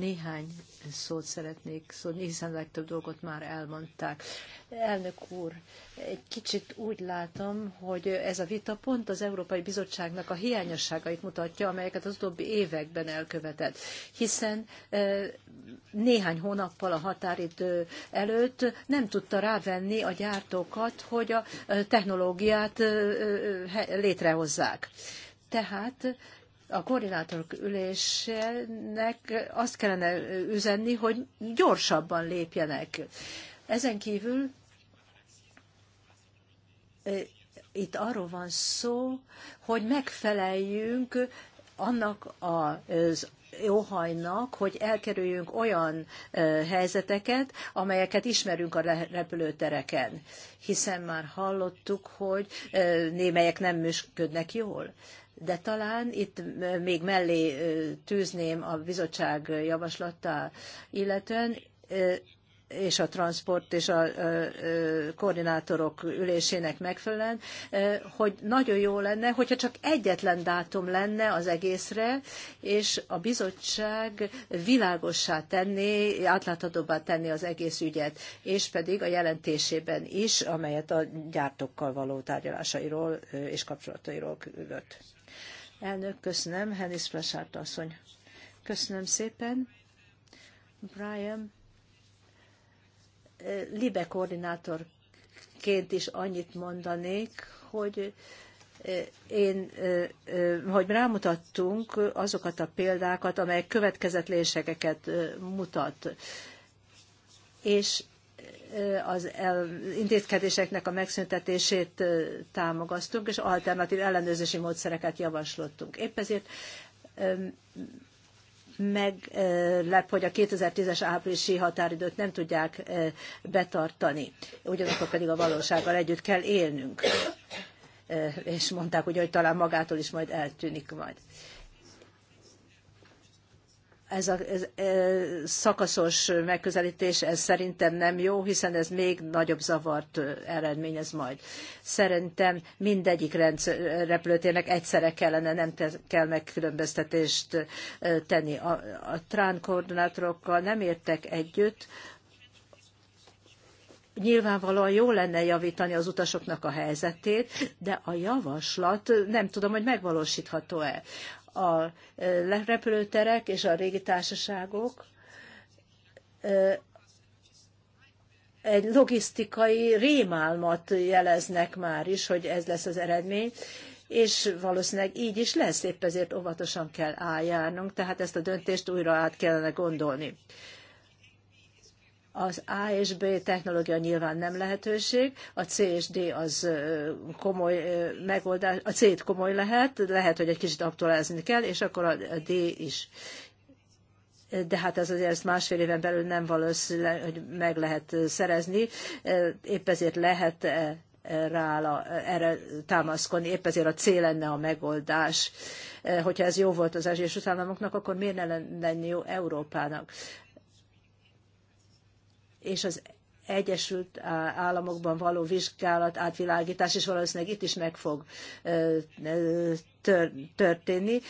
Néhány szót szeretnék szólni, hiszen legtöbb dolgot már elmondták. Elnök úr, egy kicsit úgy látom, hogy ez a vita pont az Európai Bizottságnak a hiányosságait mutatja, amelyeket az utóbbi években elkövetett. Hiszen e, néhány hónappal a határidő előtt nem tudta rávenni a gyártókat, hogy a e, technológiát e, létrehozzák. Tehát a koordinátorok ülésének azt kellene üzenni, hogy gyorsabban lépjenek. Ezen kívül e, itt arról van szó, hogy megfeleljünk annak az óhajnak, hogy elkerüljünk olyan e, helyzeteket, amelyeket ismerünk a repülőtereken. Hiszen már hallottuk, hogy e, némelyek nem működnek jól de talán itt még mellé tűzném a bizottság javaslatá illetően, és a transport és a koordinátorok ülésének megfelelően, hogy nagyon jó lenne, hogyha csak egyetlen dátum lenne az egészre, és a bizottság világossá tenné, átláthatóbbá tenni az egész ügyet, és pedig a jelentésében is, amelyet a gyártókkal való tárgyalásairól és kapcsolatairól küldött. Elnök, köszönöm. Helis Plasárt asszony. Köszönöm szépen. Brian, eh, Libe koordinátorként is annyit mondanék, hogy eh, én, eh, hogy rámutattunk azokat a példákat, amelyek következetléseket mutat. És az intézkedéseknek a megszüntetését támogattunk, és alternatív ellenőrzési módszereket javaslottunk. Épp ezért meglep, hogy a 2010-es áprilisi határidőt nem tudják betartani. Ugyanakkor pedig a valósággal együtt kell élnünk. És mondták, ugye, hogy talán magától is majd eltűnik majd ez a e, szakaszos megközelítés, ez szerintem nem jó, hiszen ez még nagyobb zavart eredményez majd. Szerintem mindegyik repülőtérnek egyszerre kellene, nem kell megkülönböztetést tenni. A, a trán koordinátorokkal nem értek együtt, Nyilvánvalóan jó lenne javítani az utasoknak a helyzetét, de a javaslat nem tudom, hogy megvalósítható-e a repülőterek és a régi társaságok egy logisztikai rémálmat jeleznek már is, hogy ez lesz az eredmény, és valószínűleg így is lesz, épp ezért óvatosan kell álljárnunk, tehát ezt a döntést újra át kellene gondolni. Az A és B technológia nyilván nem lehetőség, a C és D az komoly megoldás, a C-t komoly lehet, lehet, hogy egy kicsit aktualizni kell, és akkor a D is. De hát ez azért ezt másfél éven belül nem valószínű, hogy meg lehet szerezni, épp ezért lehet rá a, erre támaszkodni. Épp ezért a cél lenne a megoldás. Hogyha ez jó volt az ázsiai államoknak, akkor miért ne lenne jó Európának? és az Egyesült Államokban való vizsgálat, átvilágítás, és valószínűleg itt is meg fog történni.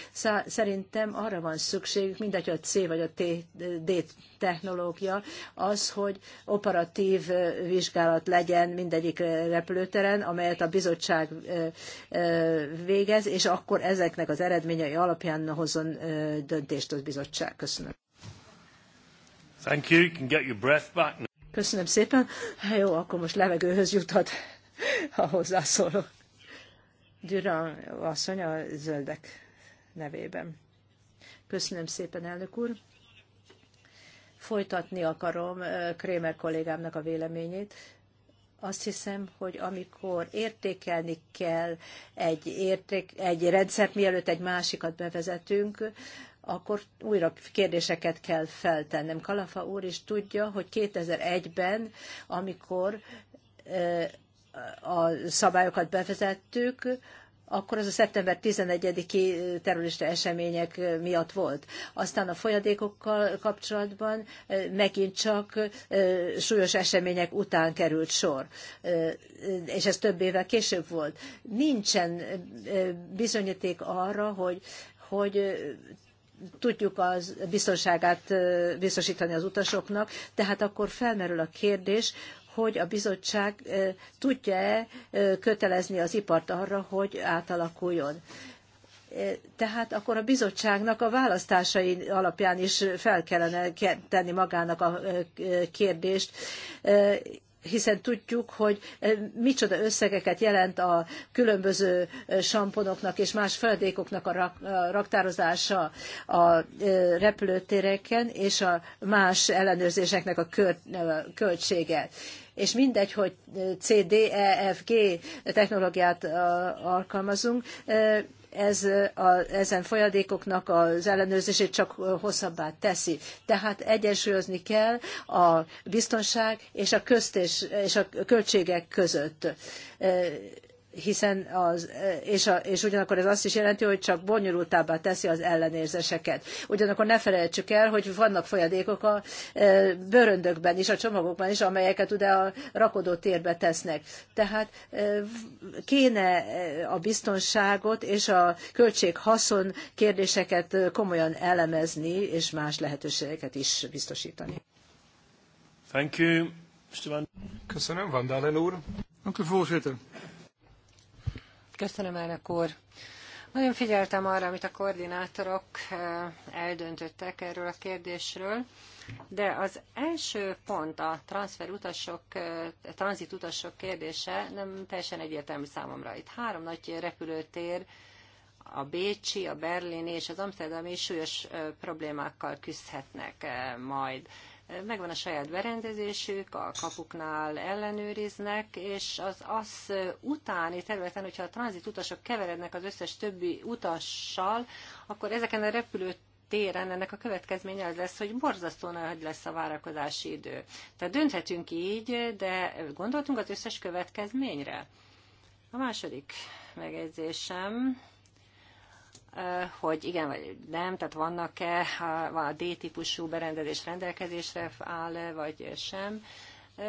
Szerintem arra van szükség, mindegy, hogy a C vagy a D technológia, az, hogy operatív vizsgálat legyen mindegyik repülőteren, amelyet a bizottság végez, és akkor ezeknek az eredményei alapján hozzon döntést a bizottság. Köszönöm. Thank you. You can get your breath back. Köszönöm szépen. jó, akkor most levegőhöz juthat a hozzászóló. Gyura asszony a zöldek nevében. Köszönöm szépen, elnök úr. Folytatni akarom Krémer kollégámnak a véleményét. Azt hiszem, hogy amikor értékelni kell egy, érték, egy rendszert, mielőtt egy másikat bevezetünk, akkor újra kérdéseket kell feltennem. Kalafa úr is tudja, hogy 2001-ben, amikor eh, a szabályokat bevezettük, akkor az a szeptember 11-i terrorista események miatt volt. Aztán a folyadékokkal kapcsolatban eh, megint csak eh, súlyos események után került sor, és ez több évvel később volt. Nincsen bizonyíték arra, hogy hogy tudjuk az biztonságát biztosítani az utasoknak, tehát akkor felmerül a kérdés, hogy a bizottság tudja-e kötelezni az ipart arra, hogy átalakuljon. Tehát akkor a bizottságnak a választásai alapján is fel kellene tenni magának a kérdést, hiszen tudjuk, hogy eh, micsoda összegeket jelent a különböző eh, samponoknak és más feladékoknak a raktározása a eh, repülőtéreken, és a más ellenőrzéseknek a költsége. És mindegy, hogy C, D, E, F, G technológiát alkalmazunk, ez a, ezen folyadékoknak az ellenőrzését csak hosszabbá teszi. Tehát egyensúlyozni kell a biztonság és a köztés és a költségek között hiszen az, e, és, a, és ugyanakkor ez azt is jelenti, hogy csak bonyolultábbá teszi az ellenérzéseket. Ugyanakkor ne felejtsük el, hogy vannak folyadékok a e, bőröndökben is, a csomagokban is, amelyeket ugye a rakodó térbe tesznek. Tehát e, kéne a biztonságot és a költség-haszon kérdéseket komolyan elemezni, és más lehetőségeket is biztosítani. Thank you. Köszönöm, Van Dalen úr. voorzitter. Köszönöm, elnök úr. Nagyon figyeltem arra, amit a koordinátorok eh, eldöntöttek erről a kérdésről, de az első pont, a transferutasok, eh, tranzitutasok kérdése nem teljesen egyértelmű számomra. Itt három nagy repülőtér, a bécsi, a berlini és az amsterdami súlyos eh, problémákkal küzdhetnek majd megvan a saját berendezésük, a kapuknál ellenőriznek, és az az utáni területen, hogyha a tranzit utasok keverednek az összes többi utassal, akkor ezeken a repülőt téren ennek a következménye az lesz, hogy borzasztó nagy lesz a várakozási idő. Tehát dönthetünk így, de gondoltunk az összes következményre. A második megjegyzésem hogy igen vagy nem, tehát vannak-e a D-típusú berendezés rendelkezésre áll, vagy sem.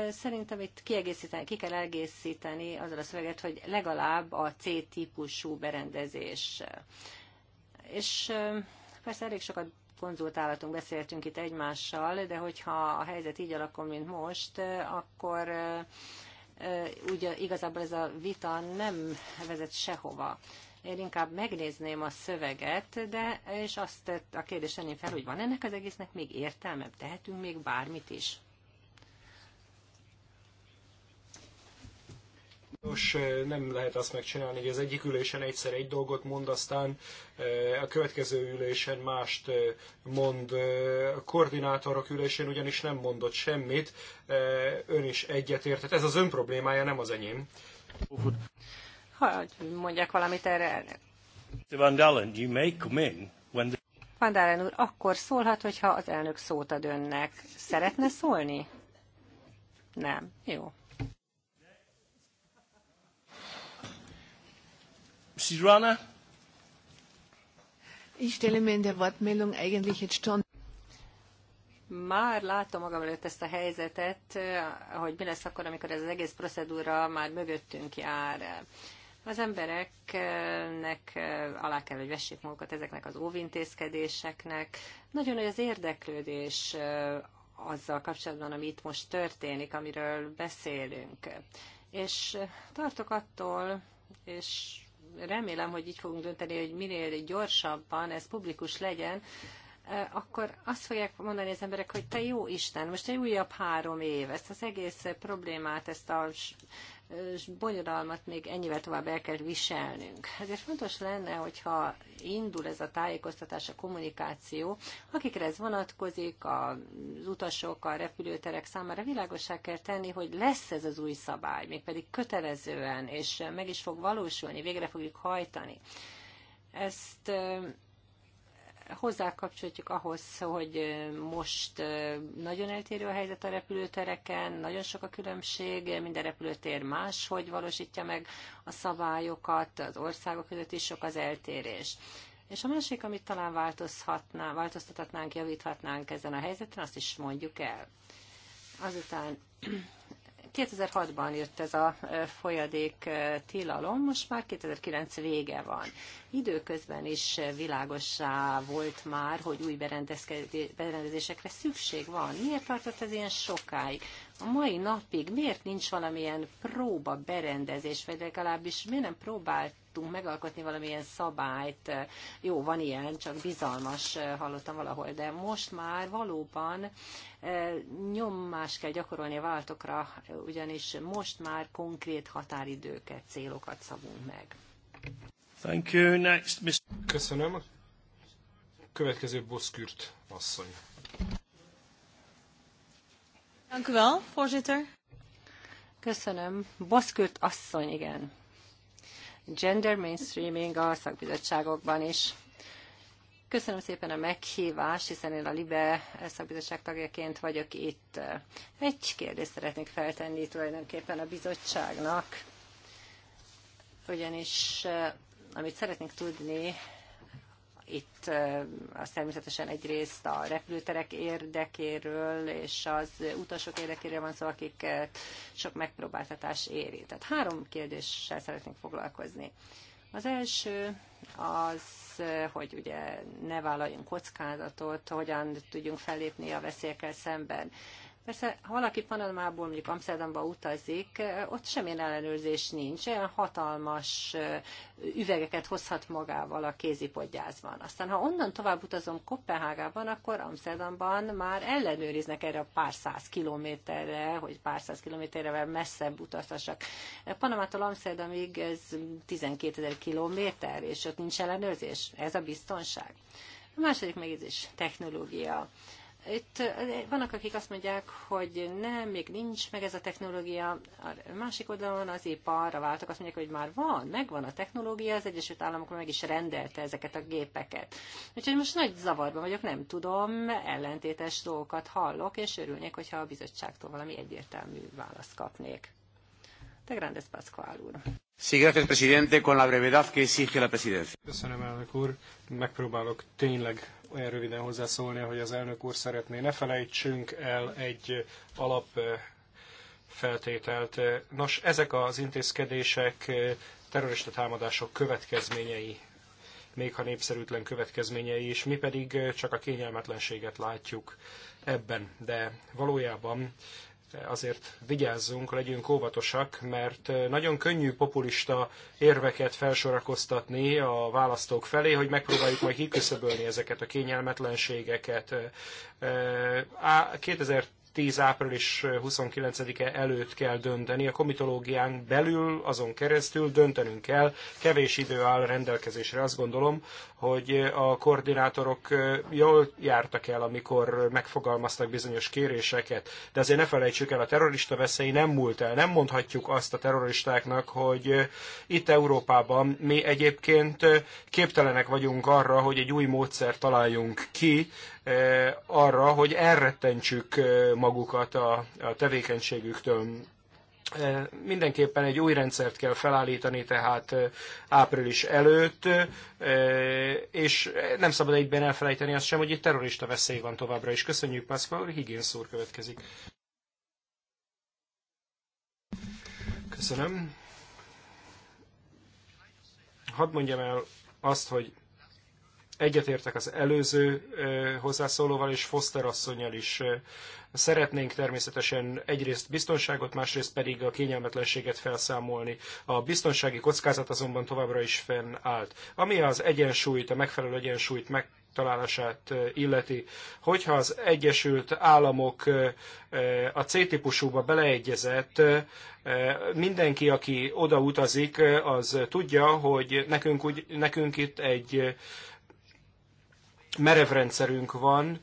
Szerintem itt kiegészíteni, ki kell egészíteni azzal a szöveget, hogy legalább a C-típusú berendezés. És persze elég sokat konzultálatunk, beszéltünk itt egymással, de hogyha a helyzet így alakul, mint most, akkor ugye igazából ez a vita nem vezet sehova. Én inkább megnézném a szöveget, de és azt a kérdés enném fel, hogy van ennek az egésznek még értelme? Tehetünk még bármit is? Nos, eh, nem lehet azt megcsinálni, hogy az egyik ülésen egyszer egy dolgot mond, aztán eh, a következő ülésen mást eh, mond. A koordinátorok ülésén ugyanis nem mondott semmit, ön is egyetértett. Ez az ön problémája, nem az enyém hogy mondjak valamit erre elnök. Van Dalen, you may come in when the... Van Dalen úr, akkor szólhat, hogyha az elnök szót ad önnek. Szeretne szólni? Nem. Jó. Mrs. Ich stelle mir in der Wortmeldung eigentlich jetzt schon már látom magam előtt ezt a helyzetet, eh, hogy mi lesz akkor, amikor ez az egész procedúra már mögöttünk jár. Az embereknek eh, alá kell, hogy vessék magukat ezeknek az óvintézkedéseknek. Nagyon nagy az érdeklődés eh, azzal kapcsolatban, ami itt most történik, amiről beszélünk. És eh, tartok attól, és remélem, hogy így fogunk dönteni, hogy minél gyorsabban ez publikus legyen, akkor azt fogják mondani az emberek, hogy te jó Isten, most egy újabb három év, ezt az egész problémát, ezt a és bonyodalmat még ennyivel tovább el kell viselnünk. Ezért fontos lenne, hogyha indul ez a tájékoztatás, a kommunikáció, akikre ez vonatkozik, az utasok, a repülőterek számára világosá kell tenni, hogy lesz ez az új szabály, mégpedig kötelezően, és meg is fog valósulni, végre fogjuk hajtani. Ezt hozzákapcsoljuk ahhoz, hogy most nagyon eltérő a helyzet a repülőtereken, nagyon sok a különbség, minden repülőtér máshogy valósítja meg a szabályokat, az országok között is sok az eltérés. És a másik, amit talán változtathatnánk, javíthatnánk ezen a helyzeten, azt is mondjuk el. Azután 2006-ban jött ez a folyadék tilalom, most már 2009 vége van. Időközben is világossá volt már, hogy új berendezésekre szükség van. Miért tartott ez ilyen sokáig? a mai napig miért nincs valamilyen próba berendezés, vagy legalábbis miért nem próbáltunk megalkotni valamilyen szabályt. Jó, van ilyen, csak bizalmas eh, hallottam valahol, de most már valóban eh, nyomás kell gyakorolni a váltokra, ugyanis most már konkrét határidőket, célokat szabunk meg. Thank you. Next, Mr. Köszönöm. Következő Boszkürt asszony. Dank u wel, voorzitter. Köszönöm. Boszkürt asszony, igen. Gender mainstreaming a szakbizottságokban is. Köszönöm szépen a meghívást, hiszen én a LIBE szakbizottság tagjaként vagyok itt. Egy kérdést szeretnék feltenni tulajdonképpen a bizottságnak, ugyanis eh, amit szeretnénk tudni, itt az természetesen egyrészt a repülőterek érdekéről és az utasok érdekéről van szó, akik sok megpróbáltatás éri. Tehát három kérdéssel szeretnénk foglalkozni. Az első az, hogy ugye ne vállaljunk kockázatot, hogyan tudjunk fellépni a veszélyekkel szemben. Persze, ha valaki Panamából mondjuk Amsterdamba utazik, ott semmilyen ellenőrzés nincs, olyan hatalmas üvegeket hozhat magával a kézipodgyászban. Aztán, ha onnan tovább utazom Kopenhágában, akkor Amsterdamban már ellenőriznek erre a pár száz kilométerre, hogy pár száz kilométerre messzebb utazhassak. Panamától Amsterdamig ez 12 ezer kilométer, és ott nincs ellenőrzés. Ez a biztonság. A második megjegyzés technológia. Itt eh, vannak, akik azt mondják, hogy nem, még nincs meg ez a technológia. A másik oldalon az iparra váltak, azt mondják, hogy már van, megvan a technológia, az Egyesült Államokon meg is rendelte ezeket a gépeket. Úgyhogy most nagy zavarban vagyok, nem tudom, ellentétes dolgokat hallok, és örülnék, hogyha a bizottságtól valami egyértelmű választ kapnék. De Grandes Pascual úr. Sí, gracias, presidente, con la brevedad que exige la presidencia. Köszönöm, elnök úr. Megpróbálok tényleg olyan röviden hozzászólni, hogy az elnök úr szeretné. Ne felejtsünk el egy alap feltételt. Nos, ezek az intézkedések terrorista támadások következményei, még ha népszerűtlen következményei, és mi pedig csak a kényelmetlenséget látjuk ebben. De valójában azért vigyázzunk, legyünk óvatosak, mert nagyon könnyű populista érveket felsorakoztatni a választók felé, hogy megpróbáljuk majd kiküszöbölni ezeket a kényelmetlenségeket. 2000 10 április 29-e előtt kell dönteni. A komitológián belül, azon keresztül döntenünk kell. Kevés idő áll rendelkezésre, azt gondolom hogy a koordinátorok jól jártak el, amikor megfogalmaztak bizonyos kéréseket, de azért ne felejtsük el, a terrorista veszély nem múlt el. Nem mondhatjuk azt a terroristáknak, hogy itt Európában mi egyébként képtelenek vagyunk arra, hogy egy új módszer találjunk ki, arra, hogy elrettentsük magukat a, a tevékenységüktől. Mindenképpen egy új rendszert kell felállítani, tehát április előtt, és nem szabad egyben elfelejteni azt sem, hogy itt terrorista veszély van továbbra is. Köszönjük, Pászpál, Higgins úr következik. Köszönöm. Hadd mondjam el azt, hogy Egyetértek az előző hozzászólóval és Foster asszonyjal is. Szeretnénk természetesen egyrészt biztonságot, másrészt pedig a kényelmetlenséget felszámolni. A biztonsági kockázat azonban továbbra is fennállt. Ami az egyensúlyt, a megfelelő egyensúlyt meg találását illeti. Hogyha az Egyesült Államok a C-típusúba beleegyezett, mindenki, aki oda utazik, az tudja, hogy nekünk, nekünk itt egy merev rendszerünk van,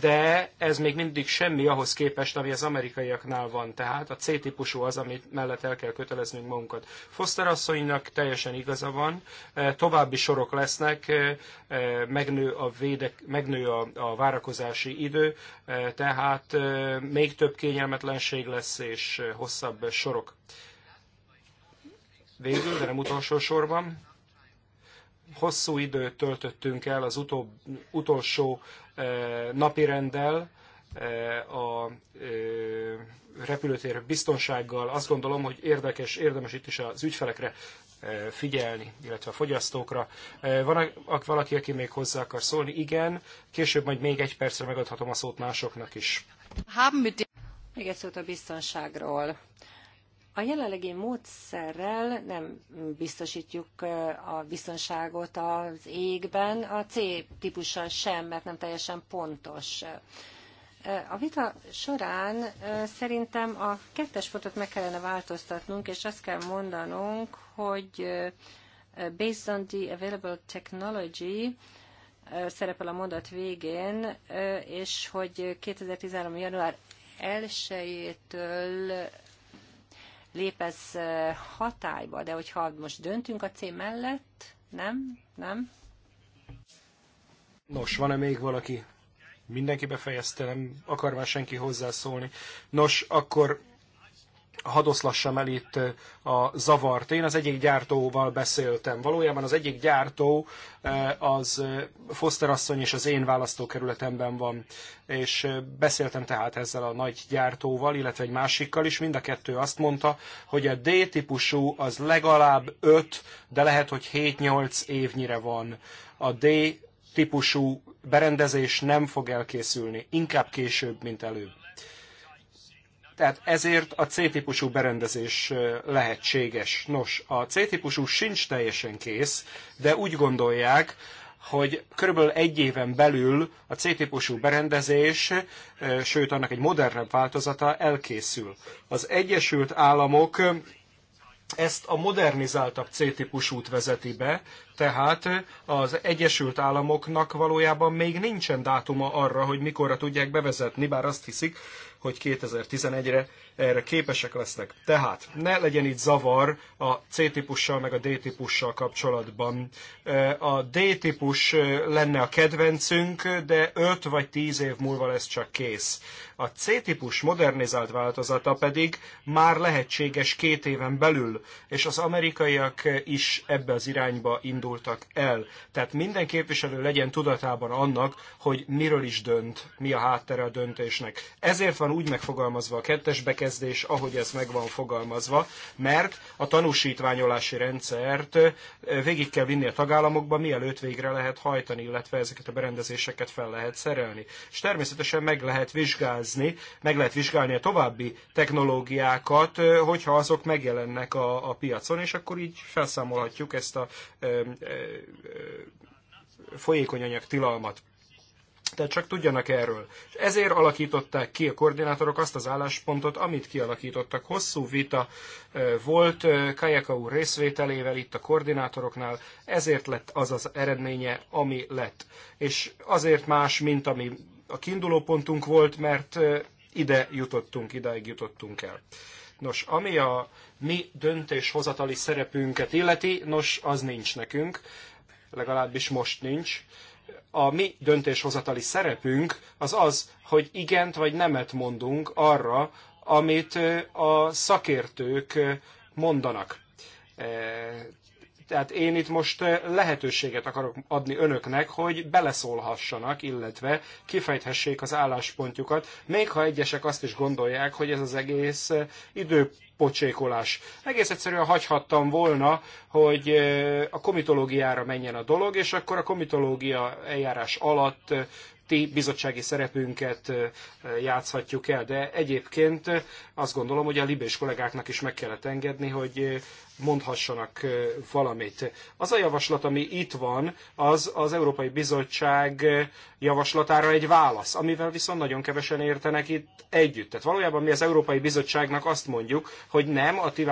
de ez még mindig semmi ahhoz képest, ami az amerikaiaknál van. Tehát a C-típusú az, amit mellett el kell köteleznünk magunkat. Foster asszonynak teljesen igaza van, további sorok lesznek, megnő a, védek, megnő a, a várakozási idő, tehát még több kényelmetlenség lesz és hosszabb sorok. Végül, de nem utolsó sorban, hosszú időt töltöttünk el az utó, utolsó e, napirenddel, e, a e, repülőtér biztonsággal. Azt gondolom, hogy érdekes, érdemes itt is az ügyfelekre figyelni, illetve a fogyasztókra. Van valaki, aki még hozzá akar szólni? Igen, később majd még egy percre megadhatom a szót másoknak is. Még egy szót a biztonságról. A jelenlegi módszerrel nem biztosítjuk a biztonságot az égben, a C-típussal sem, mert nem teljesen pontos. A vita során szerintem a kettes fotót meg kellene változtatnunk, és azt kell mondanunk, hogy based on the available technology, szerepel a mondat végén, és hogy 2013. január 1 lép ez hatályba, de hogyha most döntünk a C mellett, nem, nem. Nos, van-e még valaki? Mindenki befejezte, nem akar már senki hozzászólni. Nos, akkor hadoszlassam el itt a zavart. Én az egyik gyártóval beszéltem. Valójában az egyik gyártó az Foster asszony és az én választókerületemben van. És beszéltem tehát ezzel a nagy gyártóval, illetve egy másikkal is. Mind a kettő azt mondta, hogy a D-típusú az legalább 5, de lehet, hogy 7-8 évnyire van. A D típusú berendezés nem fog elkészülni, inkább később, mint előbb. Tehát ezért a C-típusú berendezés lehetséges. Nos, a C-típusú sincs teljesen kész, de úgy gondolják, hogy körülbelül egy éven belül a C-típusú berendezés, sőt annak egy modernebb változata elkészül. Az Egyesült Államok ezt a modernizáltabb C-típusút vezeti be, tehát az Egyesült Államoknak valójában még nincsen dátuma arra, hogy mikorra tudják bevezetni, bár azt hiszik, hogy 2011-re erre képesek lesznek. Tehát ne legyen itt zavar a C-típussal meg a D-típussal kapcsolatban. A D-típus lenne a kedvencünk, de 5 vagy 10 év múlva lesz csak kész. A C-típus modernizált változata pedig már lehetséges két éven belül, és az amerikaiak is ebbe az irányba indul indultak el. Tehát minden képviselő legyen tudatában annak, hogy miről is dönt, mi a háttere a döntésnek. Ezért van úgy megfogalmazva a kettes bekezdés, ahogy ez meg van fogalmazva, mert a tanúsítványolási rendszert végig kell vinni a tagállamokba, mielőtt végre lehet hajtani, illetve ezeket a berendezéseket fel lehet szerelni. És természetesen meg lehet vizsgázni, meg lehet vizsgálni a további technológiákat, hogyha azok megjelennek a, a piacon, és akkor így felszámolhatjuk ezt a anyag tilalmat. Tehát csak tudjanak erről. És ezért alakították ki a koordinátorok azt az álláspontot, amit kialakítottak. Hosszú vita volt Kajaka úr részvételével itt a koordinátoroknál, ezért lett az az eredménye, ami lett. És azért más, mint ami a kiinduló pontunk volt, mert ide jutottunk, idáig jutottunk el. Nos, ami a mi döntéshozatali szerepünket illeti, nos, az nincs nekünk, legalábbis most nincs. A mi döntéshozatali szerepünk az az, hogy igent vagy nemet mondunk arra, amit a szakértők mondanak. Tehát én itt most eh, lehetőséget akarok adni önöknek, hogy beleszólhassanak, illetve kifejthessék az álláspontjukat, még ha egyesek azt is gondolják, hogy ez az egész eh, idő pocsékolás. Egész egyszerűen hagyhattam volna, hogy eh, a komitológiára menjen a dolog, és akkor a komitológia eljárás alatt ti bizottsági szerepünket játszhatjuk el, de egyébként azt gondolom, hogy a libés kollégáknak is meg kellett engedni, hogy mondhassanak valamit. Az a javaslat, ami itt van, az az Európai Bizottság javaslatára egy válasz, amivel viszont nagyon kevesen értenek itt együtt. Tehát valójában mi az Európai Bizottságnak azt mondjuk, hogy nem, a ti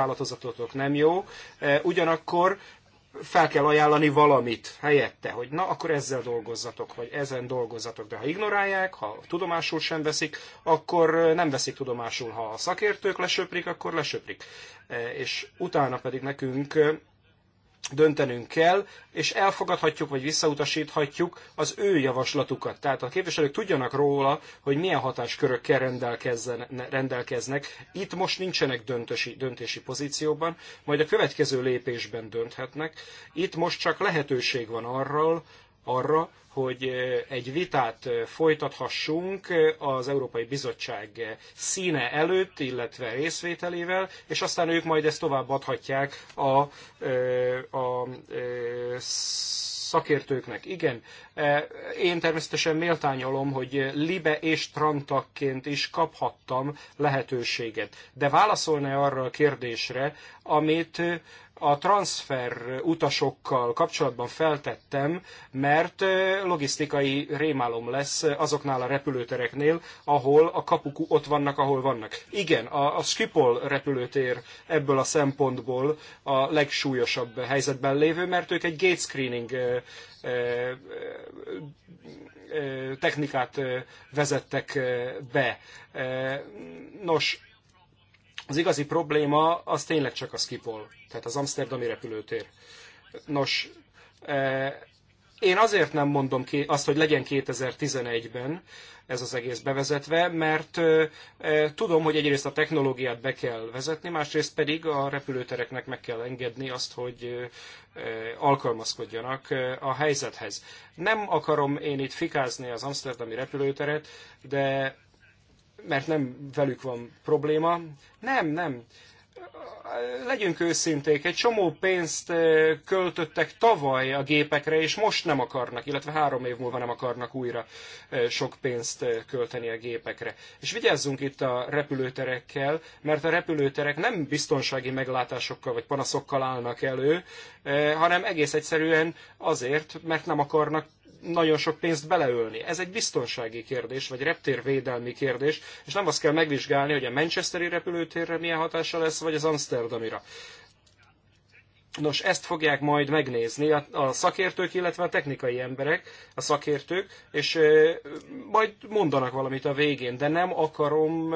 nem jó, ugyanakkor fel kell ajánlani valamit helyette, hogy na, akkor ezzel dolgozzatok, vagy ezen dolgozzatok. De ha ignorálják, ha tudomásul sem veszik, akkor nem veszik tudomásul. Ha a szakértők lesöprik, akkor lesöprik. E, és utána pedig nekünk döntenünk kell, és elfogadhatjuk vagy visszautasíthatjuk az ő javaslatukat. Tehát a képviselők tudjanak róla, hogy milyen hatáskörökkel rendelkeznek. Itt most nincsenek döntösi, döntési pozícióban, majd a következő lépésben dönthetnek. Itt most csak lehetőség van arról, arra, hogy egy vitát folytathassunk az Európai Bizottság színe előtt, illetve részvételével, és aztán ők majd ezt tovább a, a, a, a szakértőknek. Igen, én természetesen méltányolom, hogy libe és trantakként is kaphattam lehetőséget. De válaszolna arra a kérdésre, amit a transfer utasokkal kapcsolatban feltettem, mert logisztikai rémálom lesz azoknál a repülőtereknél, ahol a kapuk ott vannak, ahol vannak. Igen, a, a Schiphol repülőtér ebből a szempontból a legsúlyosabb helyzetben lévő, mert ők egy gate screening technikát vezettek be. Nos, az igazi probléma az tényleg csak a Skipol, tehát az Amsterdami repülőtér. Nos, e, én azért nem mondom ki azt, hogy legyen 2011-ben ez az egész bevezetve, mert e, e, tudom, hogy egyrészt a technológiát be kell vezetni, másrészt pedig a repülőtereknek meg kell engedni azt, hogy alkalmazkodjanak a helyzethez. Nem akarom én itt fikázni az amsterdami repülőteret, de mert nem velük van probléma. Nem, nem. Legyünk őszinték, egy csomó pénzt költöttek tavaly a gépekre, és most nem akarnak, illetve három év múlva nem akarnak újra sok pénzt költeni a gépekre. És vigyázzunk itt a repülőterekkel, mert a repülőterek nem biztonsági meglátásokkal vagy panaszokkal állnak elő, hanem egész egyszerűen azért, mert nem akarnak nagyon sok pénzt beleölni. Ez egy biztonsági kérdés, vagy reptérvédelmi kérdés, és nem azt kell megvizsgálni, hogy a Manchesteri repülőtérre milyen hatása lesz, vagy az Amsterdamira. Nos, ezt fogják majd megnézni a, a szakértők, illetve a technikai emberek, a szakértők, és majd mondanak valamit a végén, de nem akarom,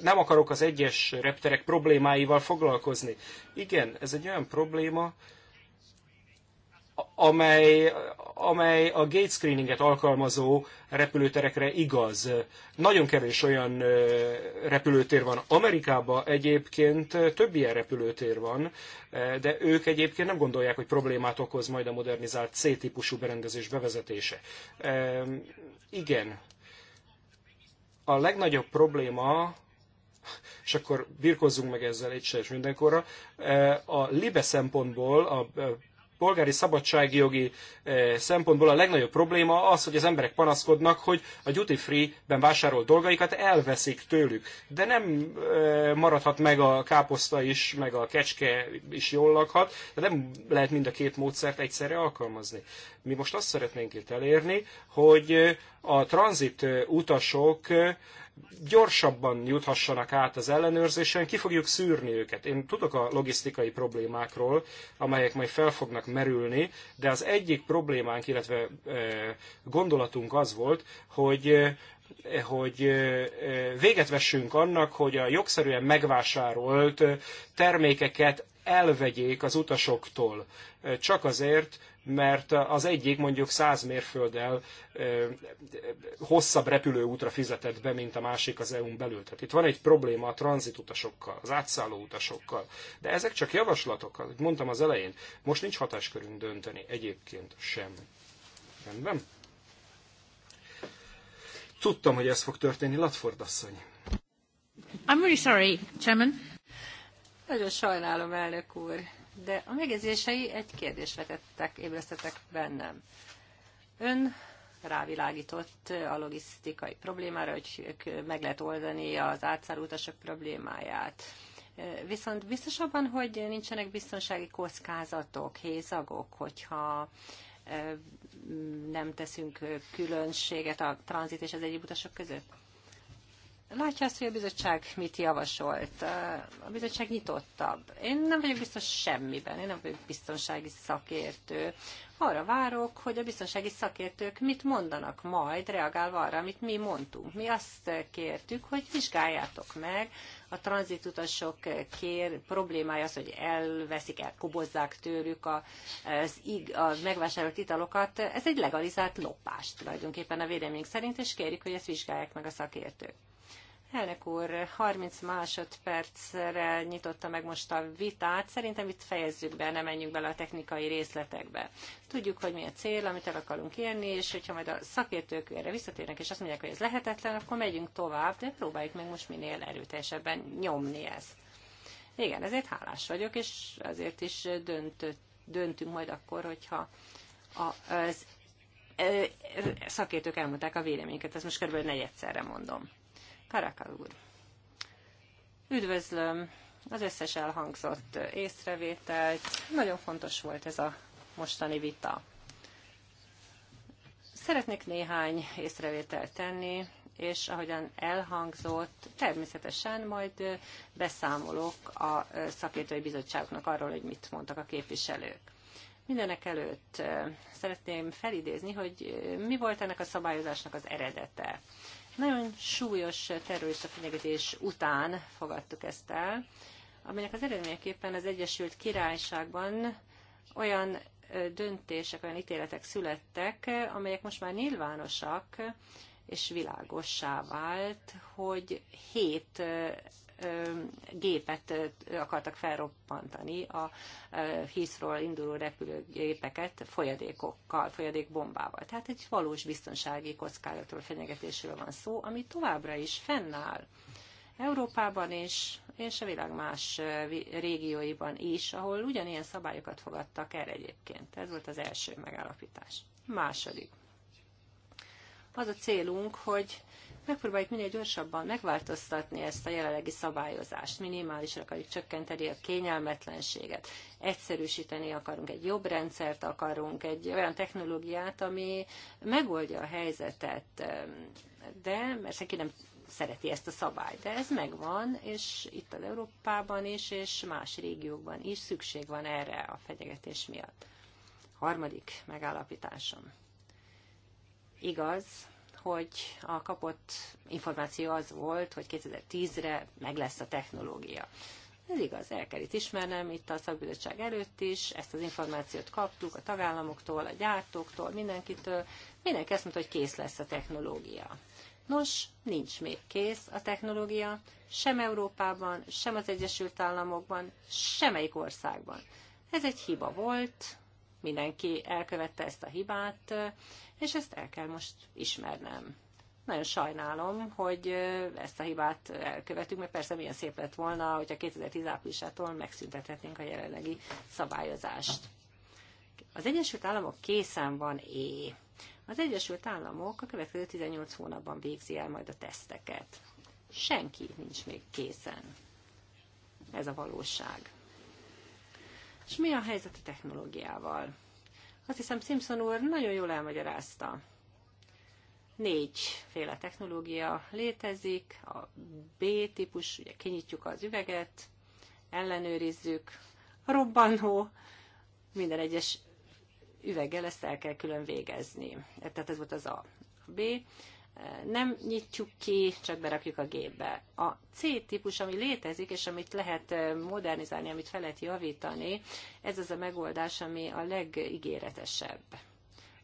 nem akarok az egyes repterek problémáival foglalkozni. Igen, ez egy olyan probléma, amely, amely a gate screeninget alkalmazó repülőterekre igaz. Nagyon kevés olyan repülőtér van. Amerikában egyébként több ilyen repülőtér van, de ők egyébként nem gondolják, hogy problémát okoz majd a modernizált C-típusú berendezés bevezetése. Igen. A legnagyobb probléma és akkor birkozzunk meg ezzel egyszer és mindenkorra. A LIBE szempontból, a polgári szabadságjogi eh, szempontból a legnagyobb probléma az, hogy az emberek panaszkodnak, hogy a duty free-ben vásárolt dolgaikat elveszik tőlük. De nem eh, maradhat meg a káposzta is, meg a kecske is jól lakhat, de nem lehet mind a két módszert egyszerre alkalmazni. Mi most azt szeretnénk itt elérni, hogy eh, a tranzit utasok gyorsabban juthassanak át az ellenőrzésen, ki fogjuk szűrni őket. Én tudok a logisztikai problémákról, amelyek majd fel fognak merülni, de az egyik problémánk, illetve e, gondolatunk az volt, hogy e, hogy e, véget vessünk annak, hogy a jogszerűen megvásárolt termékeket elvegyék az utasoktól. Csak azért, mert az egyik mondjuk 100 mérfölddel hosszabb repülőútra fizetett be, mint a másik az EU-n belül. Tehát itt van egy probléma a tranzitutasokkal, az átszálló utasokkal, de ezek csak javaslatok, ahogy mondtam az elején. Most nincs hatáskörünk dönteni, egyébként sem. Rendben? Tudtam, hogy ez fog történni, Latford asszony. I'm really sorry, Chairman. Nagyon sajnálom, elnök úr de a megjegyzései egy kérdést vetettek, ébresztettek bennem. Ön rávilágított a logisztikai problémára, hogy meg lehet oldani az átszárultasok problémáját. Viszont biztos abban, hogy nincsenek biztonsági kockázatok, hézagok, hogyha eh, nem teszünk különbséget a tranzit és az egyéb utasok között? Látja azt, hogy a bizottság mit javasolt. A bizottság nyitottabb. Én nem vagyok biztos semmiben, én nem vagyok biztonsági szakértő. Arra várok, hogy a biztonsági szakértők mit mondanak majd, reagálva arra, amit mi mondtunk. Mi azt kértük, hogy vizsgáljátok meg, a tranzitutasok kér, problémája az, hogy elveszik, elkobozzák tőlük a, az, a megvásárolt italokat. Ez egy legalizált lopás tulajdonképpen a védelmünk szerint, és kérjük, hogy ezt vizsgálják meg a szakértők. Elnök úr, 30 másodpercre nyitotta meg most a vitát. Szerintem itt fejezzük be, nem menjünk bele a technikai részletekbe. Tudjuk, hogy mi a cél, amit el akarunk érni, és hogyha majd a szakértők erre visszatérnek, és azt mondják, hogy ez lehetetlen, akkor megyünk tovább, de próbáljuk meg most minél erőteljesebben nyomni ezt. Igen, ezért hálás vagyok, és azért is döntött, döntünk majd akkor, hogyha az szakértők elmondták a véleményüket. Ezt most kb. negyedszerre mondom. Karakal úr. Üdvözlöm az összes elhangzott észrevételt. Nagyon fontos volt ez a mostani vita. Szeretnék néhány észrevételt tenni, és ahogyan elhangzott, természetesen majd beszámolok a szakértői bizottságnak arról, hogy mit mondtak a képviselők. Mindenek előtt eh, szeretném felidézni, hogy mi volt ennek a szabályozásnak az eredete. Nagyon súlyos terrorista fenyegetés után fogadtuk ezt el, aminek az eredményeképpen az Egyesült Királyságban olyan döntések, olyan ítéletek születtek, amelyek most már nyilvánosak, és világossá vált, hogy hét gépet akartak felroppantani, a hiszról induló repülőgépeket folyadékokkal, folyadékbombával. Tehát egy valós biztonsági kockázatról, fenyegetésről van szó, ami továbbra is fennáll. Európában is, és a világ más régióiban is, ahol ugyanilyen szabályokat fogadtak el egyébként. Ez volt az első megállapítás. Második. Az a célunk, hogy megpróbáljuk minél gyorsabban megváltoztatni ezt a jelenlegi szabályozást, minimálisra akarjuk csökkenteni a kényelmetlenséget, egyszerűsíteni akarunk, egy jobb rendszert akarunk, egy olyan technológiát, ami megoldja a helyzetet, de mert senki nem szereti ezt a szabályt, de ez megvan, és itt az Európában is, és más régiókban is szükség van erre a fenyegetés miatt. Harmadik megállapításom. Igaz, hogy a kapott információ az volt, hogy 2010-re meg lesz a technológia. Ez igaz, el kell itt ismernem, itt a szakbizottság előtt is, ezt az információt kaptuk a tagállamoktól, a gyártóktól, mindenkitől. Mindenki azt mondta, hogy kész lesz a technológia. Nos, nincs még kész a technológia, sem Európában, sem az Egyesült Államokban, semmelyik országban. Ez egy hiba volt, mindenki elkövette ezt a hibát, és ezt el kell most ismernem. Nagyon sajnálom, hogy ezt a hibát elkövetünk, mert persze milyen szép lett volna, hogyha 2010 áprilisától megszüntethetnénk a jelenlegi szabályozást. Az Egyesült Államok készen van é. Az Egyesült Államok a következő 18 hónapban végzi el majd a teszteket. Senki nincs még készen. Ez a valóság. És mi a helyzet a technológiával? Azt hiszem Simpson úr nagyon jól elmagyarázta. Négyféle technológia létezik, a B-típus, ugye kinyitjuk az üveget, ellenőrizzük, a robbanó, minden egyes üveggel ezt el kell külön végezni. Tehát ez volt az A. B nem nyitjuk ki, csak berakjuk a gépbe. A C-típus, ami létezik, és amit lehet eh, modernizálni, amit fel lehet javítani, ez az a megoldás, ami a legígéretesebb.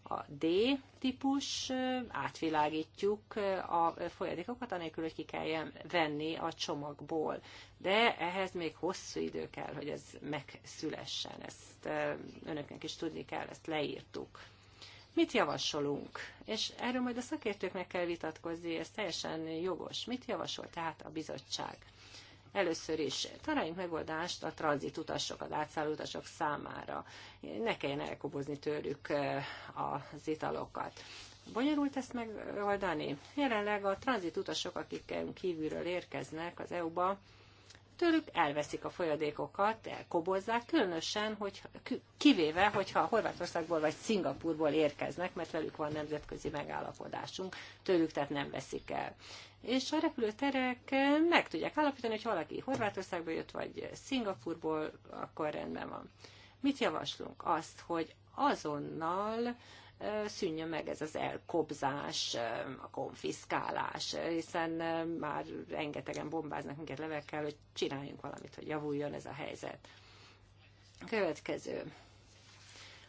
A D-típus, eh, átvilágítjuk eh, a folyadékokat, anélkül, hogy ki kelljen venni a csomagból. De ehhez még hosszú idő kell, hogy ez megszülessen. Ezt önöknek is tudni kell, ezt leírtuk. Mit javasolunk? És erről majd a szakértőknek kell vitatkozni, ez teljesen jogos. Mit javasol tehát a bizottság? Először is találjunk megoldást a tranzitutasok, az átszálló utasok számára. Ne kelljen elkobozni tőlük eh, az italokat. Bonyolult ezt megoldani? Jelenleg a utasok, akik kívülről érkeznek az EU-ba, tőlük elveszik a folyadékokat, elkobozzák, különösen, hogy, kivéve, hogyha Horvátországból vagy Szingapurból érkeznek, mert velük van nemzetközi megállapodásunk, tőlük tehát nem veszik el. És a repülőterek meg tudják állapítani, hogy valaki Horvátországból jött, vagy Szingapurból, akkor rendben van. Mit javaslunk? Azt, hogy azonnal szűnjön meg ez az elkobzás, a konfiszkálás, hiszen már rengetegen bombáznak minket levekkel, hogy csináljunk valamit, hogy javuljon ez a helyzet. Következő.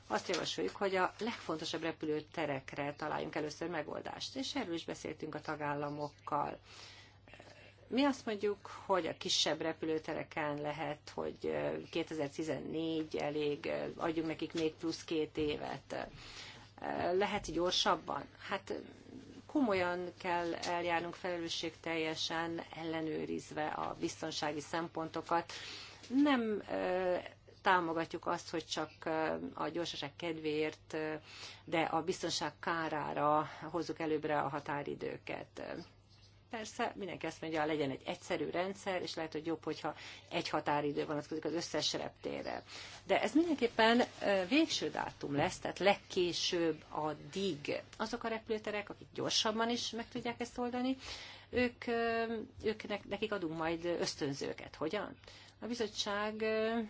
Azt javasoljuk, hogy a legfontosabb repülőterekre találjunk először megoldást, és erről is beszéltünk a tagállamokkal. Mi azt mondjuk, hogy a kisebb repülőtereken lehet, hogy 2014 elég, adjunk nekik még plusz két évet lehet gyorsabban? Hát komolyan kell eljárnunk teljesen ellenőrizve a biztonsági szempontokat. Nem támogatjuk azt, hogy csak a gyorsaság kedvéért, de a biztonság kárára hozzuk előbbre a határidőket. Persze mindenki azt mondja, legyen egy egyszerű rendszer, és lehet, hogy jobb, hogyha egy határidő vonatkozik az összes reptére. De ez mindenképpen végső dátum lesz, tehát legkésőbb addig azok a repülőterek, akik gyorsabban is meg tudják ezt oldani, ők, ők nekik adunk majd ösztönzőket. Hogyan? a bizottság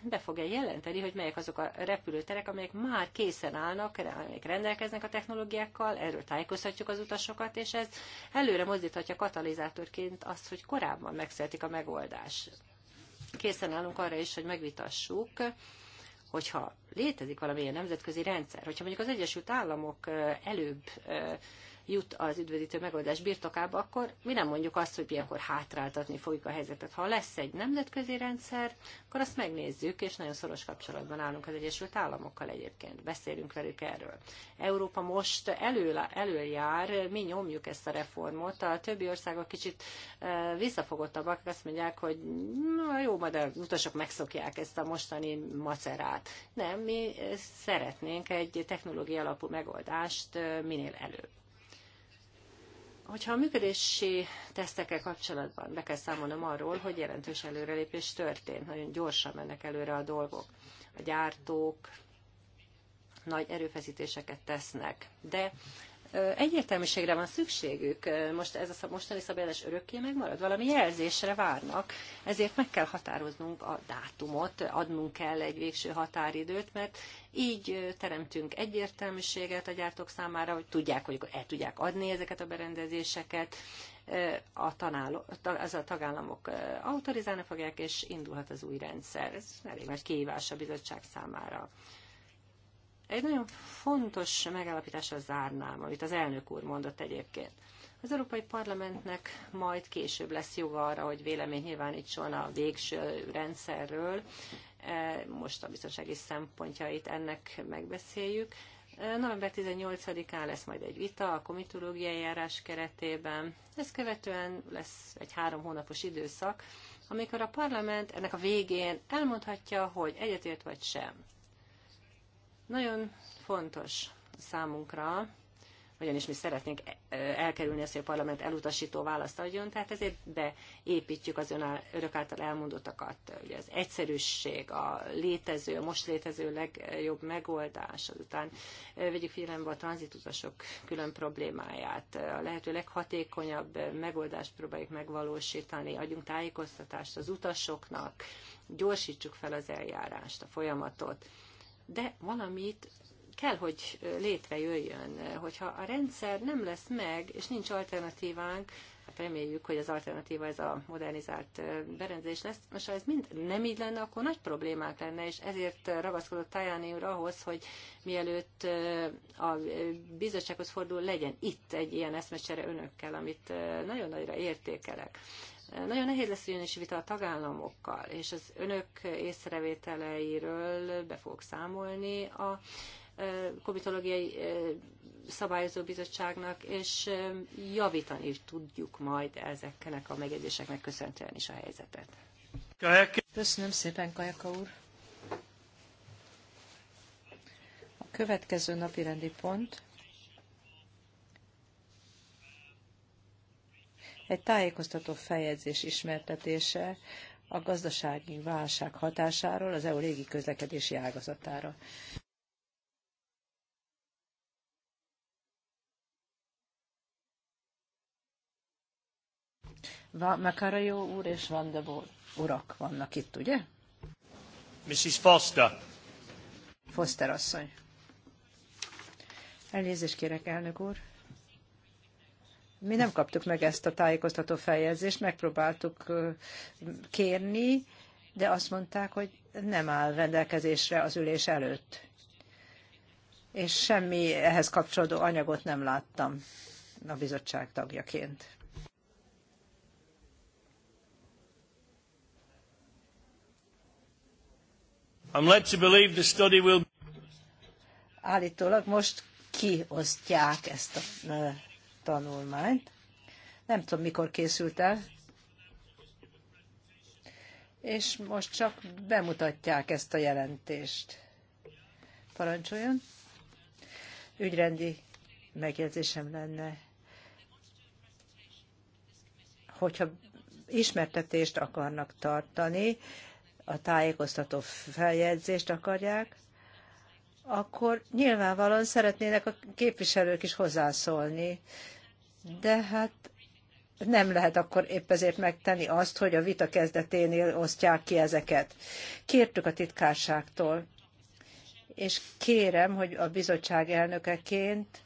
be fogja jelenteni, hogy melyek azok a repülőterek, amelyek már készen állnak, amelyek rendelkeznek a technológiákkal, erről tájékoztatjuk az utasokat, és ez előre mozdíthatja katalizátorként azt, hogy korábban megszületik a megoldás. Készen állunk arra is, hogy megvitassuk, hogyha létezik valamilyen nemzetközi rendszer, hogyha mondjuk az Egyesült Államok előbb jut az üdvözítő megoldás birtokába, akkor mi nem mondjuk azt, hogy ilyenkor hátráltatni fogjuk a helyzetet. Ha lesz egy nemzetközi rendszer, akkor azt megnézzük, és nagyon szoros kapcsolatban állunk az Egyesült Államokkal egyébként. Beszélünk velük erről. Európa most elől, jár, mi nyomjuk ezt a reformot, a többi országok kicsit visszafogottabbak, azt mondják, hogy na jó, majd a utasok megszokják ezt a mostani macerát. Nem, mi szeretnénk egy technológia alapú megoldást minél előbb. Hogyha a működési tesztekkel kapcsolatban be kell számolnom arról, hogy jelentős előrelépés történt, nagyon gyorsan mennek előre a dolgok. A gyártók nagy erőfeszítéseket tesznek, de egyértelműségre van szükségük. Most ez a mostani szabályozás örökké megmarad, valami jelzésre várnak, ezért meg kell határoznunk a dátumot, adnunk kell egy végső határidőt, mert így teremtünk egyértelműséget a gyártók számára, hogy tudják, hogy el tudják adni ezeket a berendezéseket, a, tanáló, az a tagállamok autorizálni fogják, és indulhat az új rendszer. Ez elég nagy kihívás a bizottság számára. Egy nagyon fontos megállapításra zárnám, amit az elnök úr mondott egyébként. Az Európai Parlamentnek majd később lesz joga arra, hogy vélemény nyilvánítson a végső rendszerről. E, most a biztonsági szempontjait ennek megbeszéljük. E, november 18-án lesz majd egy vita a komitológiai járás keretében. Ezt követően lesz egy három hónapos időszak, amikor a parlament ennek a végén elmondhatja, hogy egyetért vagy sem. Nagyon fontos számunkra, ugyanis mi szeretnénk e, e, elkerülni azt, hogy a parlament elutasító választ adjon, tehát ezért beépítjük az ön, örök által elmondottakat. Ugye az egyszerűség, a létező, a most létező legjobb megoldás, azután e, vegyük figyelembe a tranzitutasok külön problémáját, a lehető leghatékonyabb megoldást próbáljuk megvalósítani, adjunk tájékoztatást az utasoknak, gyorsítsuk fel az eljárást, a folyamatot de valamit kell, hogy létrejöjjön. Hogyha a rendszer nem lesz meg, és nincs alternatívánk, hát reméljük, hogy az alternatíva ez a modernizált berendezés lesz. Most ha ez mind nem így lenne, akkor nagy problémák lenne, és ezért ragaszkodott Tajani úr ahhoz, hogy mielőtt a bizottsághoz fordul, legyen itt egy ilyen eszmecsere önökkel, amit nagyon nagyra értékelek. Nagyon nehéz lesz ugyanis vita a tagállamokkal, és az önök észrevételeiről be fogok számolni a e, komitológiai e, szabályozó bizottságnak, és e, javítani is tudjuk majd ezeknek a megjegyzéseknek köszönhetően is a helyzetet. Köszönöm szépen, Kajaka úr! A következő napi rendi pont Egy tájékoztató feljegyzés ismertetése a gazdasági válság hatásáról az EU régi közlekedési ágazatára. Makarajó úr és Van de urak vannak itt, ugye? Mrs. Foster. Foster asszony. Elnézést kérek, elnök úr. Mi nem kaptuk meg ezt a tájékoztató feljegyzést, megpróbáltuk kérni, de azt mondták, hogy nem áll rendelkezésre az ülés előtt. És semmi ehhez kapcsolódó anyagot nem láttam a bizottság tagjaként. I'm led to believe the study will... Állítólag most kiosztják ezt a tanulmányt. Nem tudom, mikor készült el. És most csak bemutatják ezt a jelentést. Parancsoljon. Ügyrendi megjegyzésem lenne, hogyha ismertetést akarnak tartani, a tájékoztató feljegyzést akarják, akkor nyilvánvalóan szeretnének a képviselők is hozzászólni. De hát nem lehet akkor épp ezért megtenni azt, hogy a vita kezdeténél osztják ki ezeket. Kértük a titkárságtól, és kérem, hogy a bizottság elnökeként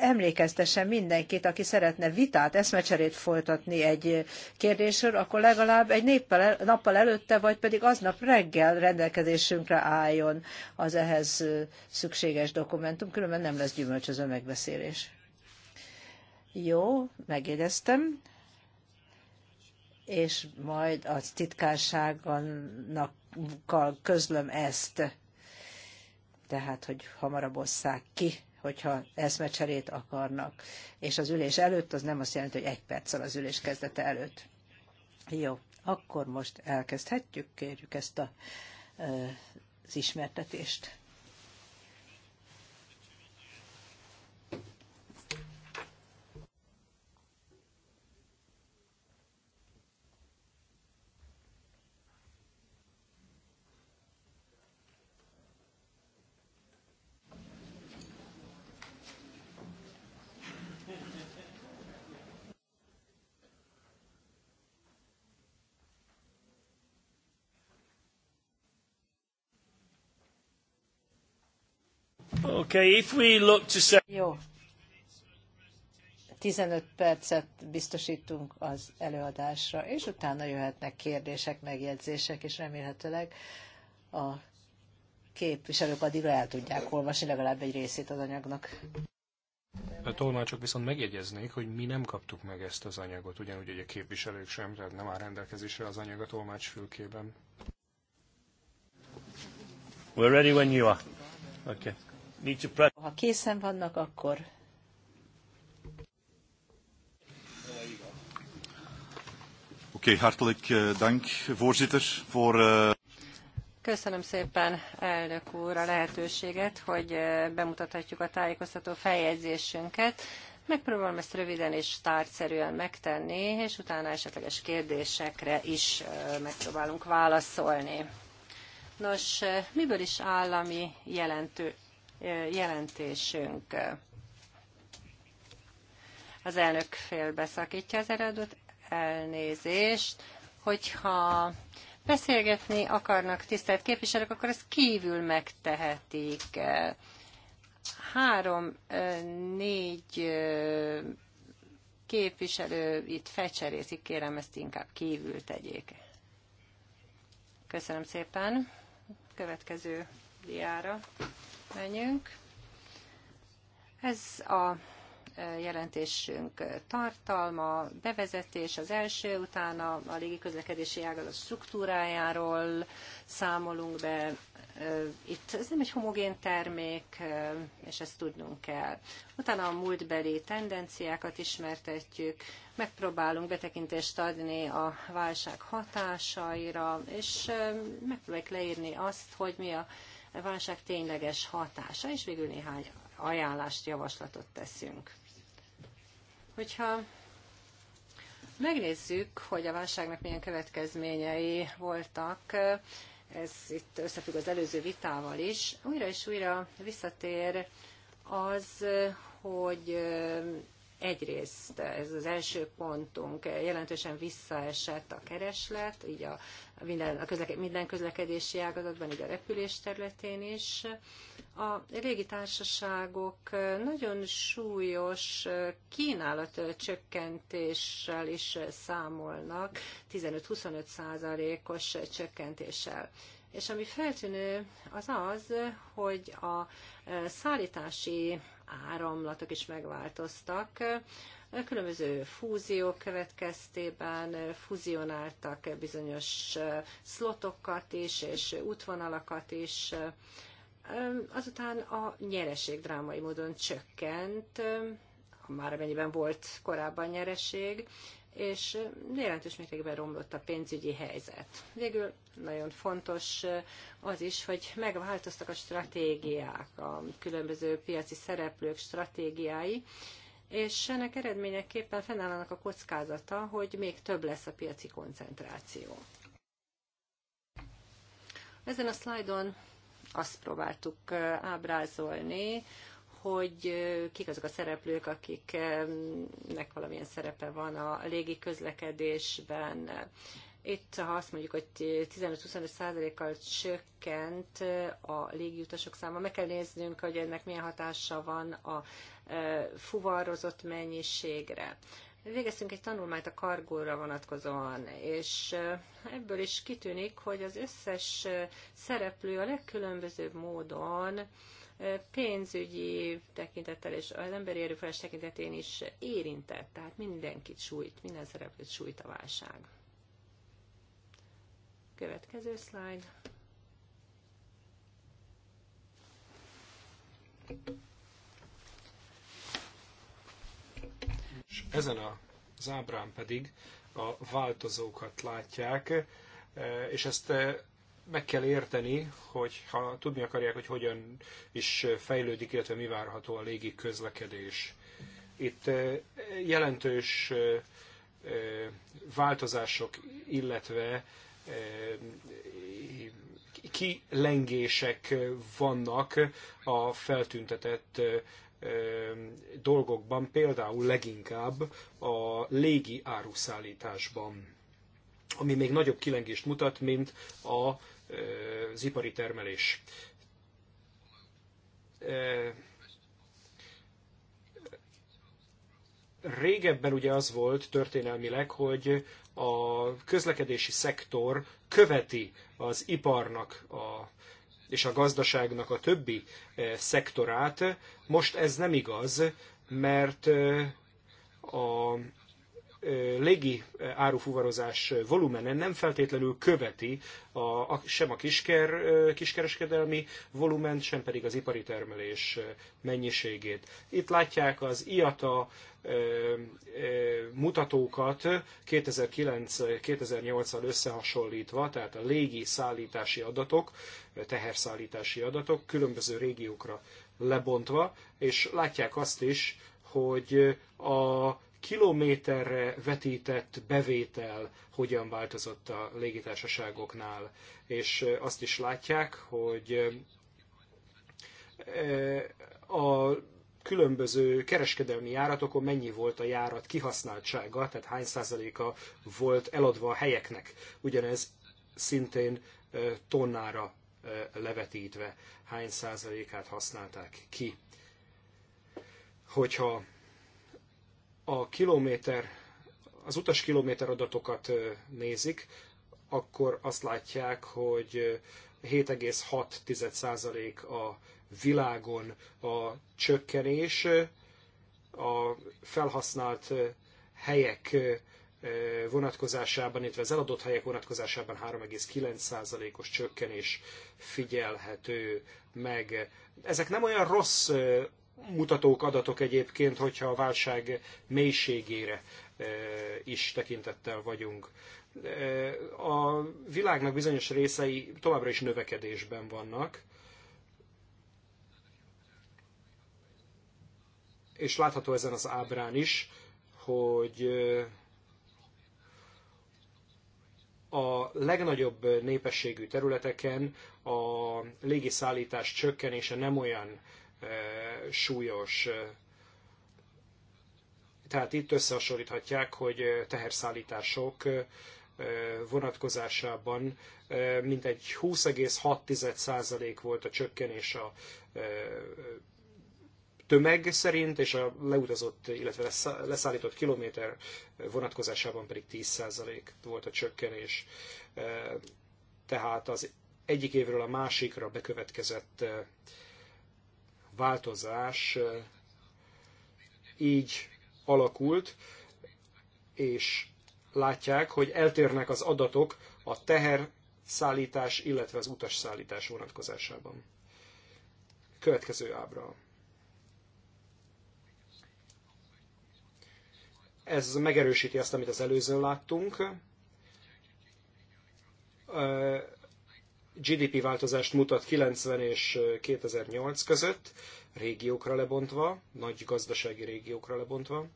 emlékeztessen mindenkit, aki szeretne vitát, eszmecserét folytatni egy kérdésről, akkor legalább egy néppel, nappal előtte, vagy pedig aznap reggel rendelkezésünkre álljon az ehhez szükséges dokumentum, különben nem lesz gyümölcsöző megbeszélés. Jó, megjegyeztem és majd a titkárságonnak közlöm ezt, tehát, hogy hamarabb osszák ki hogyha eszmecserét akarnak. És az ülés előtt az nem azt jelenti, hogy egy perccel az ülés kezdete előtt. Jó, akkor most elkezdhetjük, kérjük ezt a, az ismertetést. Jó. 15 percet biztosítunk az előadásra, és utána jöhetnek kérdések, megjegyzések, és remélhetőleg a képviselők addigra el tudják olvasni legalább egy részét az anyagnak. A tolmácsok viszont megjegyeznék, hogy mi nem kaptuk meg ezt az anyagot, ugyanúgy, egy a képviselők sem, tehát nem áll rendelkezésre az anyag a tolmács fülkében. We're ready when you are. Okay. Ha készen vannak, akkor... Oké, okay, hartelijk eh, dank, voorzitter, voor... Uh... Köszönöm szépen, elnök úr, a lehetőséget, hogy eh, bemutathatjuk a tájékoztató feljegyzésünket. Megpróbálom ezt röviden és tárgyszerűen megtenni, és utána esetleges kérdésekre is megpróbálunk válaszolni. Nos, miből is állami jelentő, jelentésünk. Az elnök félbeszakítja az eredőt, elnézést, hogyha beszélgetni akarnak tisztelt képviselők, akkor ezt kívül megtehetik. Három, négy képviselő itt fecserészik, kérem ezt inkább kívül tegyék. Köszönöm szépen. Következő diára. Menjünk. Ez a e, jelentésünk tartalma, bevezetés az első, utána a légiközlekedési ágazat struktúrájáról számolunk be. E, itt ez nem egy homogén termék, e, és ezt tudnunk kell. Utána a múltbeli tendenciákat ismertetjük, megpróbálunk betekintést adni a válság hatásaira, és megpróbáljuk leírni azt, hogy mi a válság tényleges hatása, és végül néhány ajánlást, javaslatot teszünk. Hogyha megnézzük, hogy a válságnak milyen következményei voltak, ez itt összefügg az előző vitával is, újra és újra visszatér az, hogy Egyrészt ez az első pontunk jelentősen visszaesett a kereslet, így a, minden, a közleke, minden közlekedési ágazatban, így a repülés területén is. A régi társaságok nagyon súlyos kínálat csökkentéssel is számolnak, 15-25 százalékos csökkentéssel. És ami feltűnő, az az, hogy a szállítási áramlatok is megváltoztak. Különböző fúziók következtében fúzionáltak bizonyos szlotokat is, és útvonalakat is. Azután a nyereség drámai módon csökkent, már amennyiben volt korábban nyereség, és jelentős mértékben romlott a pénzügyi helyzet. Végül nagyon fontos az is, hogy megváltoztak a stratégiák, a különböző piaci szereplők stratégiái, és ennek eredményeképpen fennállnak a kockázata, hogy még több lesz a piaci koncentráció. Ezen a szlájdon azt próbáltuk ábrázolni, hogy kik azok a szereplők, akiknek valamilyen szerepe van a légi közlekedésben. Itt, ha azt mondjuk, hogy 15-25 százalékkal csökkent a légiutasok száma, meg kell néznünk, hogy ennek milyen hatása van a fuvarozott mennyiségre. Végeztünk egy tanulmányt a kargóra vonatkozóan, és ebből is kitűnik, hogy az összes szereplő a legkülönbözőbb módon pénzügyi tekintettel és az emberi erőforrás tekintetén is érintett, tehát mindenkit sújt, minden szereplőt sújt a válság. Következő slide. ezen a zábrán pedig a változókat látják, eh, és ezt eh, meg kell érteni, hogy ha tudni akarják, hogy hogyan is fejlődik, illetve mi várható a légi közlekedés. Itt jelentős változások, illetve kilengések vannak a feltüntetett dolgokban, például leginkább a légi áruszállításban, ami még nagyobb kilengést mutat, mint a az ipari termelés. Régebben ugye az volt történelmileg, hogy a közlekedési szektor követi az iparnak a, és a gazdaságnak a többi szektorát. Most ez nem igaz, mert a légi árufuvarozás volumene nem feltétlenül követi a, a, sem a kisker, kiskereskedelmi volument, sem pedig az ipari termelés mennyiségét. Itt látják az IATA mutatókat 2009-2008-al összehasonlítva, tehát a légi szállítási adatok, teherszállítási adatok különböző régiókra lebontva, és látják azt is, hogy a kilométerre vetített bevétel hogyan változott a légitársaságoknál. És azt is látják, hogy a különböző kereskedelmi járatokon mennyi volt a járat kihasználtsága, tehát hány százaléka volt eladva a helyeknek. Ugyanez szintén tonnára levetítve, hány százalékát használták ki. Hogyha a kilométer, az utas kilométer adatokat nézik, akkor azt látják, hogy 7,6% a világon a csökkenés, a felhasznált helyek vonatkozásában, illetve az eladott helyek vonatkozásában 3,9%-os csökkenés figyelhető meg. Ezek nem olyan rossz mutatók, adatok egyébként, hogyha a válság mélységére e, is tekintettel vagyunk. E, a világnak bizonyos részei továbbra is növekedésben vannak, és látható ezen az ábrán is, hogy e, a legnagyobb népességű területeken a légiszállítás csökkenése nem olyan súlyos. Tehát itt összehasonlíthatják, hogy teherszállítások vonatkozásában mintegy 20,6% volt a csökkenés a tömeg szerint, és a leutazott, illetve leszállított kilométer vonatkozásában pedig 10% volt a csökkenés. Tehát az egyik évről a másikra bekövetkezett változás így alakult, és látják, hogy eltérnek az adatok a teherszállítás, illetve az utasszállítás vonatkozásában. Következő ábra. Ez megerősíti azt, amit az előzőn láttunk GDP változást mutat 90 és 2008 között, régiókra lebontva, nagy gazdasági régiókra lebontva.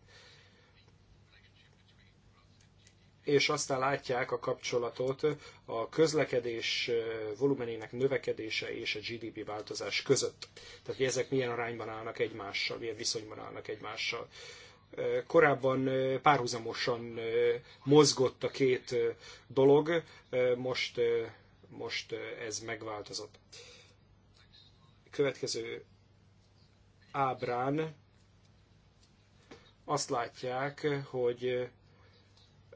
És aztán látják a kapcsolatot a közlekedés volumenének növekedése és a GDP változás között. Tehát, hogy ezek milyen arányban állnak egymással, milyen viszonyban állnak egymással korábban párhuzamosan mozgott a két dolog, most most ez megváltozott. Következő ábrán azt látják, hogy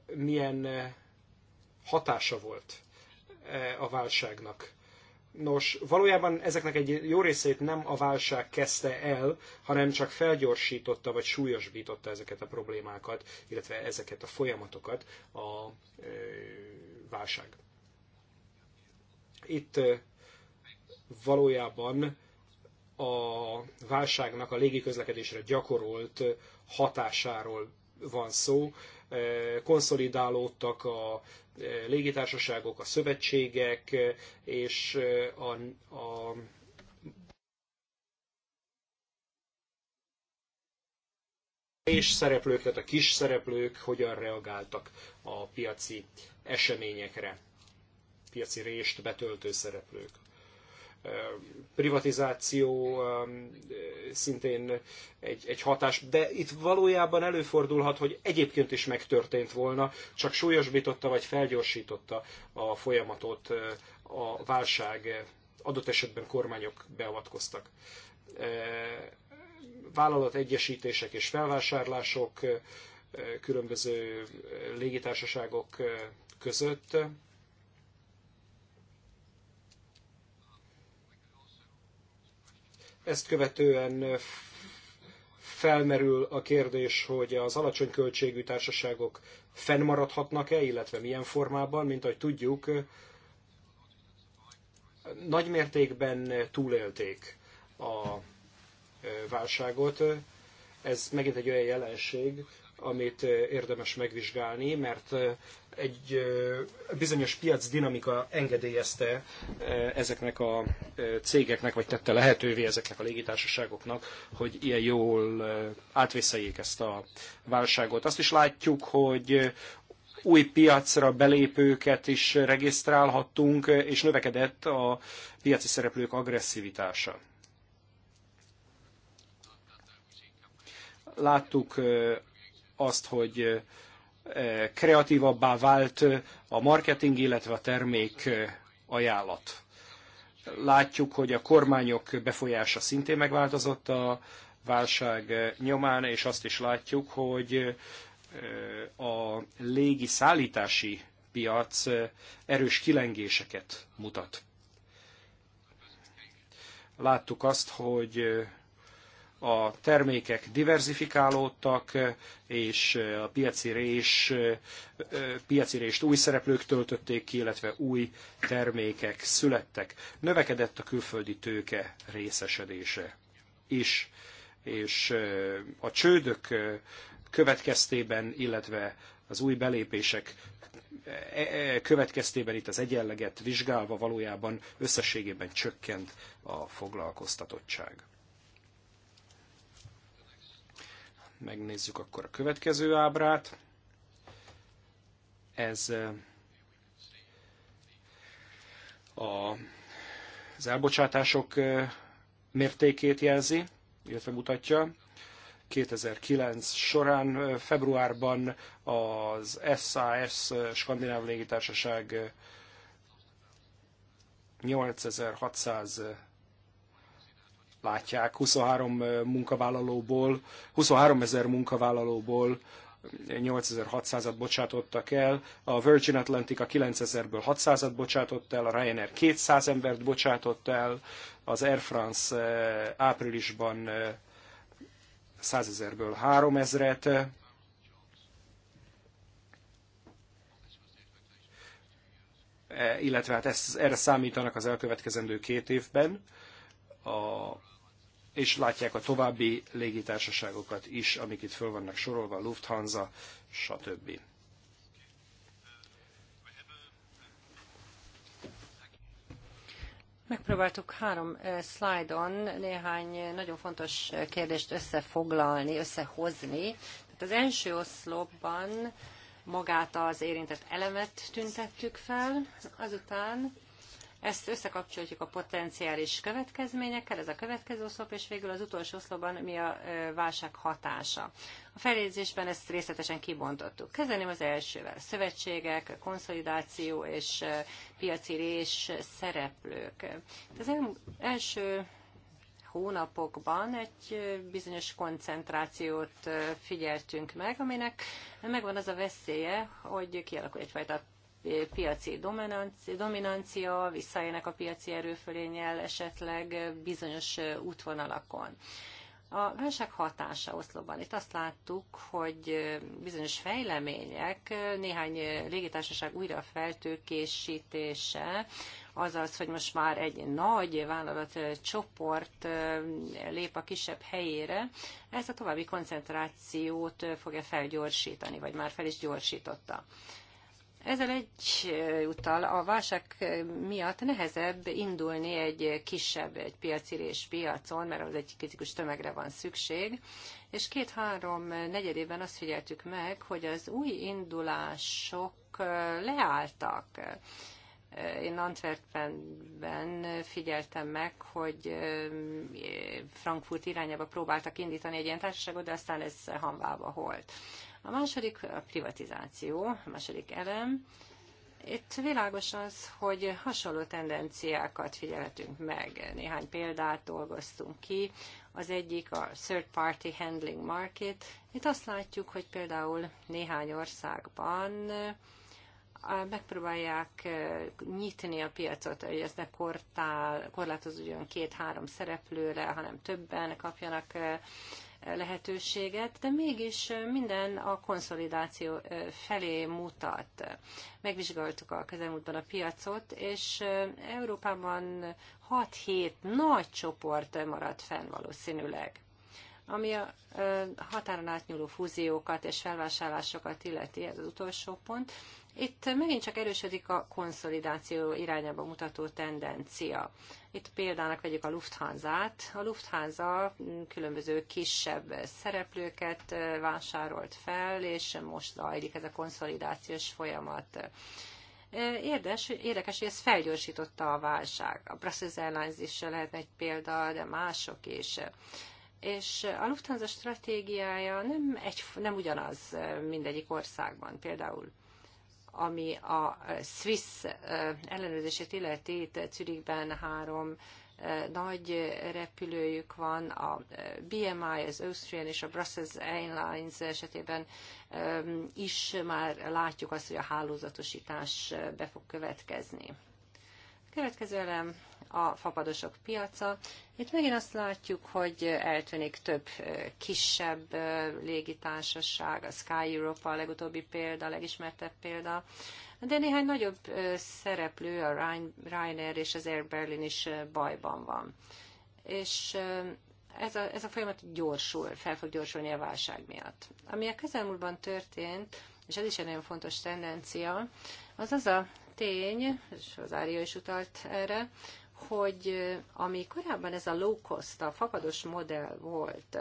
milyen hatása volt a válságnak. Nos, valójában ezeknek egy jó részét nem a válság kezdte el, hanem csak felgyorsította vagy súlyosbította ezeket a problémákat, illetve ezeket a folyamatokat a válság. Itt valójában a válságnak a légiközlekedésre gyakorolt hatásáról van szó. Konszolidálódtak a légitársaságok, a szövetségek és a, a és szereplők, tehát a kis szereplők hogyan reagáltak a piaci eseményekre piaci rést betöltő szereplők. Privatizáció szintén egy, egy hatás, de itt valójában előfordulhat, hogy egyébként is megtörtént volna, csak súlyosbította vagy felgyorsította a folyamatot a válság. Adott esetben kormányok beavatkoztak vállalategyesítések és felvásárlások különböző légitársaságok között. Ezt követően felmerül a kérdés, hogy az alacsony költségű társaságok fennmaradhatnak-e, illetve milyen formában, mint ahogy tudjuk, nagy mértékben túlélték a válságot. Ez megint egy olyan jelenség, amit érdemes megvizsgálni, mert egy bizonyos piac dinamika engedélyezte ezeknek a cégeknek, vagy tette lehetővé ezeknek a légitársaságoknak, hogy ilyen jól átvészeljék ezt a válságot. Azt is látjuk, hogy új piacra belépőket is regisztrálhattunk, és növekedett a piaci szereplők agresszivitása. Láttuk azt, hogy kreatívabbá vált a marketing, illetve a termék ajánlat. Látjuk, hogy a kormányok befolyása szintén megváltozott a válság nyomán, és azt is látjuk, hogy a légi szállítási piac erős kilengéseket mutat. Láttuk azt, hogy a termékek diverzifikálódtak, és a piaci, rés, piaci rést új szereplők töltötték ki, illetve új termékek születtek. Növekedett a külföldi tőke részesedése is, és a csődök következtében, illetve az új belépések e, e, következtében itt az egyenleget vizsgálva valójában összességében csökkent a foglalkoztatottság. megnézzük akkor a következő ábrát. Ez a, az elbocsátások mértékét jelzi, illetve mutatja. 2009 során februárban az SAS Skandináv Légitársaság 8600 látják, 23 munkavállalóból, 23 ezer munkavállalóból 8600-at bocsátottak el, a Virgin Atlantic a 9000-ből 600-at bocsátott el, a Ryanair 200 embert bocsátott el, az Air France áprilisban 100 ezerből 3000-et, illetve hát ezt, erre számítanak az elkövetkezendő két évben a, és látják a további légitársaságokat is, amik itt föl vannak sorolva, Lufthansa, stb. Megpróbáltuk három szlájdon néhány nagyon fontos kérdést összefoglalni, összehozni. Tehát az első oszlopban magát az érintett elemet tüntettük fel, azután ezt összekapcsoljuk a potenciális következményekkel, ez a következő oszlop, és végül az utolsó oszlopban mi a válság hatása. A feljegyzésben ezt részletesen kibontottuk. Kezdeném az elsővel. Szövetségek, konszolidáció és piaci rés szereplők. Hát az első hónapokban egy bizonyos koncentrációt figyeltünk meg, aminek megvan az a veszélye, hogy kialakul egyfajta piaci dominancia, visszajönnek a piaci erőfölényel esetleg bizonyos útvonalakon. A válság hatása Oszlóban. Itt azt láttuk, hogy bizonyos fejlemények, néhány légitársaság újra feltőkésítése, azaz, hogy most már egy nagy csoport lép a kisebb helyére, ez a további koncentrációt fogja felgyorsítani, vagy már fel is gyorsította. Ezzel egy utal a válság miatt nehezebb indulni egy kisebb, egy piacirés piacon, mert az egy kritikus tömegre van szükség, és két-három negyedében azt figyeltük meg, hogy az új indulások leálltak. Én Antwerpenben figyeltem meg, hogy eh, Frankfurt irányába próbáltak indítani egy ilyen társaságot, de aztán ez hanvába holt. A második a privatizáció, a második elem. Itt világos az, hogy hasonló tendenciákat figyelhetünk meg. Néhány példát dolgoztunk ki. Az egyik a third party handling market. Itt azt látjuk, hogy például néhány országban megpróbálják e, nyitni a piacot, hogy ez ne korlátozódjon két-három szereplőre, hanem többen kapjanak e, lehetőséget, de mégis minden a konszolidáció felé mutat. Megvizsgáltuk a közelmúltban a piacot, és Európában 6-7 nagy csoport maradt fenn valószínűleg ami a határon átnyúló fúziókat és felvásárlásokat illeti, ez az utolsó pont. Itt megint csak erősödik a konszolidáció irányába mutató tendencia. Itt példának vegyük a Lufthansa-t. A Lufthansa különböző kisebb szereplőket vásárolt fel, és most zajlik ez a konszolidációs folyamat. Érdes, érdekes, hogy ez felgyorsította a válság. A Brussels Airlines is lehet egy példa, de mások is. És a Lufthansa stratégiája nem, egy, nem ugyanaz mindegyik országban. Például ami a Swiss ellenőrzését illeti, itt Zürichben három nagy repülőjük van, a BMI, az Austrian és a Brussels Airlines esetében is már látjuk azt, hogy a hálózatosítás be fog következni. Következő elem a fapadosok piaca. Itt megint azt látjuk, hogy eltűnik több kisebb légitársaság, a Sky Europa a legutóbbi példa, a legismertebb példa, de néhány nagyobb szereplő, a Ryanair és az Air Berlin is bajban van. És ez a, ez a folyamat gyorsul, fel fog gyorsulni a válság miatt. Ami a közelmúltban történt, és ez is egy nagyon fontos tendencia, az az a tény, és az Ária is utalt erre, hogy eh, ami korábban ez a low cost, a fapados modell volt,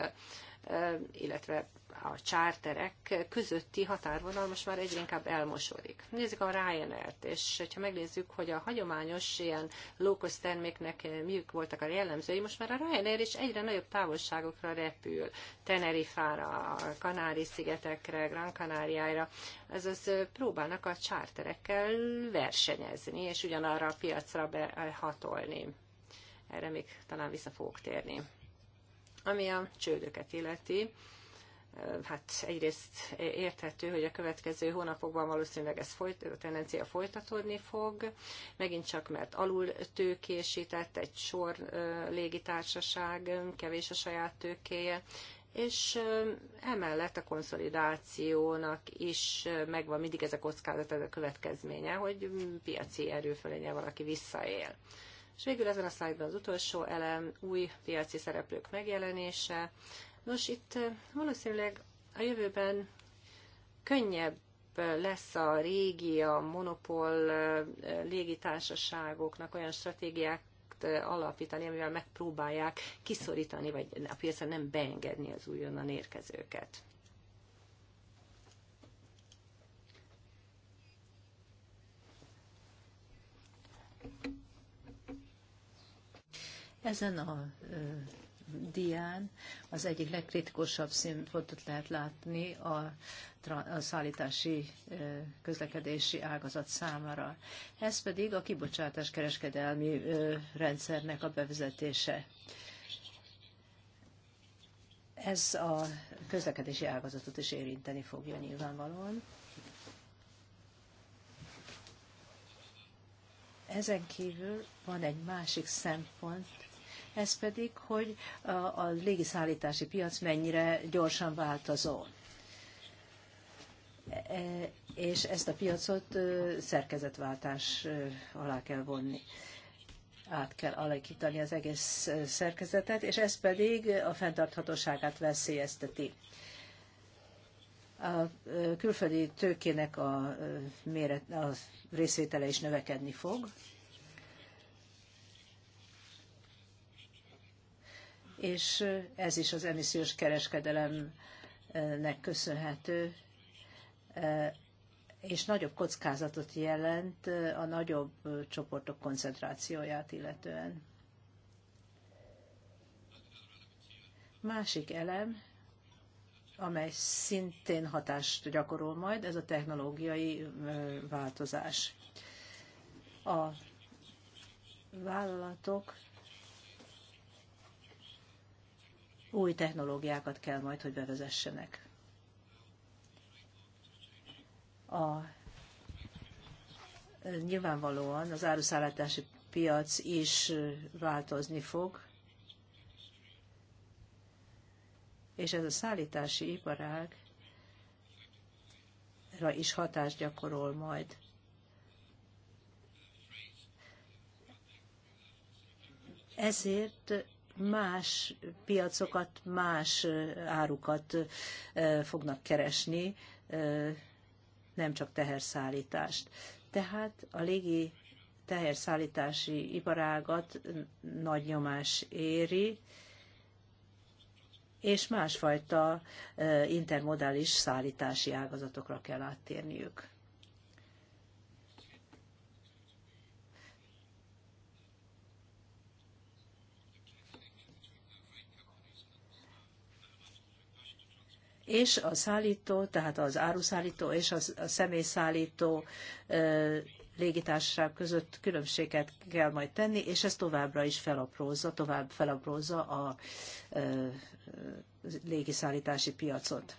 illetve a csárterek közötti határvonal most már egyre inkább elmosodik. Nézzük a Ryanair-t, és ha megnézzük, hogy a hagyományos ilyen lókos terméknek miük voltak a jellemzői, most már a Ryanair is egyre nagyobb távolságokra repül. Tenerife-ra, Kanári-szigetekre, Gran Canaria-ra. Canaria-ra. azaz próbálnak a csárterekkel versenyezni, és ugyanarra a piacra behatolni. Erre még talán vissza fogok térni. Ami a csődöket illeti, hát egyrészt érthető, hogy a következő hónapokban valószínűleg ez folyt, a tendencia folytatódni fog, megint csak mert alul tőkésített egy sor légitársaság, kevés a saját tőkéje, és emellett a konszolidációnak is megvan mindig ez a kockázat, ez a következménye, hogy piaci erőfölénye valaki visszaél. És végül ezen a szlájdban az utolsó elem, új piaci szereplők megjelenése. Nos, itt eh, valószínűleg a jövőben könnyebb eh, lesz a régi, a monopól eh, légitársaságoknak olyan stratégiák alapítani, amivel megpróbálják kiszorítani, vagy a piacra nem beengedni az újonnan érkezőket. Ezen a dián az egyik legkritikusabb színpontot lehet látni a, a szállítási közlekedési ágazat számára. Ez pedig a kibocsátás kereskedelmi rendszernek a bevezetése. Ez a közlekedési ágazatot is érinteni fogja nyilvánvalóan. Ezen kívül van egy másik szempont, ez pedig, hogy a légiszállítási piac mennyire gyorsan változó. E, e, és ezt a piacot szerkezetváltás alá kell vonni át kell alakítani az egész szerkezetet, és ez pedig a fenntarthatóságát veszélyezteti. A külföldi tőkének a, méret, a részvétele is növekedni fog, és ez is az emissziós kereskedelemnek köszönhető, és nagyobb kockázatot jelent a nagyobb csoportok koncentrációját illetően. Másik elem, amely szintén hatást gyakorol majd, ez a technológiai változás. A vállalatok új technológiákat kell majd, hogy bevezessenek. A, nyilvánvalóan az áruszállítási piac is változni fog, és ez a szállítási iparágra is hatást gyakorol majd. Ezért más piacokat, más árukat fognak keresni, nem csak teherszállítást. Tehát a légi teherszállítási iparágat nagy nyomás éri, és másfajta intermodális szállítási ágazatokra kell áttérniük. és a szállító, tehát az áruszállító és a személyszállító légitársaság között különbséget kell majd tenni, és ez továbbra is felaprózza, tovább felaprózza a légiszállítási piacot.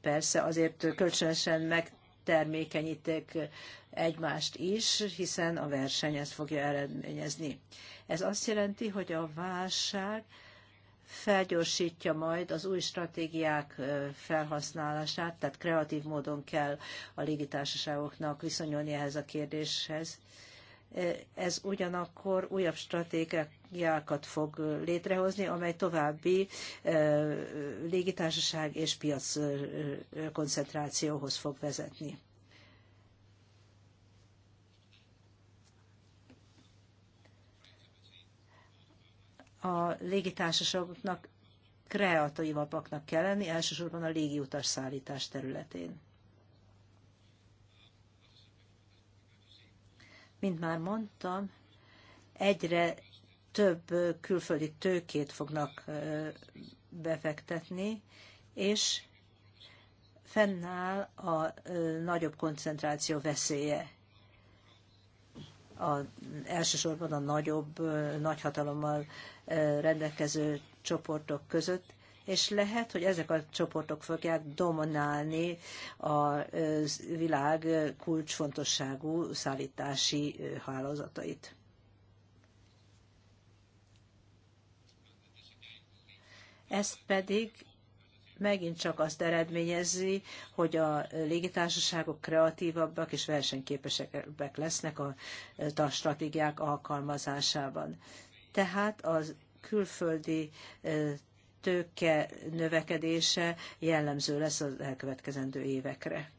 Persze azért kölcsönösen megtermékenyítik egymást is, hiszen a verseny ezt fogja eredményezni. Ez azt jelenti, hogy a válság felgyorsítja majd az új stratégiák felhasználását, tehát kreatív módon kell a légitársaságoknak viszonyulni ehhez a kérdéshez. Ez ugyanakkor újabb stratégiákat fog létrehozni, amely további légitársaság és piac koncentrációhoz fog vezetni. a légitársaságoknak kreatívabbaknak kell lenni, elsősorban a légiutas szállítás területén. Mint már mondtam, egyre több külföldi tőkét fognak befektetni, és fennáll a nagyobb koncentráció veszélye a, elsősorban a nagyobb, nagyhatalommal rendelkező csoportok között, és lehet, hogy ezek a csoportok fogják dominálni a világ kulcsfontosságú szállítási hálózatait. Ez pedig megint csak azt eredményezi, hogy a légitársaságok kreatívabbak és versenyképesebbek lesznek a, a stratégiák alkalmazásában. Tehát az külföldi tőke növekedése jellemző lesz az elkövetkezendő évekre.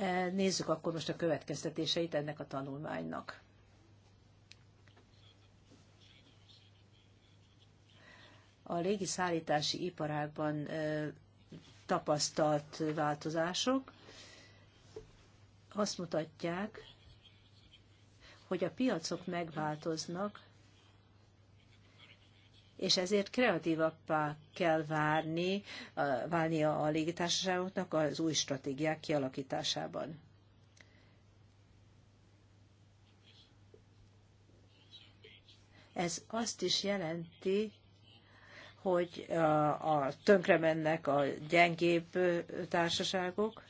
E, nézzük akkor most a következtetéseit ennek a tanulmánynak. a légiszállítási iparágban tapasztalt változások azt mutatják, hogy a piacok megváltoznak, és ezért kreatívabbá kell várni, válni a légitársaságoknak az új stratégiák kialakításában. Ez azt is jelenti, hogy a, a tönkre mennek a gyengébb társaságok,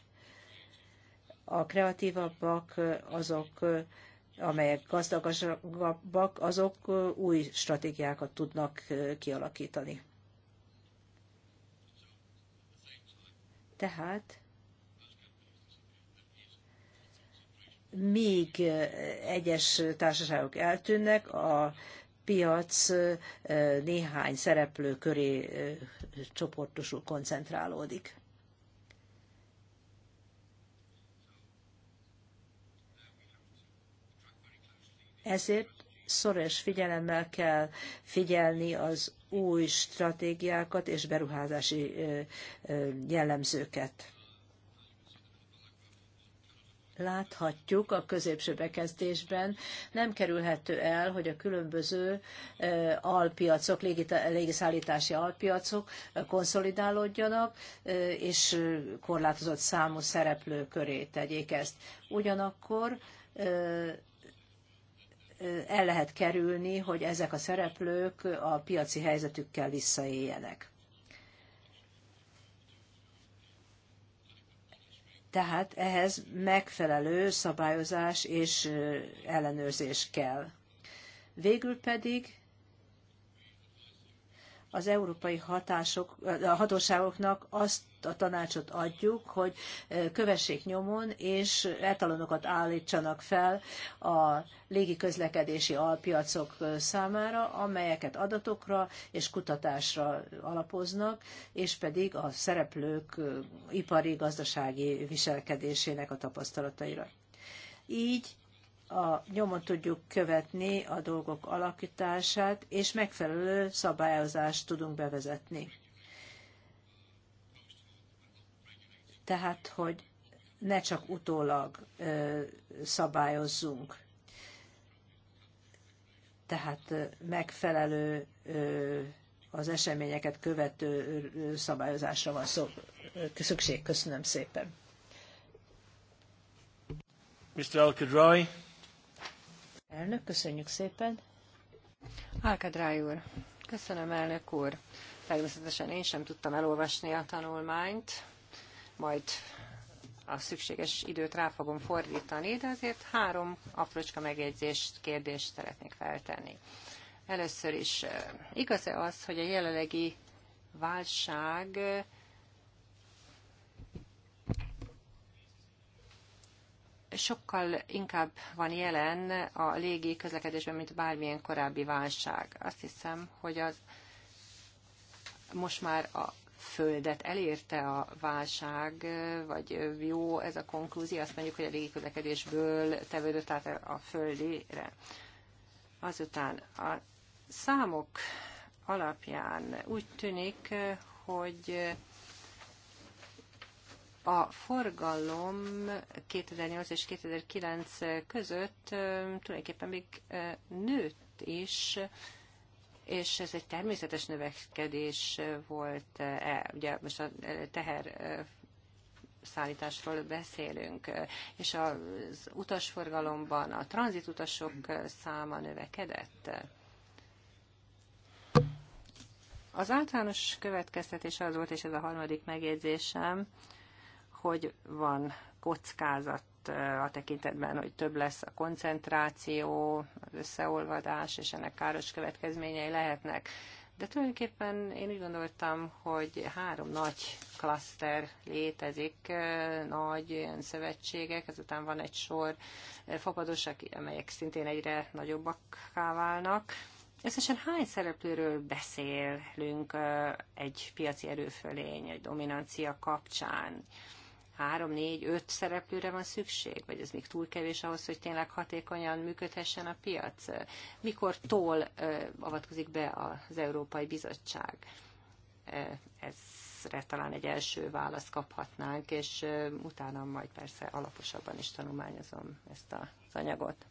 a kreatívabbak, azok, amelyek gazdagabbak, azok új stratégiákat tudnak kialakítani. Tehát míg egyes társaságok eltűnnek, a piac néhány szereplő köré csoportosul, koncentrálódik. Ezért szoros figyelemmel kell figyelni az új stratégiákat és beruházási jellemzőket láthatjuk a középső bekezdésben, nem kerülhető el, hogy a különböző e, alpiacok, légiszállítási alpiacok konszolidálódjanak, e, és korlátozott számú szereplő köré tegyék ezt. Ugyanakkor e, el lehet kerülni, hogy ezek a szereplők a piaci helyzetükkel visszaéljenek. Tehát ehhez megfelelő szabályozás és ellenőrzés kell. Végül pedig az európai hatások, a hatóságoknak azt a tanácsot adjuk, hogy kövessék nyomon, és etalonokat állítsanak fel a légiközlekedési alpiacok számára, amelyeket adatokra és kutatásra alapoznak, és pedig a szereplők ipari, gazdasági viselkedésének a tapasztalataira. Így a nyomon tudjuk követni a dolgok alakítását, és megfelelő szabályozást tudunk bevezetni. Tehát, hogy ne csak utólag ö, szabályozzunk. Tehát megfelelő ö, az eseményeket követő szabályozásra van szó. Szükség. Köszönöm szépen. Mr. Alkadrai. Elnök, köszönjük szépen. Alkadráj úr, köszönöm elnök úr. Természetesen én sem tudtam elolvasni a tanulmányt, majd a szükséges időt rá fogom fordítani, de azért három aprócska megjegyzést, kérdést szeretnék feltenni. Először is eh, igaz-e az, hogy a jelenlegi válság eh, sokkal inkább van jelen a légi közlekedésben, mint bármilyen korábbi válság. Azt hiszem, hogy az most már a földet elérte a válság, vagy jó ez a konklúzió, azt mondjuk, hogy a légi közlekedésből tevődött át a földére. Azután a számok alapján úgy tűnik, hogy a forgalom 2008 és 2009 között tulajdonképpen még nőtt is, és ez egy természetes növekedés volt. -e. Ugye most a teher szállításról beszélünk, és az utasforgalomban a tranzitutasok száma növekedett. Az általános következtetés az volt, és ez a harmadik megjegyzésem, hogy van kockázat a tekintetben, hogy több lesz a koncentráció, az összeolvadás, és ennek káros következményei lehetnek. De tulajdonképpen én úgy gondoltam, hogy három nagy klaszter létezik, nagy ilyen szövetségek, ezután van egy sor fapadosak, amelyek szintén egyre nagyobbakká válnak. Összesen hány szereplőről beszélünk egy piaci erőfölény, egy dominancia kapcsán? három, négy, öt szereplőre van szükség? Vagy ez még túl kevés ahhoz, hogy tényleg hatékonyan működhessen a piac? Mikor tól avatkozik be az Európai Bizottság? Ezre talán egy első választ kaphatnánk, és utána majd persze alaposabban is tanulmányozom ezt az anyagot.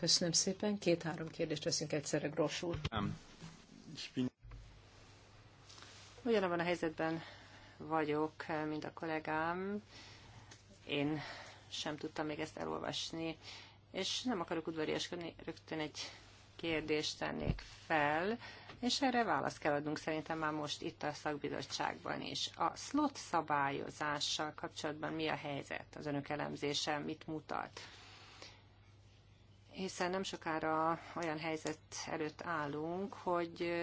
Köszönöm szépen. Két-három kérdést teszünk egyszerre, Gross úr. Um, Ugyanabban a helyzetben vagyok, mint a kollégám. Én sem tudtam még ezt elolvasni, és nem akarok udvariaskodni, rögtön egy kérdést tennék fel, és erre választ kell adnunk szerintem már most itt a szakbizottságban is. A slot szabályozással kapcsolatban mi a helyzet? Az önök elemzése mit mutat? Hiszen nem sokára olyan helyzet előtt állunk, hogy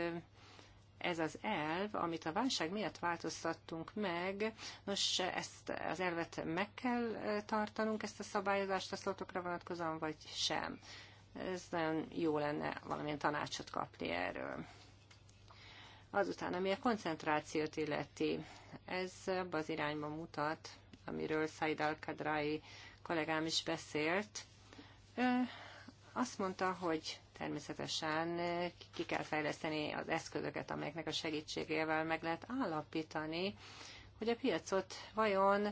ez az elv, amit a válság miatt változtattunk meg, nos, ezt az elvet meg kell tartanunk, ezt a szabályozást a szlotokra vonatkozóan, vagy sem. Ez nagyon jó lenne valamilyen tanácsot kapni erről. Azután, ami a koncentrációt illeti, ez abba az irányba mutat, amiről Said Al-Kadrai kollégám is beszélt. Ö, azt mondta, hogy természetesen eh, ki kell fejleszteni az eszközöket, amelyeknek a segítségével meg lehet állapítani, hogy a piacot vajon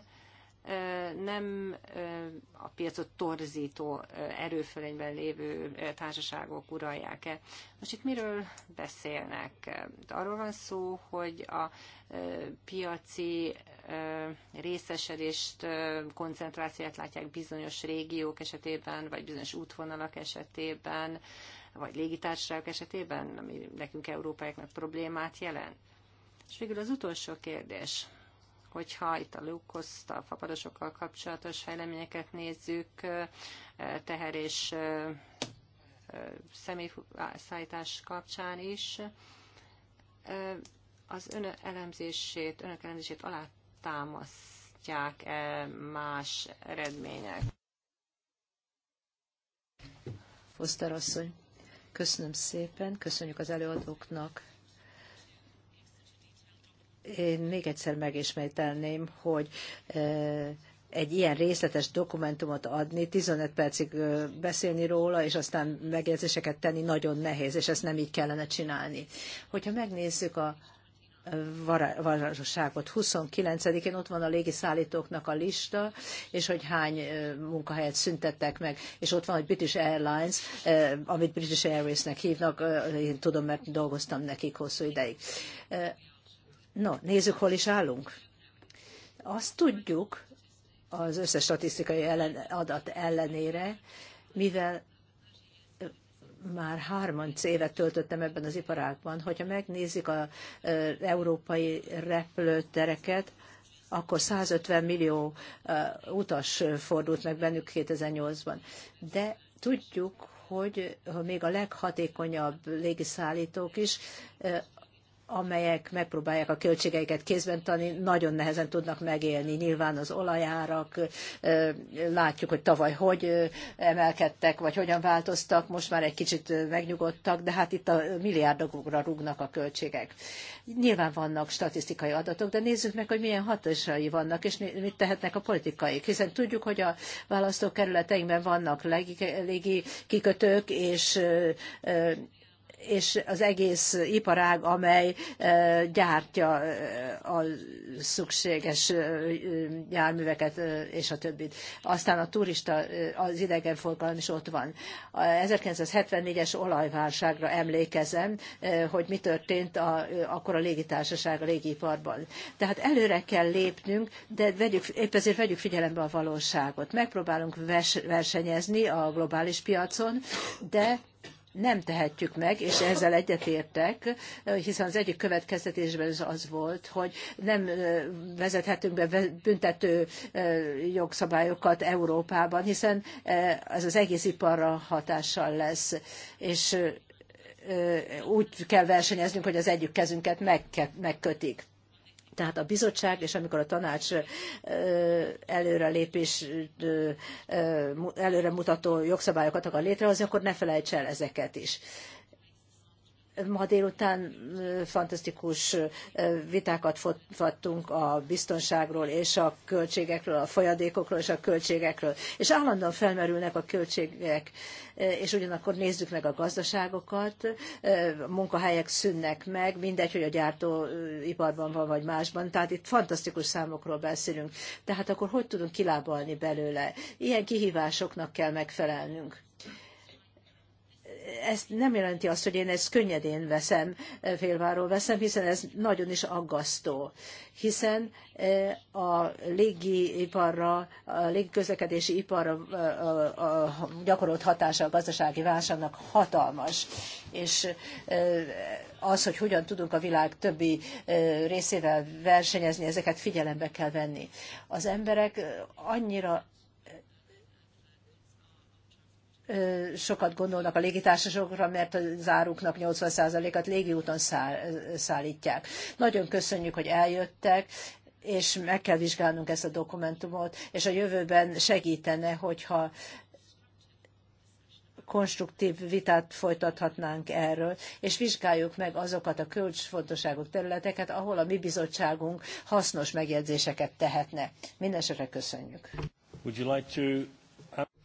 eh, nem eh, a piacot torzító erőfölényben lévő társaságok uralják-e. Most itt miről beszélnek? Arról van szó, hogy a piaci részesedést, koncentráciát látják bizonyos régiók esetében, vagy bizonyos útvonalak esetében, vagy légitársaságok esetében, ami nekünk európaiaknak problémát jelent. És végül az utolsó kérdés, hogyha itt a lukoszt, a fapadosokkal kapcsolatos fejleményeket nézzük, teher és személyszállítás kapcsán is, az ön elemzését, önök elemzését alátámasztják-e más eredmények? Foszter asszony. Köszönöm szépen, köszönjük az előadóknak. Én még egyszer megismételném, hogy e, egy ilyen részletes dokumentumot adni, 15 percig beszélni róla, és aztán megjegyzéseket tenni nagyon nehéz, és ezt nem így kellene csinálni. Hogyha megnézzük a varaságot. 29-én ott van a légiszállítóknak a lista, és hogy hány munkahelyet szüntettek meg. És ott van, hogy British Airlines, amit British Airways-nek hívnak, én tudom, mert dolgoztam nekik hosszú ideig. No, nézzük, hol is állunk. Azt tudjuk, az összes statisztikai ellen, adat ellenére, mivel már hármanc évet töltöttem ebben az iparágban. Hogyha megnézik az európai repülőtereket, akkor 150 millió utas fordult meg bennük 2008-ban. De tudjuk, hogy még a leghatékonyabb légiszállítók is amelyek megpróbálják a költségeiket kézben tartani, nagyon nehezen tudnak megélni. Nyilván az olajárak, látjuk, hogy tavaly hogy emelkedtek, vagy hogyan változtak, most már egy kicsit megnyugodtak, de hát itt a milliárdokra rúgnak a költségek. Nyilván vannak statisztikai adatok, de nézzük meg, hogy milyen hatásai vannak, és mit tehetnek a politikaik, hiszen tudjuk, hogy a választókerületeinkben vannak légi kikötők, és és az egész iparág, amely gyártja a szükséges járműveket és a többit. Aztán a turista, az idegenforgalom is ott van. A 1974-es olajválságra emlékezem, hogy mi történt a, akkor a légitársaság a légiparban. Tehát előre kell lépnünk, de vegyük, épp ezért vegyük figyelembe a valóságot. Megpróbálunk versenyezni a globális piacon, de nem tehetjük meg, és ezzel egyetértek, hiszen az egyik következtetésben az az volt, hogy nem vezethetünk be büntető jogszabályokat Európában, hiszen ez az egész iparra hatással lesz, és úgy kell versenyeznünk, hogy az egyik kezünket megkötik. Tehát a bizottság, és amikor a tanács előrelépés, előremutató jogszabályokat akar létrehozni, akkor ne felejts el ezeket is. Ma délután fantasztikus vitákat folytattunk a biztonságról és a költségekről, a folyadékokról és a költségekről. És állandóan felmerülnek a költségek, és ugyanakkor nézzük meg a gazdaságokat, munkahelyek szűnnek meg, mindegy, hogy a gyártóiparban van vagy másban. Tehát itt fantasztikus számokról beszélünk. Tehát akkor hogy tudunk kilábalni belőle? Ilyen kihívásoknak kell megfelelnünk ez nem jelenti azt, hogy én ezt könnyedén veszem, eh, félváról veszem, hiszen ez nagyon is aggasztó. Hiszen eh, a légiiparra, a légiközlekedési iparra eh, gyakorolt hatása a gazdasági válságnak hatalmas. És az, hogy hogyan tudunk a világ többi részével versenyezni, ezeket figyelembe kell venni. Az emberek annyira sokat gondolnak a légitársaságokra, mert az áruknak 80%-at légiúton szállítják. Nagyon köszönjük, hogy eljöttek, és meg kell vizsgálnunk ezt a dokumentumot, és a jövőben segítene, hogyha konstruktív vitát folytathatnánk erről, és vizsgáljuk meg azokat a kulcsfontosságú területeket, ahol a mi bizottságunk hasznos megjegyzéseket tehetne. Mindenesetre köszönjük. Would you like to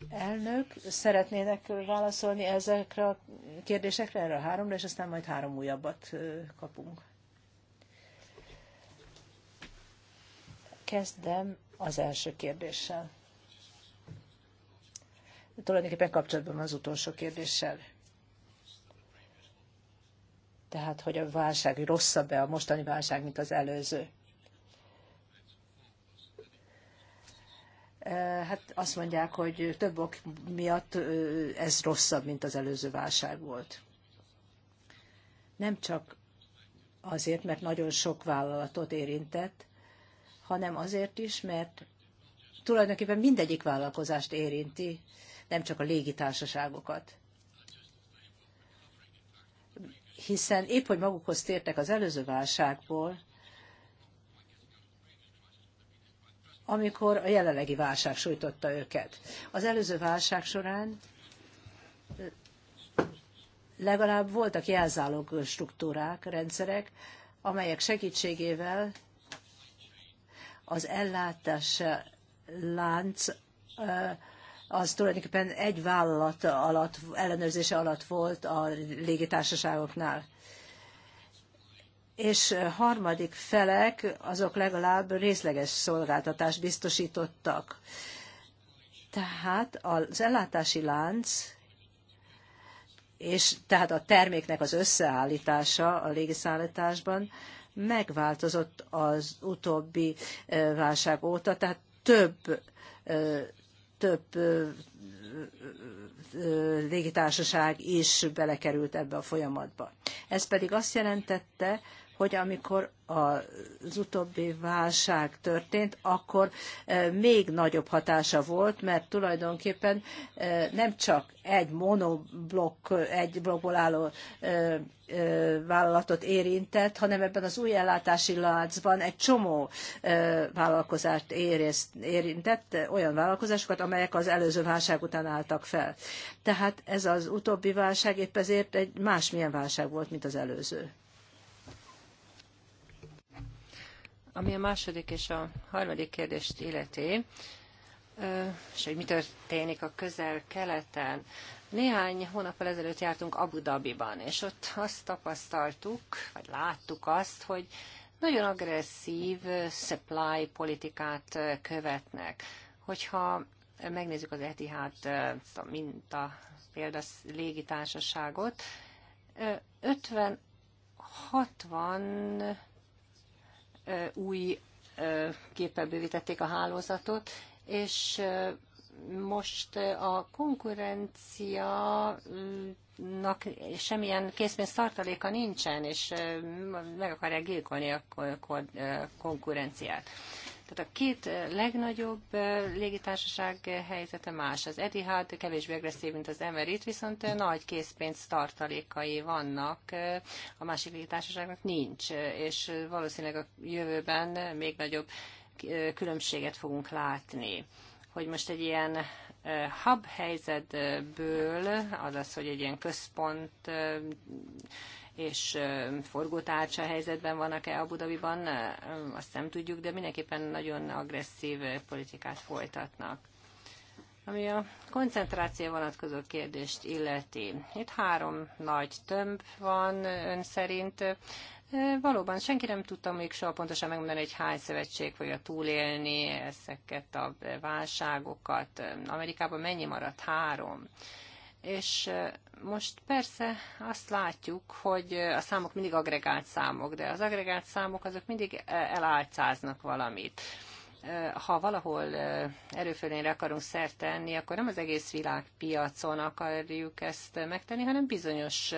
Elnök, szeretnének válaszolni ezekre a kérdésekre, erre a háromra, és aztán majd három újabbat kapunk. Kezdem az első kérdéssel. Tulajdonképpen kapcsolatban az utolsó kérdéssel. Tehát, hogy a válság rosszabb-e a mostani válság, mint az előző. Eh, hát azt mondják, hogy több ok miatt ez rosszabb, mint az előző válság volt. Nem csak azért, mert nagyon sok vállalatot érintett, hanem azért is, mert tulajdonképpen mindegyik vállalkozást érinti, nem csak a légitársaságokat. Hiszen épp, hogy magukhoz tértek az előző válságból, amikor a jelenlegi válság sújtotta őket. Az előző válság során legalább voltak jelzáló struktúrák, rendszerek, amelyek segítségével az ellátás lánc az tulajdonképpen egy vállalat alatt, ellenőrzése alatt volt a légitársaságoknál és harmadik felek azok legalább részleges szolgáltatást biztosítottak. Tehát az ellátási lánc és tehát a terméknek az összeállítása a légiszállításban megváltozott az utóbbi válság óta, tehát több, több légitársaság is belekerült ebbe a folyamatba. Ez pedig azt jelentette, hogy amikor az utóbbi válság történt, akkor eh, még nagyobb hatása volt, mert tulajdonképpen eh, nem csak egy monoblokk, egy blokkból álló eh, vállalatot érintett, hanem ebben az új ellátási láncban egy csomó vállalkozást érintett, olyan vállalkozásokat, amelyek az előző válság után álltak fel. Tehát ez az utóbbi válság épp ezért egy másmilyen válság volt, mint az előző. Ami a második és a harmadik kérdést illeti, és hogy mi történik a közel-keleten. Néhány hónap ezelőtt jártunk Abu Dhabiban, és ott azt tapasztaltuk, vagy láttuk azt, hogy nagyon agresszív supply politikát követnek. Hogyha megnézzük az Etihad a példa légitársaságot, 50-60 új képpel bővítették a hálózatot, és most a konkurencia semmilyen készpénz tartaléka nincsen, és meg akarják gyilkolni a konkurenciát. Tehát a két eh, legnagyobb eh, légitársaság eh, helyzete más. Az Etihad kevésbé agresszív, mint az Emirates, viszont nagy készpénz tartalékai vannak, a másik légitársaságnak nincs, és valószínűleg a jövőben még nagyobb különbséget fogunk látni hogy most egy ilyen hub helyzetből, azaz, hogy egy ilyen központ és forgótárcsa helyzetben vannak-e Abu Dhabiban, azt nem tudjuk, de mindenképpen nagyon agresszív politikát folytatnak. Ami a koncentráció vonatkozó kérdést illeti. Itt három nagy tömb van ön szerint. Valóban senki nem tudta még soha pontosan megmondani, hogy hány szövetség fogja túlélni ezeket a válságokat. Amerikában mennyi maradt? Három. És most persze azt látjuk, hogy a számok mindig agregált számok, de az agregált számok azok mindig elálcáznak valamit ha valahol erőfölényre akarunk szert tenni, akkor nem az egész világpiacon akarjuk ezt megtenni, hanem bizonyos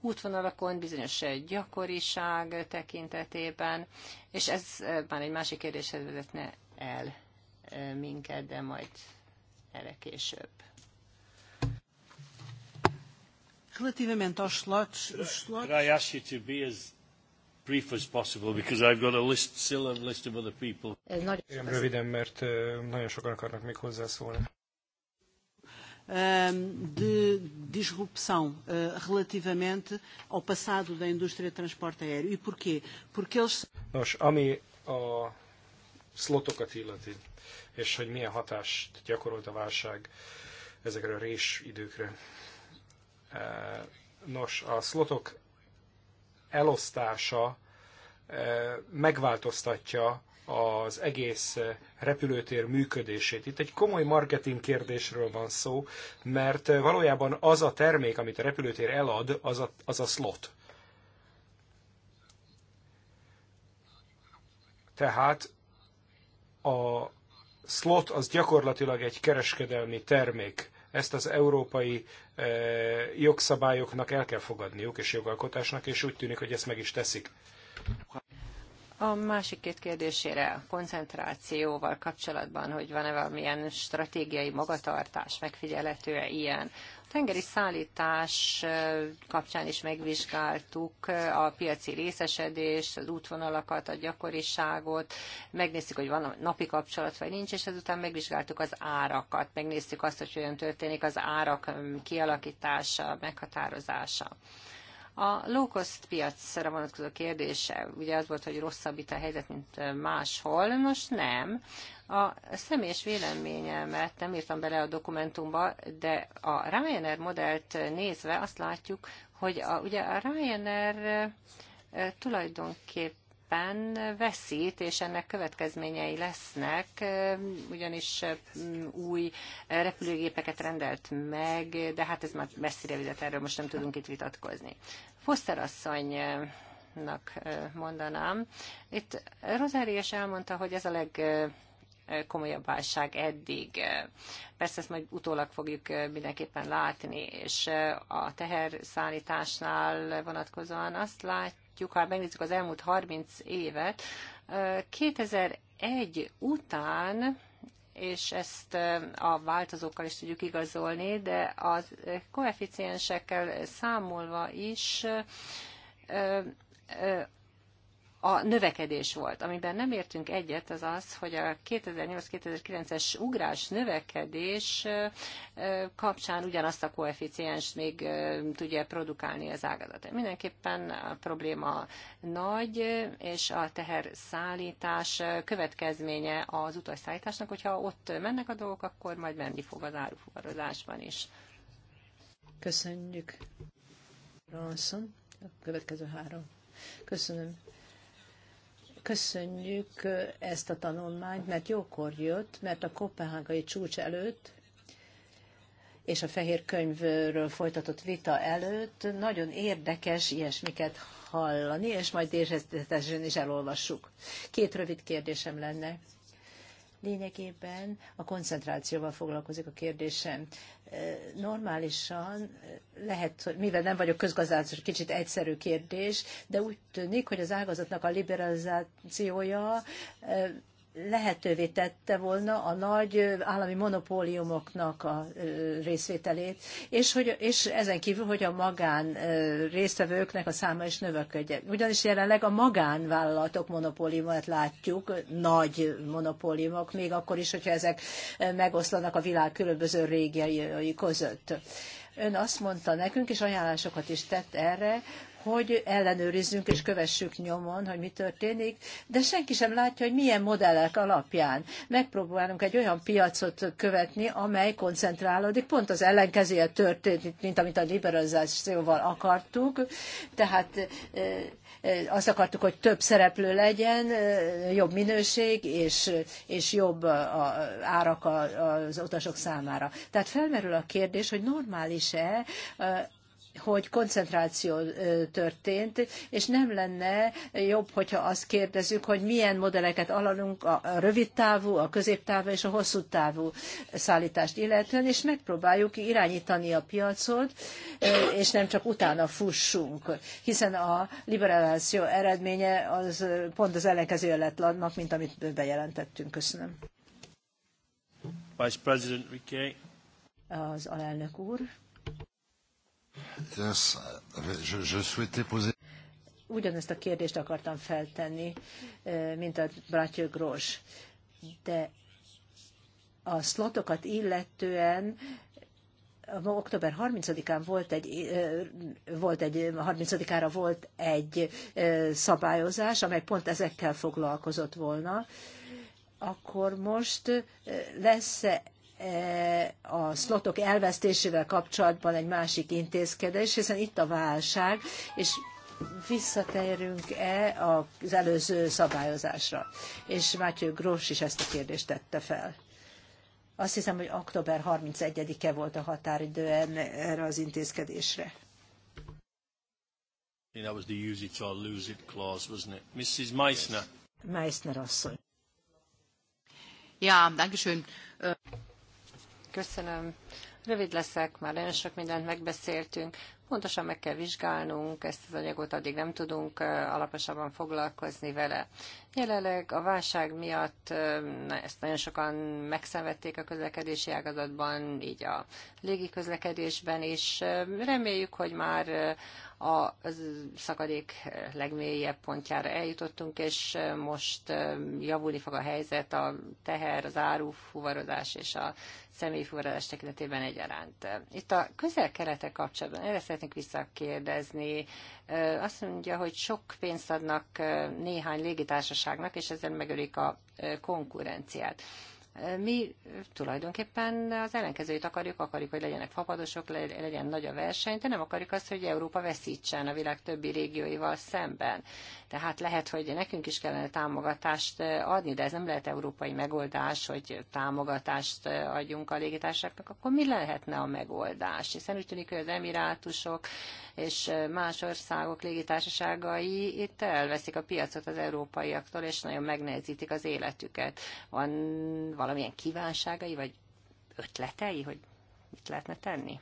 útvonalakon, bizonyos gyakoriság tekintetében, és ez már egy másik kérdéshez vezetne el minket, de majd erre később. Relativamente aos slots, os slots... Could I ask you to be as brief as possible, because I've got a list, still a list of other people. nagyon röviden, mert nagyon sokan akarnak még hozzászólni. Ehm, de disrupção eh, relativamente ao passado da indústria de transporte aéreo. E porquê? Porque eles... Nos, ami a slotokat illeti, és hogy milyen hatást gyakorolt a válság ezekre a résidőkre. Nos, a szlotok elosztása e, megváltoztatja az egész repülőtér működését. Itt egy komoly marketing kérdésről van szó, mert valójában az a termék, amit a repülőtér elad, az a, az a slot. Tehát a slot az gyakorlatilag egy kereskedelmi termék. Ezt az európai jogszabályoknak el kell fogadniuk, és jogalkotásnak, és úgy tűnik, hogy ezt meg is teszik. A másik két kérdésére a koncentrációval kapcsolatban, hogy van-e valamilyen stratégiai magatartás, megfigyelhető-e ilyen. A tengeri szállítás kapcsán is megvizsgáltuk a piaci részesedést, az útvonalakat, a gyakoriságot, megnéztük, hogy van napi kapcsolat vagy nincs, és ezután megvizsgáltuk az árakat, megnéztük azt, hogy hogyan történik az árak kialakítása, meghatározása. A low-cost piacra vonatkozó kérdése, ugye az volt, hogy rosszabb itt a helyzet, mint máshol, most nem. A személyes véleményemet nem írtam bele a dokumentumba, de a Ryanair modellt nézve azt látjuk, hogy a, ugye a Ryanair tulajdonképpen tulajdonképpen veszít, és ennek következményei lesznek, ugyanis új repülőgépeket rendelt meg, de hát ez már messzire vizet, erről most nem tudunk itt vitatkozni. Foster asszony mondanám. Itt Rozári is elmondta, hogy ez a leg komolyabb válság eddig. Persze ezt majd utólag fogjuk mindenképpen látni, és a teherszállításnál vonatkozóan azt látjuk, látjuk, ha megnézzük az elmúlt 30 évet, 2001 után és ezt a változókkal is tudjuk igazolni, de a koeficiensekkel számolva is a növekedés volt. Amiben nem értünk egyet, az az, hogy a 2008-2009-es ugrás növekedés kapcsán ugyanazt a koeficiens még tudja produkálni az ágazat. Mindenképpen a probléma nagy, és a teherszállítás következménye az utasszállításnak, hogyha ott mennek a dolgok, akkor majd menni fog az árufuvarozásban is. Köszönjük. Ronson, a következő három. Köszönöm köszönjük ezt a tanulmányt, mert jókor jött, mert a kopenhágai csúcs előtt és a fehér könyvről folytatott vita előtt nagyon érdekes ilyesmiket hallani, és majd érzetesen is elolvassuk. Két rövid kérdésem lenne. Lényegében a koncentrációval foglalkozik a kérdésem. Normálisan lehet, hogy mivel nem vagyok közgazdászos, kicsit egyszerű kérdés, de úgy tűnik, hogy az ágazatnak a liberalizációja lehetővé tette volna a nagy állami monopóliumoknak a részvételét, és, hogy, és ezen kívül, hogy a magán résztvevőknek a száma is növekedjen. Ugyanis jelenleg a magánvállalatok monopóliumát látjuk, nagy monopóliumok, még akkor is, hogyha ezek megoszlanak a világ különböző régiai között. Ön azt mondta nekünk, és ajánlásokat is tett erre, hogy ellenőrizzünk és kövessük nyomon, hogy mi történik, de senki sem látja, hogy milyen modellek alapján. Megpróbálunk egy olyan piacot követni, amely koncentrálódik, pont az ellenkezője történt, mint amit a liberalizációval akartuk, tehát azt akartuk, hogy több szereplő legyen, jobb minőség és, és jobb a, árak az utasok számára. Tehát felmerül a kérdés, hogy normális-e hogy koncentráció történt, és nem lenne jobb, hogyha azt kérdezzük, hogy milyen modelleket alalunk a rövid távú, a középtávú és a hosszú távú szállítást illetően, és megpróbáljuk irányítani a piacot, és nem csak utána fussunk, hiszen a liberáció eredménye az pont az ellenkező lett annak, mint amit bejelentettünk. Köszönöm. Vice President Riquet. Az alelnök úr ugyanezt a kérdést akartam feltenni, mint a Bratyő Grós. De a szlotokat illetően október 30-án volt egy, volt egy 30-ára volt egy szabályozás, amely pont ezekkel foglalkozott volna. Akkor most lesz -e a szlotok elvesztésével kapcsolatban egy másik intézkedés, hiszen itt a válság, és visszatérünk-e az előző szabályozásra? És Mátyő Gross is ezt a kérdést tette fel. Azt hiszem, hogy október 31-e volt a határidő erre az intézkedésre. That was the use it or lose it clause, wasn't it? Mrs. Meissner. Meissner asszony. Ja, danke schön. Köszönöm. Rövid leszek, már nagyon sok mindent megbeszéltünk. Pontosan meg kell vizsgálnunk ezt az anyagot, addig nem tudunk alaposabban foglalkozni vele. Jelenleg a válság miatt ezt nagyon sokan megszenvedték a közlekedési ágazatban, így a légiközlekedésben is. Reméljük, hogy már a szakadék legmélyebb pontjára eljutottunk, és most javulni fog a helyzet a teher, az áru, fuvarozás és a személyfuvarozás tekintetében egyaránt. Itt a közel keletek kapcsolatban erre szeretnék visszakérdezni, azt mondja, hogy sok pénzt adnak néhány légitársaságnak, és ezzel megölik a konkurenciát. Mi tulajdonképpen az ellenkezőjét akarjuk, akarjuk, hogy legyenek fapadosok, legyen nagy a verseny, de nem akarjuk azt, hogy Európa veszítsen a világ többi régióival szemben. Tehát lehet, hogy nekünk is kellene támogatást adni, de ez nem lehet európai megoldás, hogy támogatást adjunk a légitársaknak, akkor mi lehetne a megoldás? Hiszen úgy tűnik, hogy az emirátusok és más országok légitársaságai itt elveszik a piacot az európaiaktól, és nagyon megnehezítik az életüket. van valamilyen kívánságai, vagy ötletei, hogy mit lehetne tenni?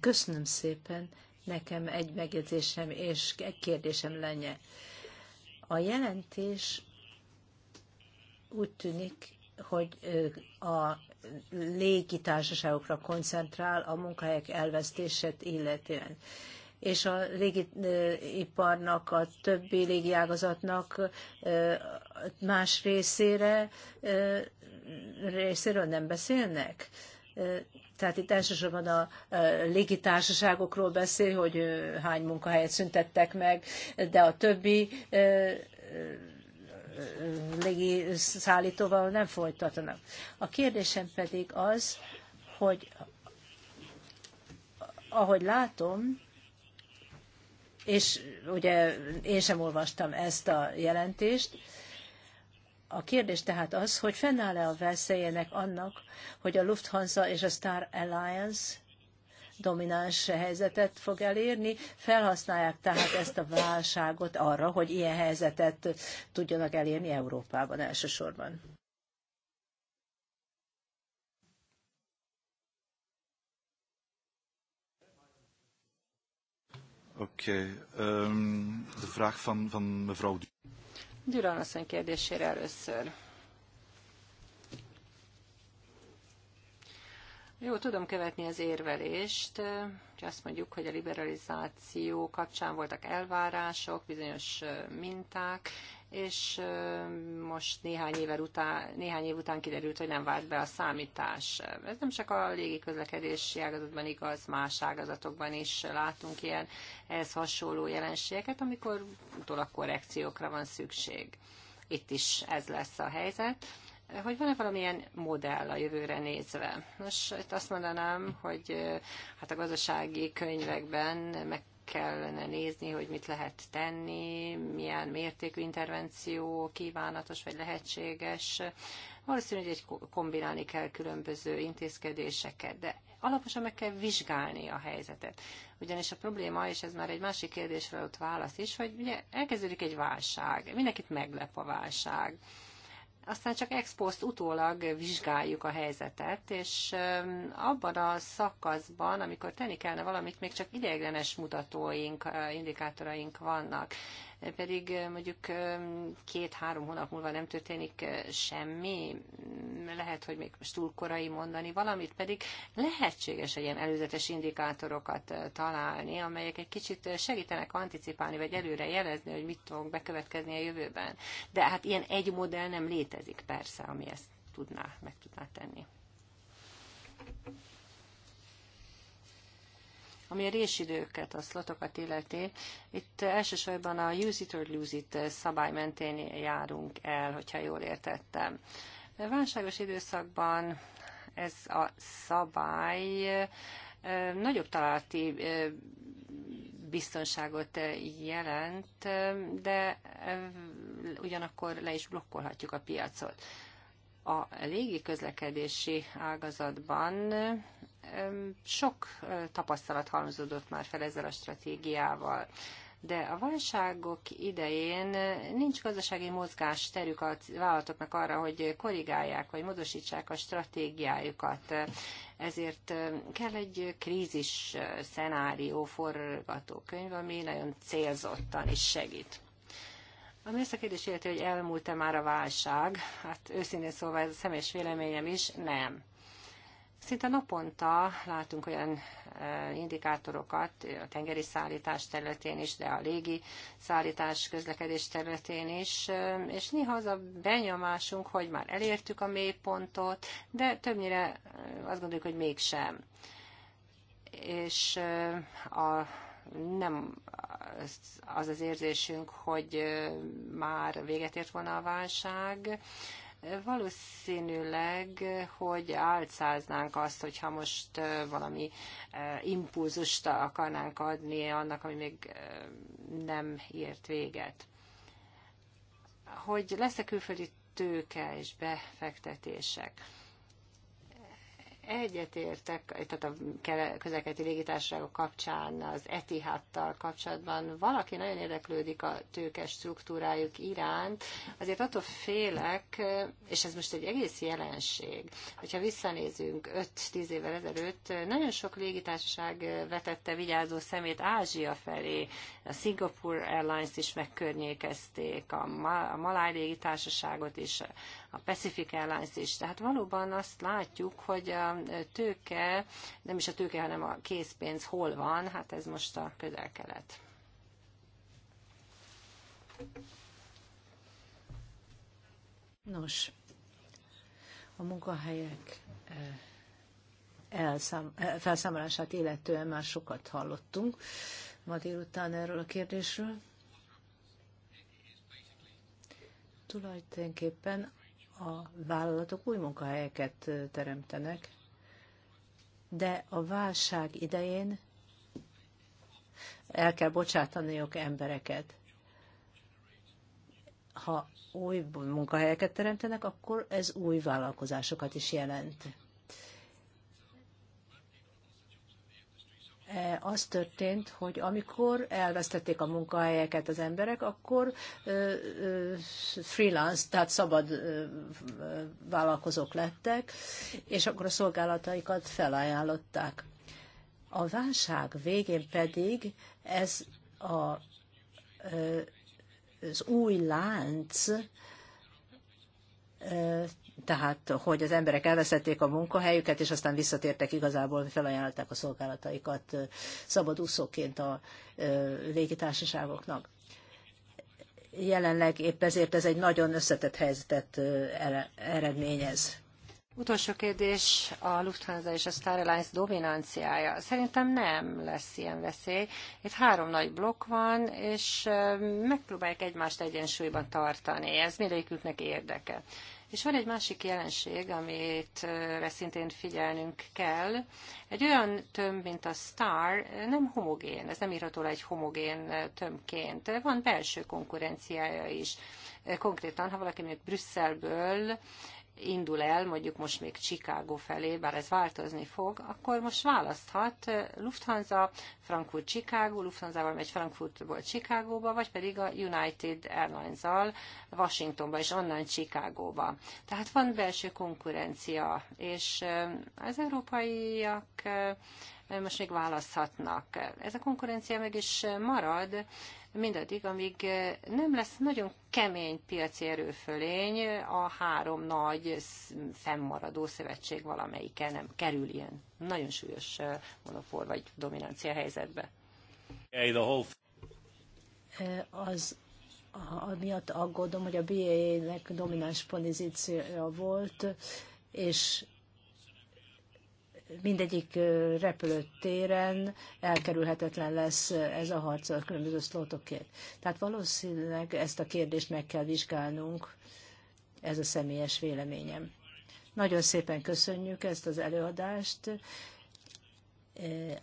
Köszönöm szépen. Nekem egy megjegyzésem és egy kérdésem lenne. A jelentés úgy tűnik, hogy a légitársaságokra koncentrál a munkahelyek elvesztését illetően és a légiparnak a többi légiágazatnak más részére részéről nem beszélnek? Tehát itt elsősorban a légitársaságokról beszél, hogy hány munkahelyet szüntettek meg, de a többi légi szállítóval nem folytatnak. A kérdésem pedig az, hogy ahogy látom, és ugye én sem olvastam ezt a jelentést. A kérdés tehát az, hogy fennáll-e a veszélyének annak, hogy a Lufthansa és a Star Alliance domináns helyzetet fog elérni, felhasználják tehát ezt a válságot arra, hogy ilyen helyzetet tudjanak elérni Európában elsősorban. Oké. Okay. Um, ehm, de vraag van, van mevrouw Duran asszony kérdésére először. Jó, tudom követni az érvelést. Azt mondjuk, hogy a liberalizáció kapcsán voltak elvárások, bizonyos minták, és most néhány, év után, néhány év után kiderült, hogy nem vált be a számítás. Ez nem csak a légiközlekedési ágazatban igaz, más ágazatokban is látunk ilyen ehhez hasonló jelenségeket, amikor utólag korrekciókra van szükség. Itt is ez lesz a helyzet hogy van-e valamilyen modell a jövőre nézve? Nos, itt azt mondanám, hogy hát a gazdasági könyvekben meg kellene nézni, hogy mit lehet tenni, milyen mértékű intervenció kívánatos vagy lehetséges. Valószínűleg egy kombinálni kell különböző intézkedéseket, de alaposan meg kell vizsgálni a helyzetet. Ugyanis a probléma, és ez már egy másik kérdésre ott válasz is, hogy ugye elkezdődik egy válság, mindenkit meglep a válság aztán csak ex post utólag vizsgáljuk a helyzetet, és abban a szakaszban, amikor tenni kellene valamit, még csak ideiglenes mutatóink, indikátoraink vannak pedig mondjuk két-három hónap múlva nem történik semmi, lehet, hogy még most túl korai mondani valamit, pedig lehetséges egy ilyen előzetes indikátorokat találni, amelyek egy kicsit segítenek anticipálni, vagy előre jelezni, hogy mit fog bekövetkezni a jövőben. De hát ilyen egy modell nem létezik persze, ami ezt tudná, meg tudná tenni. Ami a résidőket, a szlotokat illeti, itt elsősorban a use it or lose it szabály mentén járunk el, hogyha jól értettem. A válságos időszakban ez a szabály nagyobb találati biztonságot jelent, de ugyanakkor le is blokkolhatjuk a piacot. A légiközlekedési ágazatban sok tapasztalat halmozódott már fel ezzel a stratégiával de a válságok idején nincs gazdasági mozgás terük a vállalatoknak arra, hogy korrigálják vagy módosítsák a stratégiájukat. Ezért kell egy krízis szenárió forgatókönyv, ami nagyon célzottan is segít. Ami ezt a kérdés illeti, hogy elmúlt-e már a válság, hát őszintén szólva ez a személyes véleményem is, nem. Szinte naponta látunk olyan e, indikátorokat a tengeri szállítás területén is, de a légi szállítás közlekedés területén is, e, és néha az a benyomásunk, hogy már elértük a mélypontot, de többnyire e, azt gondoljuk, hogy mégsem. És a nem az az érzésünk, hogy már véget ért volna a válság, valószínűleg, hogy álcáznánk azt, hogyha most valami impulzust akarnánk adni annak, ami még nem ért véget. Hogy lesz-e külföldi tőke és befektetések? egyetértek, tehát a közlekedési légitársaságok kapcsán, az Etihattal kapcsolatban valaki nagyon érdeklődik a tőkes struktúrájuk iránt, azért attól félek, és ez most egy egész jelenség, hogyha visszanézünk 5-10 évvel ezelőtt, nagyon sok légitársaság vetette vigyázó szemét Ázsia felé, a Singapore Airlines is megkörnyékezték, a, Ma- a Maláj légitársaságot is, a Pacific Airlines is. Tehát valóban azt látjuk, hogy a tőke, nem is a tőke, hanem a készpénz hol van, hát ez most a közel-kelet. Nos, a munkahelyek eh, elszám, eh, felszámolását illetően már sokat hallottunk ma délután erről a kérdésről. Tulajdonképpen a vállalatok új munkahelyeket teremtenek, de a válság idején el kell bocsátaniok embereket. Ha új munkahelyeket teremtenek, akkor ez új vállalkozásokat is jelent. E, az történt, hogy amikor elvesztették a munkahelyeket az emberek, akkor e, e, freelance, tehát szabad vállalkozók lettek, és akkor a szolgálataikat felajánlották. A válság végén pedig ez a, az új lánc tehát hogy az emberek elveszették a munkahelyüket, és aztán visszatértek igazából, felajánlották a szolgálataikat szabadúszóként a légitársaságoknak. Jelenleg épp ezért ez egy nagyon összetett helyzetet eredményez. Utolsó kérdés a Lufthansa és a Star Alliance dominanciája. Szerintem nem lesz ilyen veszély. Itt három nagy blokk van, és megpróbálják egymást egyensúlyban tartani. Ez mindegyiküknek érdeke. És van egy másik jelenség, amit eh, szintén figyelnünk kell. Egy olyan tömb, mint a STAR, nem homogén, ez nem írható le egy homogén eh, tömbként. Van belső konkurenciája is. Eh, konkrétan, ha valaki mondjuk Brüsszelből indul el, mondjuk most még Chicago felé, bár ez változni fog, akkor most választhat Lufthansa, Frankfurt, Chicago, Lufthansa-val megy Frankfurtból Chicagóba, vagy pedig a United Airlines-al Washingtonba és onnan Chicagóba. Tehát van belső konkurencia, és az európaiak most még választhatnak. Ez a konkurencia meg is marad, mindaddig, amíg nem lesz nagyon kemény piaci erőfölény, a három nagy fennmaradó szövetség valamelyike nem kerül ilyen nagyon súlyos monopól vagy dominancia helyzetbe. Az miatt aggódom, hogy a BA-nek domináns pozíciója volt, és mindegyik repülőtéren elkerülhetetlen lesz ez a harc a különböző szlótokért. Tehát valószínűleg ezt a kérdést meg kell vizsgálnunk, ez a személyes véleményem. Nagyon szépen köszönjük ezt az előadást,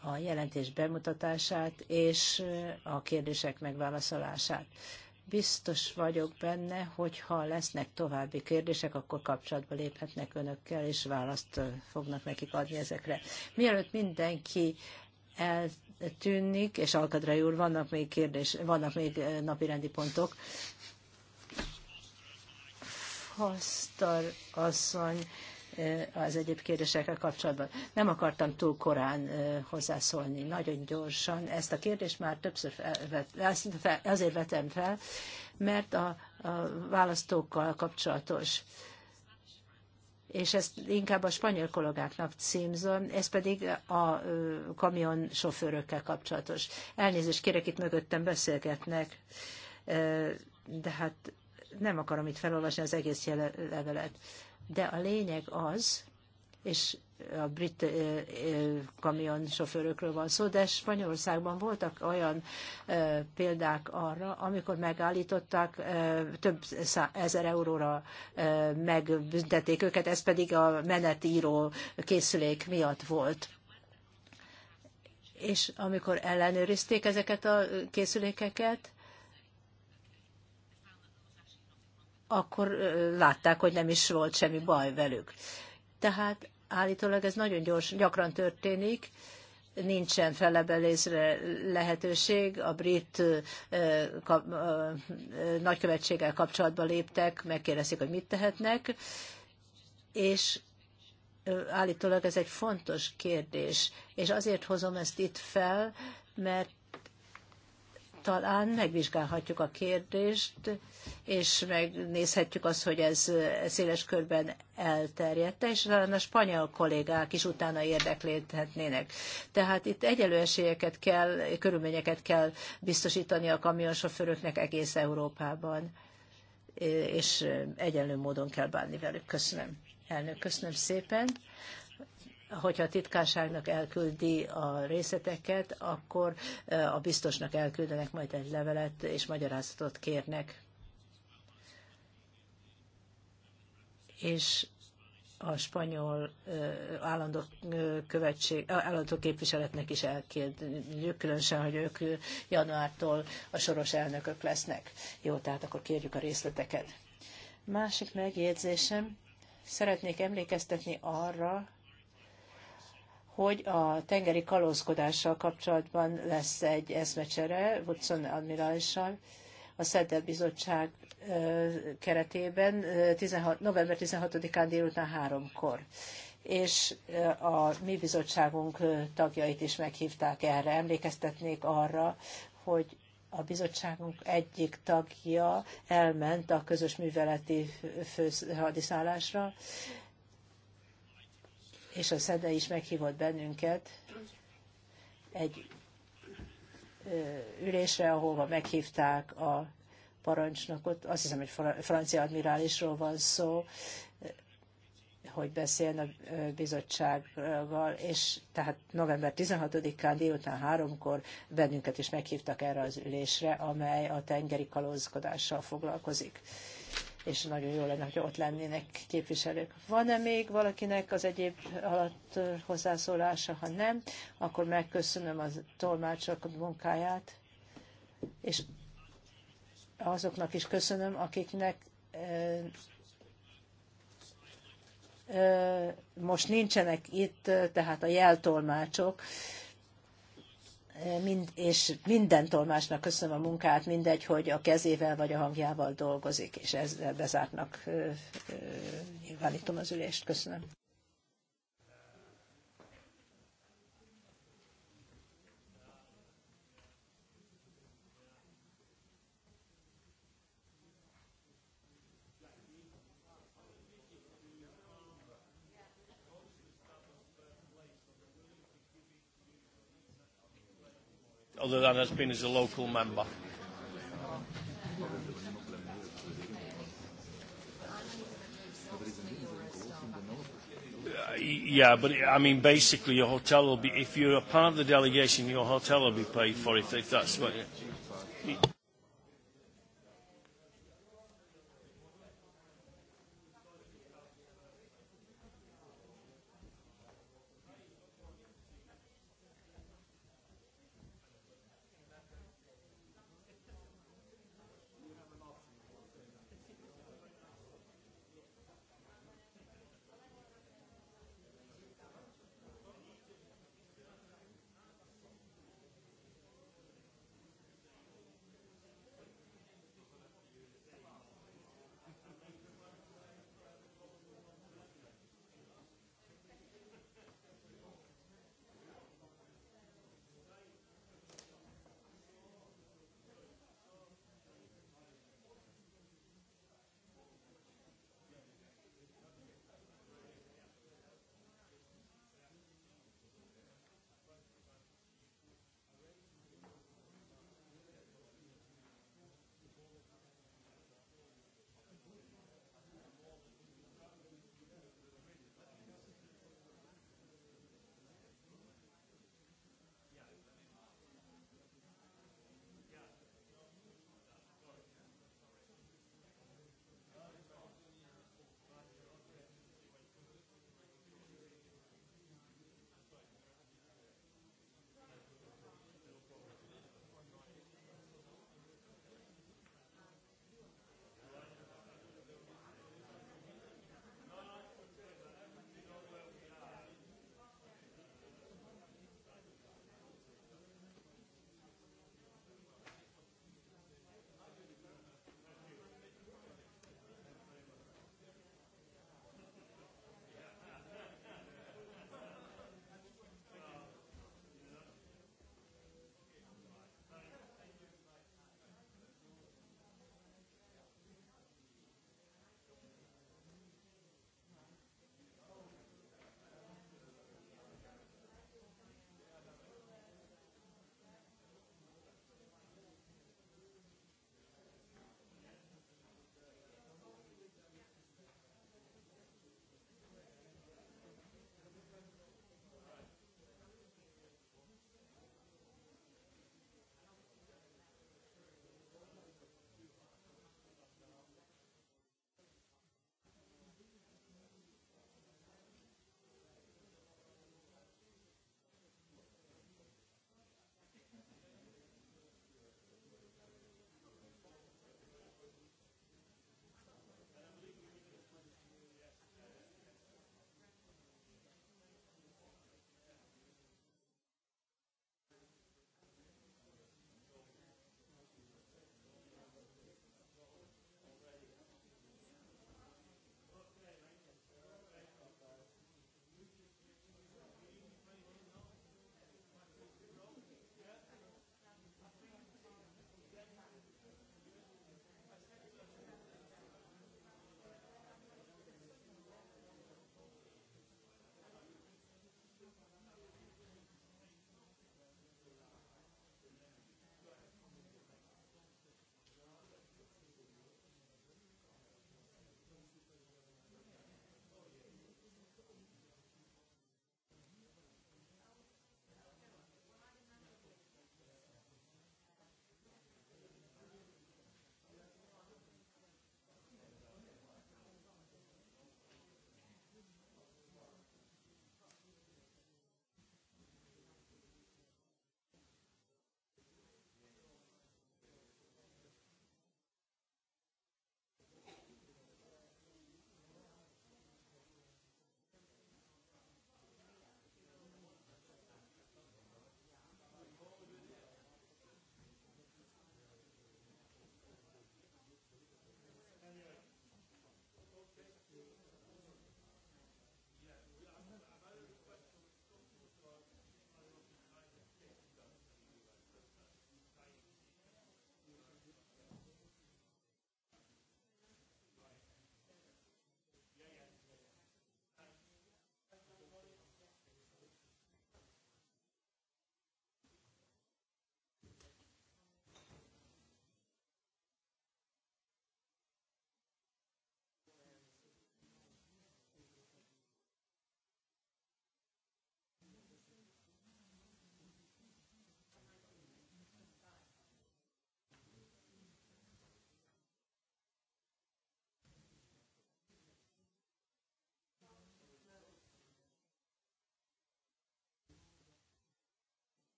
a jelentés bemutatását és a kérdések megválaszolását biztos vagyok benne, hogy ha lesznek további kérdések, akkor kapcsolatba léphetnek önökkel, és választ fognak nekik adni ezekre. Mielőtt mindenki eltűnik, és Alkadra úr, vannak még kérdés, vannak még napirendi pontok. Foster asszony az egyéb kérdésekkel kapcsolatban. Nem akartam túl korán hozzászólni, nagyon gyorsan. Ezt a kérdést már többször felvet, azért vetem fel, mert a, a választókkal kapcsolatos és ezt inkább a spanyol kollégáknak címzom, ez pedig a kamion sofőrökkel kapcsolatos. Elnézést kérek, itt mögöttem beszélgetnek, de hát nem akarom itt felolvasni az egész levelet de a lényeg az, és a brit kamionsofőrökről van szó, de Spanyolországban voltak olyan példák arra, amikor megállították, több ezer euróra megbüntették őket, ez pedig a menetíró készülék miatt volt. És amikor ellenőrizték ezeket a készülékeket, akkor látták, hogy nem is volt semmi baj velük. Tehát állítólag ez nagyon gyors, gyakran történik, nincsen felebelézre lehetőség. A brit nagykövetséggel kapcsolatba léptek, megkérdezik, hogy mit tehetnek, és állítólag ez egy fontos kérdés, és azért hozom ezt itt fel, mert talán megvizsgálhatjuk a kérdést, és megnézhetjük azt, hogy ez széles körben elterjedte, és talán a spanyol kollégák is utána érdeklődhetnének. Tehát itt egyelő esélyeket kell, körülményeket kell biztosítani a kamionsofőröknek egész Európában, és egyenlő módon kell bánni velük. Köszönöm. Elnök, köszönöm szépen hogyha a titkárságnak elküldi a részleteket, akkor a biztosnak elküldenek majd egy levelet, és magyarázatot kérnek. És a spanyol állandó követség, állandó képviseletnek is elkérjük, különösen, hogy ők januártól a soros elnökök lesznek. Jó, tehát akkor kérjük a részleteket. Másik megjegyzésem, szeretnék emlékeztetni arra, hogy a tengeri kalózkodással kapcsolatban lesz egy eszmecsere Woodson admirálissal a Szedel Bizottság keretében 16, november 16-án délután háromkor. És a mi bizottságunk tagjait is meghívták erre. Emlékeztetnék arra, hogy a bizottságunk egyik tagja elment a közös műveleti főhadiszállásra, és a SZEDE is meghívott bennünket egy ülésre, ahova meghívták a parancsnokot, azt hiszem, hogy francia admirálisról van szó, hogy beszéljen a bizottsággal, és tehát november 16-án délután háromkor bennünket is meghívtak erre az ülésre, amely a tengeri kalózkodással foglalkozik és nagyon jó lenne, hogy ott lennének képviselők. Van-e még valakinek az egyéb alatt hozzászólása? Ha nem, akkor megköszönöm a tolmácsok munkáját, és azoknak is köszönöm, akiknek most nincsenek itt, tehát a jeltolmácsok, mind, és minden tolmásnak köszönöm a munkát, mindegy, hogy a kezével vagy a hangjával dolgozik, és ezzel bezártnak nyilvánítom az ülést. Köszönöm. other than has been as a local member. Uh, yeah, but I mean, basically, your hotel will be, if you're a part of the delegation, your hotel will be paid for if, if that's what. Yeah.